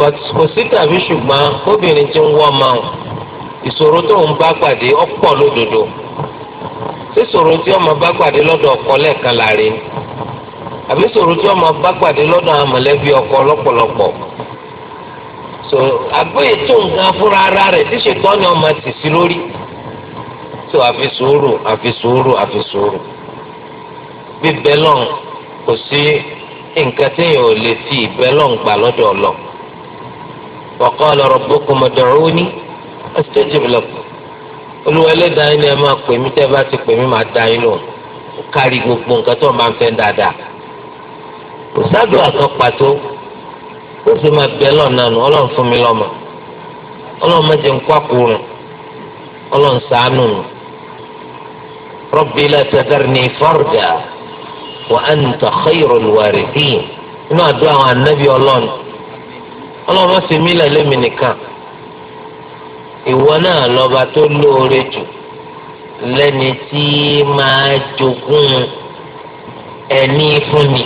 but kò sí tàbí ṣùgbọ́n obìnrin ti ń wọ́ ọmọ wọn ìṣòro tó ń bá pàdé ọ̀pọ̀ lódodo síṣòro tí ọmọ bá pàdé lọ́dọ̀ ọkọ lẹ́ẹ̀kan láàrin àbí soro tí ọmọ bá pàdé lọ́dọ̀ àwọn ọkọ lọ́pọ̀lọpọ̀ so àgbéyè tó nǹkan fúnra ara rẹ̀ tí ṣètọ́ ni ọmọ ti sí lórí so àfi fi àfi àfi kò sí nǹkan ò lè ti وقال ربكم ud'uni استجب لكم olùwẹ̀lẹ́dàá yín ni ẹ máa pè mí tẹ́ bá ti pè mí máa dá yín lò ó kárí gbogbo nǹkan tó máa ń fẹ́ dáadáa kò sádùn àkàn pàtó ó sì máa bẹ lọ́nà nù ọlọ́run fún mi lọ́mọ ọlọ́run má jẹ́ ń kó àkùrùn ọlọ́run ṣàánú nù rabbi la tadharni farda wa anta khayrul warithin inú àdúrà àwọn anábì ọlọ́run ọlọ́run sì mí lẹ́lẹ́ mi nìkan ìwọ náà lọ́ba tó lóore jù lẹ́ni tí máa jogún ẹni fúnni.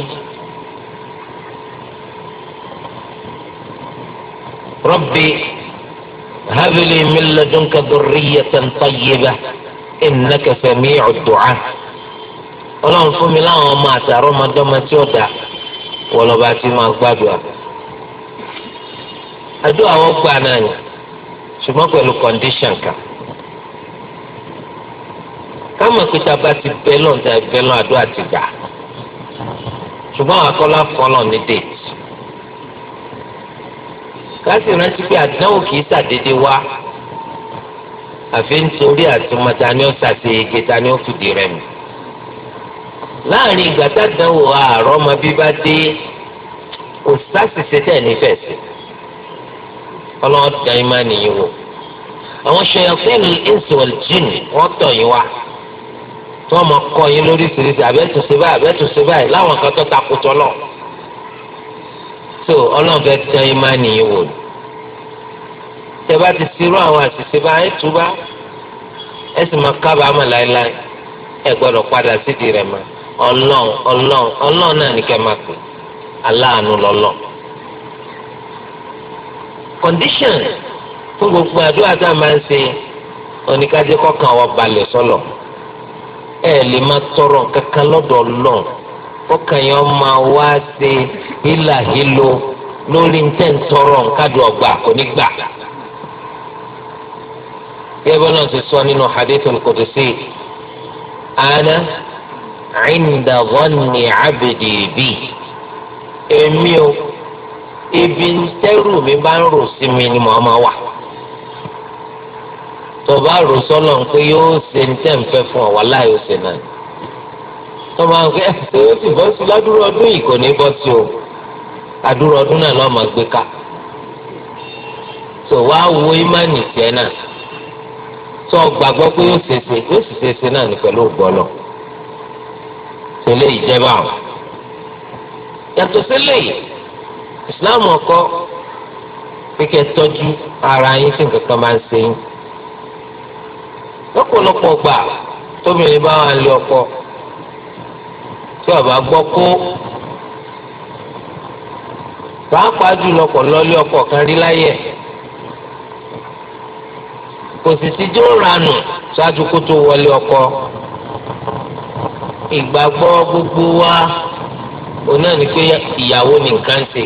ربي هب لي من لدنك ذرية طيبة إنك سميع الدعاء ọlọ́run fún mi láwọn ọmọ àtàrọ́ tí ó dà wọ́n lọ́ba tí máa gbàdúrà àdúrà àwọn gbà náà ni ṣùgbọ́n pẹ̀lú condition kan káwọn pété abá ti bẹ́ẹ̀ lọ́n ta ẹ̀bẹ́ lọ́n àdúrà ti gbà ṣùgbọ́n àwọn akọ́lá fọlọ́ ní déètì káṣí rántí pé àdánwò kìí ṣàdédé wá àfi nítorí àtúmọ̀ ta ni ó ṣàṣeyege ta ni ó fìdí rẹ̀ mi láàrin ìgbà tá àdánwò àárọ̀ ọmọ bíbá dé kò sáṣìṣe tẹ̀ nífẹ̀ẹ́ sí i ọlọ́run ti dán ìmánì yín wò àwọn ṣayàfẹ́ẹ̀lì ìṣòwò jìnnì wọ́n tọ̀ yín wá tí wọ́n mọ kọ́ yín lóríṣiríṣi àbẹ́tù sí báyìí àbẹ́tù sí láwọn kan tó takò tọ́lọ̀ so ọlọ́run fẹ́ dán ìmánì yín wò tẹ bá ti sírú àwọn àṣìṣe báyìí túbá ẹ sì máa kábàámọ̀ láéláé ẹ gbọ́dọ̀ padà sídìí rẹ̀ mọ́ ọlọ́run ọlọ́run ọlọ́run náà ní kẹ́ máa pè aláàánú lọ́lọ́run condition fún gbogbo àdúrà tá a máa ń ṣe oníkájẹ́ kọ́kàn wa balẹ̀ sọ́lọ̀ ẹ lè má tọrọ kankan lọ́dọ̀ lọ kọ́kàn yẹn máa wá ṣe hílàhílo lórí ntẹ́ ń tọrọ nkádùn ọgbà kò ní gbà. gẹ́gẹ́ náà ti sọ nínú hadith al-Qudsi ana inda dhanni abdi bi èmi o. ebi tẹ́rù mi bá ń rò mi ni màá máa wà tó bá rò pé yóò ṣe ní fún ọ láì ó náà tó máa ń fẹ́ ṣé ó ti ọdún yìí kò ní bọ́ o àdúrà ọdún náà lọ́ọ́ máa gbé ká tó wá wo ìmánì tiẹ̀ náà tó gbàgbọ́ pé yóò ṣe ṣe yóò sì ṣe ṣe náà ní pẹ̀lú ògbọ́lọ̀ tẹ́lẹ̀ yàtọ̀ yìí. islam ọkọ kíkẹ tọ́jú ara yín tí nǹkan kan máa ń ṣe yín lọ́pọ̀lọpọ̀ gbà tóbìnrin bá wà lé ọkọ tí ọba gbọ́ kó pàápàá jùlọ pọ̀ lọ́lé ọkọ kan rí láyé kò sì ti jó ranù ṣáájú kó tó wọlé ọkọ ìgbàgbọ́ gbogbo wa òun náà ni pé ìyàwó ni ṣe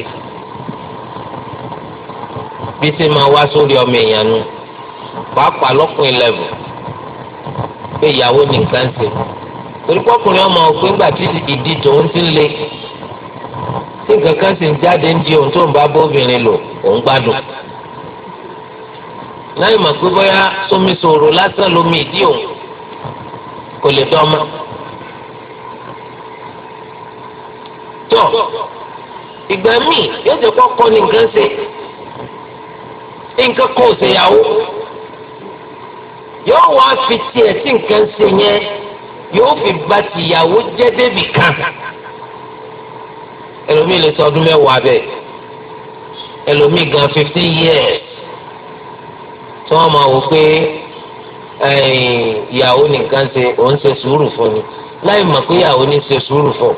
bí ṣe máa wá sórí ọmọ èèyàn nu pàápàá lọ́kùnrin lẹ́vù pé ìyàwó ní nǹkan ṣe torí pọ́kùnrin ọmọ òpin gbà tí ìdí tòun ti le tí nǹkan kan sì ń jáde ń di ohun tó ń bá bóbìnrin lò òun gbádùn láì mọ̀ pé bóyá sómi sòrò lásán lomi ìdí òun kò lè dán mọ́. tó ìgbà míì yóò jẹ́ kó kọ́ ni nǹkan ṣe nǹkan kó o ṣe yàwó yóò wá fi tiẹ̀ sí nǹkan ṣe yẹn yóò fi gba tìyàwó jẹ́ débì kan ẹlòmíì lè sọ ọdún mẹ́wàá bẹ́ẹ̀ ẹlòmíì gan fifteen years tí wọ́n máa wò pé ìyàwó nìkan ṣe òun ṣe sùúrù fún ni láì mọ̀ pé ìyàwó ní ṣe sùúrù fún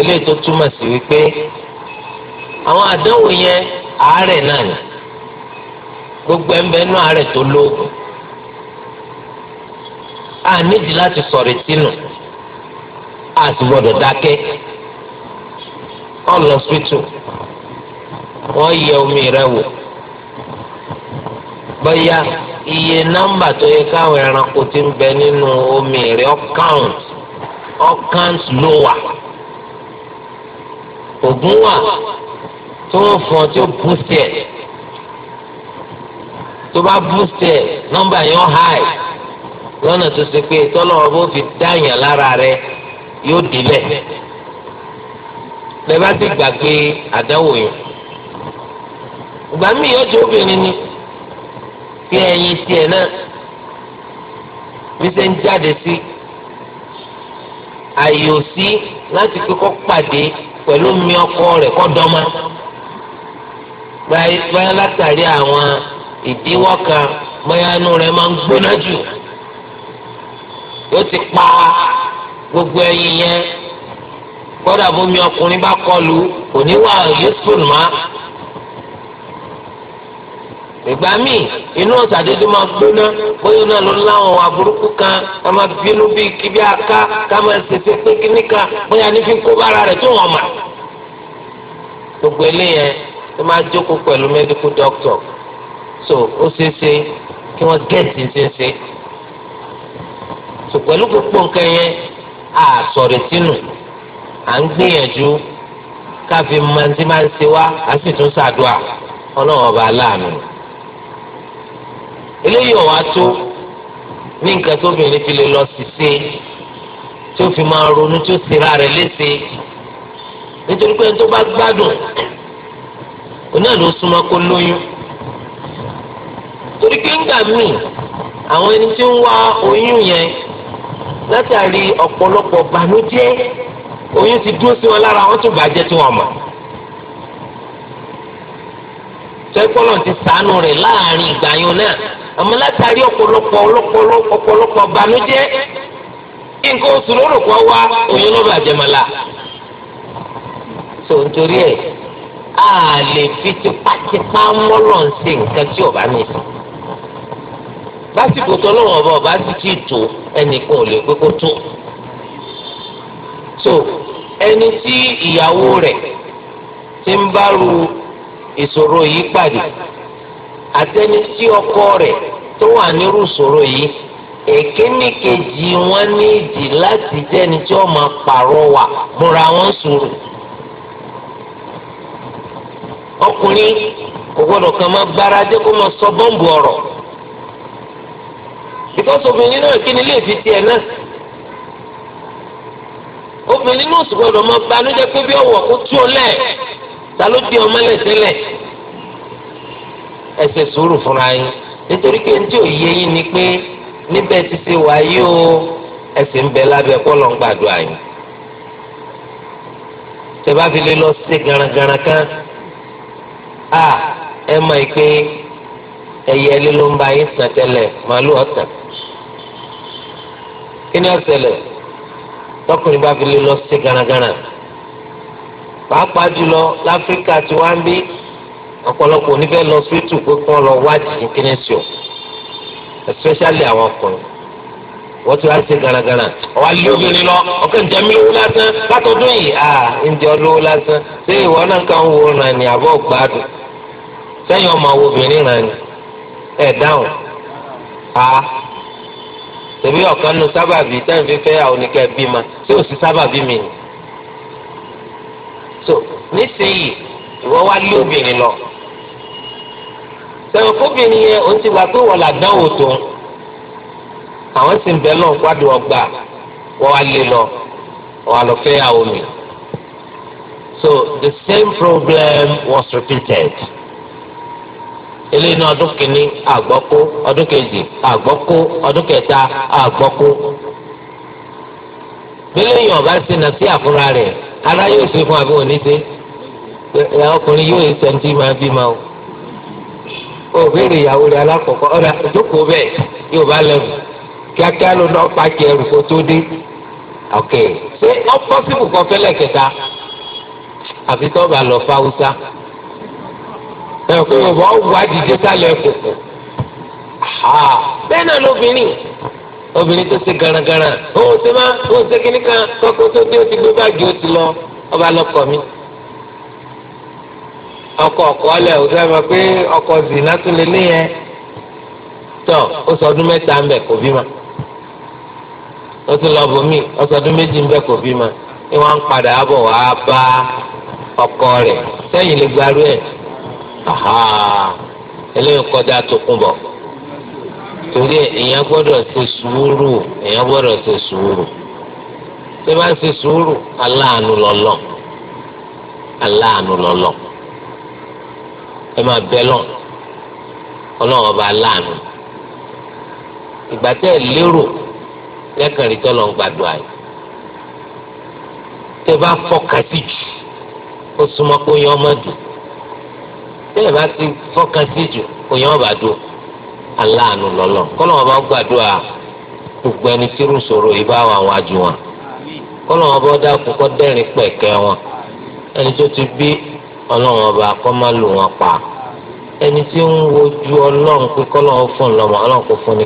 eléyìí tó túmọ̀ sí wípé àwọn àdánwò yẹn. àárẹ̀ náà ni gbogbo ẹnbẹ náà àárẹ̀ tó lóògùn a nídìí láti sọ̀rọ̀ sínú a sì gbọ́dọ̀ dákẹ́ ọ̀nà hospital wọ́n yẹ omi rẹ wò bóyá iye nọ́mbà tó yẹ káwọn ẹranko ti ń bẹ nínú omi rẹ ọ̀kàùnt ọ̀kàùnt ló wà ògùn wà tó fún ọ tí ó boost ẹ tó bá boost ẹ nọ́mbà yẹn high lọ́nà tó ṣe pé tọ́lọ́wọ́ bó fi dáyàn lára rẹ yóò délẹ̀ lẹ́bàá ti gbàgbé àdáwò yẹn ìgbà míì yóò jẹ́ obìnrin ni kí ẹyin náà bí ṣe ń jáde sí láti báyà látàrí àwọn ìdíwọ́ kan báyà inú rẹ̀ máa ń gbóná jù yóò ti pa gbogbo ẹyin yẹn kódà bómi ọkùnrin bá kọlu òní wà yóò sùn má ìgbà míì inú ọ̀sàdédé máa gbóná bóyá náà ló láwọn wà burúkú kan ká máa bínú bíi kíbi aká ká máa ṣètò pé kíníkà bóyá ní fi kó bára rẹ̀ tó wọ̀n mà. gbogbo eléyẹn tó máa jókòó pẹ̀lú medical doctor so ó ṣeé ṣe kí wọ́n gẹ̀ẹ́sì ṣe ń ṣe so pẹ̀lú gbogbo nǹkan yẹn a sọ̀rọ̀ sínú à ń gbìyànjú káfí mọ̀ntí máa ń ṣe wá a sì tún ṣàdúà ọlọ́run ọba aláàánú eléyìí ọ̀wá tó ní nǹkan tóbìnrin fi lè lọ sí sí tó fi máa ronú tó ṣe ra rẹ̀ léṣe nítorí pé tó bá gbádùn òun náà ló súnmọ́ kó lóyún torí pé ńgbà míì àwọn ẹni tí ń wá oyún yẹn látàrí ọ̀pọ̀lọpọ̀ bànújẹ́ oyún ti dúró sí wọn lára wọn tún bàjẹ́ tí wọn mọ̀ tẹ́kọ́lọ̀ ti sànù rẹ̀ láàrin ìgbà yẹn náà àmọ́ látàrí ọ̀pọ̀lọpọ̀ ọ̀pọ̀lọpọ̀ bànújẹ́ nǹkan oṣù lórúkọ wa oyún ló bàjẹ́ mọ́ la. ẹ̀ a lè fi tipátipá mọ́lọ̀ ń ṣe nǹkan tí ò bá mi sùn. lásìkò tó lọ́wọ́ ọba ọba ti kí tó ẹnìkan ò lè pé kó tó. so ẹni tí ìyàwó rẹ̀ ti ń bá ru ìṣòro yìí pàdé àtẹni tí ọkọ rẹ̀ tó wà nírú ìṣòro yìí èkéni wọn ní ìdí láti jẹ́ni tí wọ́n máa pàrọwà múra wọn sùúrù ọkùnrin kò gbọdọ̀ kàn máa gbára jẹ́ kó máa sọ bọ́ǹbù ọ̀rọ̀ because obìnrin náà kí ni lè fi tiẹ̀ náà obìnrin náà sì gbọdọ̀ máa banújẹ́ pé bí ọ̀wọ̀ kó tú ọ lẹ̀ ta ló di ọmọ lẹ̀ sílẹ̀ ẹ ṣe sùúrù fúnra yín nítorí pé ntí òye yín ni pé níbẹ̀ ti ṣe wáyé o ẹ sì ń bẹ lábẹ́ kọ́ lọ́n gbàdúrà yín tẹ bá fi lè lọ sí garagara kan a ẹ mọ̀ ẹ́ pé ẹyẹ ilé ló ń ba yín sàn tẹ́lẹ̀ màálù ọ̀tàn kí ni ọ̀sẹ̀lẹ̀ tọkùnrin bá fi lé lọ sí garagara pàápàá jùlọ láfíríkà tí wàá ń bí ọ̀pọ̀lọpọ̀ onífẹ́ lọ sí tù pé kí wọ́n lọ wádìí kí ni sùn especially àwọn ọkùnrin wọ́n ti wá sí garagara ọ̀wá lé obìnrin lọ ọ̀kẹ́ ǹjẹ́ mi lówó lásán látọ̀dún yìí à ǹjẹ́ olówó lásán ṣé ìwọ náà kàn ń wo ọ̀nà ní àbọ̀ gbádùn sẹ́yìn ọmọ àwọn obìnrin rẹ̀ ni ẹ̀ dáhùn a tẹ̀bí ọ̀kan nu sábàbí tẹ́yìn fífẹ́ àwọn oníkẹ́ bí ma tí ò sí sábàbí mi ni. so nísìnyí ìwọ wá lé obìnrin lọ sẹ́yìn fóbìnrin yẹn ó ti wá pé wọ́n là dánwò tó àwọn sì ń bẹ́ lọ́n kwádù ọgbà wọ́n wá lé lọ wọ́n lọ fẹ́ àwọn mi. so the same problem was repeated eléyìí náà ọdún kìíní àgbọ́kó ọdún kejì àgbọ́kó ọdún kẹta àgbọ́kó. bíléyìn ọba ṣe nà sí àfúrà rẹ̀ ara yóò ṣe fún àbí òní ṣe ọkùnrin yóò ṣe sẹ́ńtì máa bí ma o. òbéèrè ìyàwó rẹ̀ alákọ̀ọ́kọ́ ọ̀dà ìjókòó bẹ́ẹ̀ yóò bá lẹ́nu kíákíá ló náà pàkí ẹrù kó tó dé. ok ṣé wọ́n pọ́sibù kan fẹ́lẹ̀ kẹta àfi tó bá lọ fáwùsá ẹ̀kún ọ̀bọ̀ wà dìde sálẹ̀ ẹ̀kùnkùn. bẹ́ẹ̀ náà lóbìnrin obìnrin tó ṣe garagara òun ṣe máa òun ṣe kíní kan tọkọ tó dé ó ti gbé báàgì ó ti lọ ọba lọkọ mi. ọkọ ọkọ ọlẹ ò fẹ́ mọ̀ pé ọkọ zì látúndé níyẹn tọ ó sọ ọdún mẹ́ta ń bẹ kò bímọ ó tún lọ bòmí ó sọ ọdún méjì ń bẹ kò bímọ ni wọ́n ń padà bọ̀ wá bá ọkọ rẹ̀ sẹ́yìn lè gbarú ẹ̀. eléyìí kọjá tó kún bọ. torí èèyàn gbọ́dọ̀ ṣe sùúrù èèyàn gbọ́dọ̀ ṣe sùúrù tí wọ́n ṣe sùúrù aláàánú lọ́lọ́ aláàánú ẹ máa ọba aláàánú ìgbà tẹ́ ẹ lérò lẹ́kàn rí tọ́lọ̀ ń gbàdúrà yìí bá tẹ́lẹ̀ bá ti fọkàn sí jù òyìn ọba dùn aláàánú lọ́lọ́ kọ́lọ́ wọn bá gbàdúrà gbogbo ẹni tí irú sọ̀rọ̀ yìí bá wà wọn àjù wọn kọ́lọ́ bá dákun kọ́ dẹ́rìn ẹni tó ti bí ọba kọ́ má wọn pa ẹni tí ń wojú ọlọ́run pé ọlọ́run kò fún ní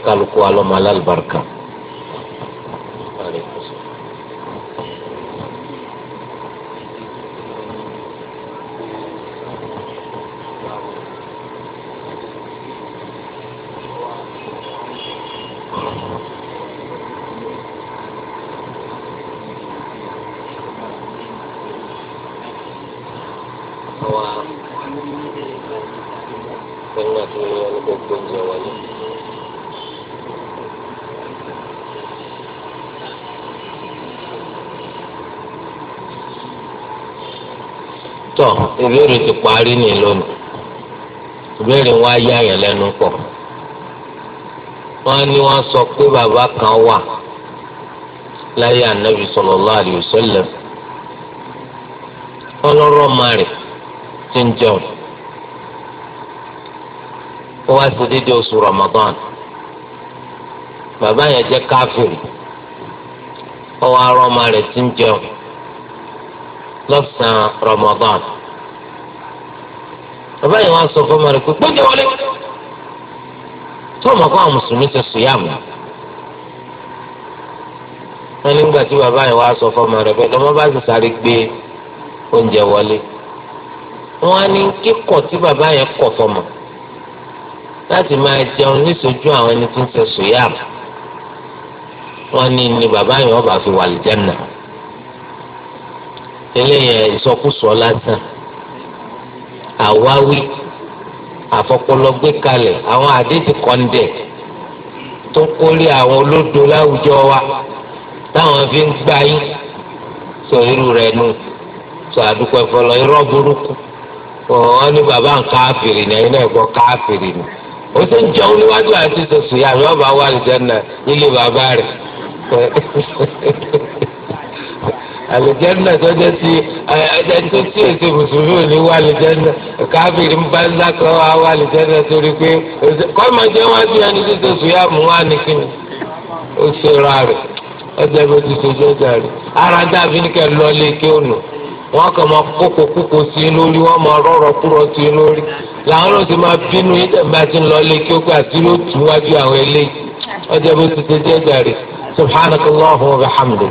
ìbéèrè ti parí ní lónìí ìbéèrè wa yá yẹn lẹ́nu pọ̀ wọ́n ní wọ́n sọ pé bàbá kan wà láyé ànábì sọlọ alaihi wasallam ọlọ́rọ̀ máa rẹ̀ ti ń wá sí dídé oṣù Ramadan bàbá yẹn jẹ́ káfíìn ó wá rọ́ ti Ramadan. bàbá yìí wọn sọ fọmọ rẹ̀ pé gbẹjẹ wọlé tó ọmọ kó àwọn mùsùlùmí ti sùn yàmù wọn nígbà tí bàbá yìí wọn sọ fọmọ rẹ̀ pé lọmọ bá ti sáré gbé oúnjẹ wọlé wọn á ní kíkọ tí bàbá yẹn kọ fọmọ láti máa jẹun níṣojú àwọn ẹni tó ń ṣe sùyàmù wọn ní ni bàbá yẹn ọba fi wà lìjẹ náà eléyẹ ìsọkúsọ lásán àwáwí àfọpọlọgbé kalẹ̀ àwọn àdéhùn kọ́ńdẹ̀ tó kórè àwọn olódo láwùjọ wa táwọn fi ń gbá yín sọ irú rẹ̀ nù sọ àdúgbò ẹ̀fọ́lọ́ irọ́ burúkú wọ́n ní bàbá ń káfìrì ní ẹ̀yin náà gbọ́ káfìrì ni ó ti ń jẹun níwájú àti tòṣù yàrá ọba wà lùjẹ́ náà nílé bàbá rẹ̀ àlùjẹ́nà tó jẹ́ sí ẹni tó tí èsì mùsùlùmí ò ní wá àlùjẹ́nà káfíìrì ń bá ńlá kan wá wá àlùjẹ́nà torí pé kọ́mọ jẹ́ wá sí ẹni tó tẹ̀sù yá mú wá ní kíni ó ṣe ra rẹ̀ ọjà bó ti ṣe jọjà rẹ̀ ara dàbí ní kẹ́ lọ kí ó nù wọ́n kàn máa kókò kókò sí i lórí wọ́n máa rọ̀rọ̀ kúrò sí i lórí làwọn náà ti máa bínú yín tẹ̀ bá ti kí ó pé àti ló tù wájú àwọn eléyìí ọjà bó ti ṣe jọjà rẹ̀ subhanakallahu wa bihamdihi.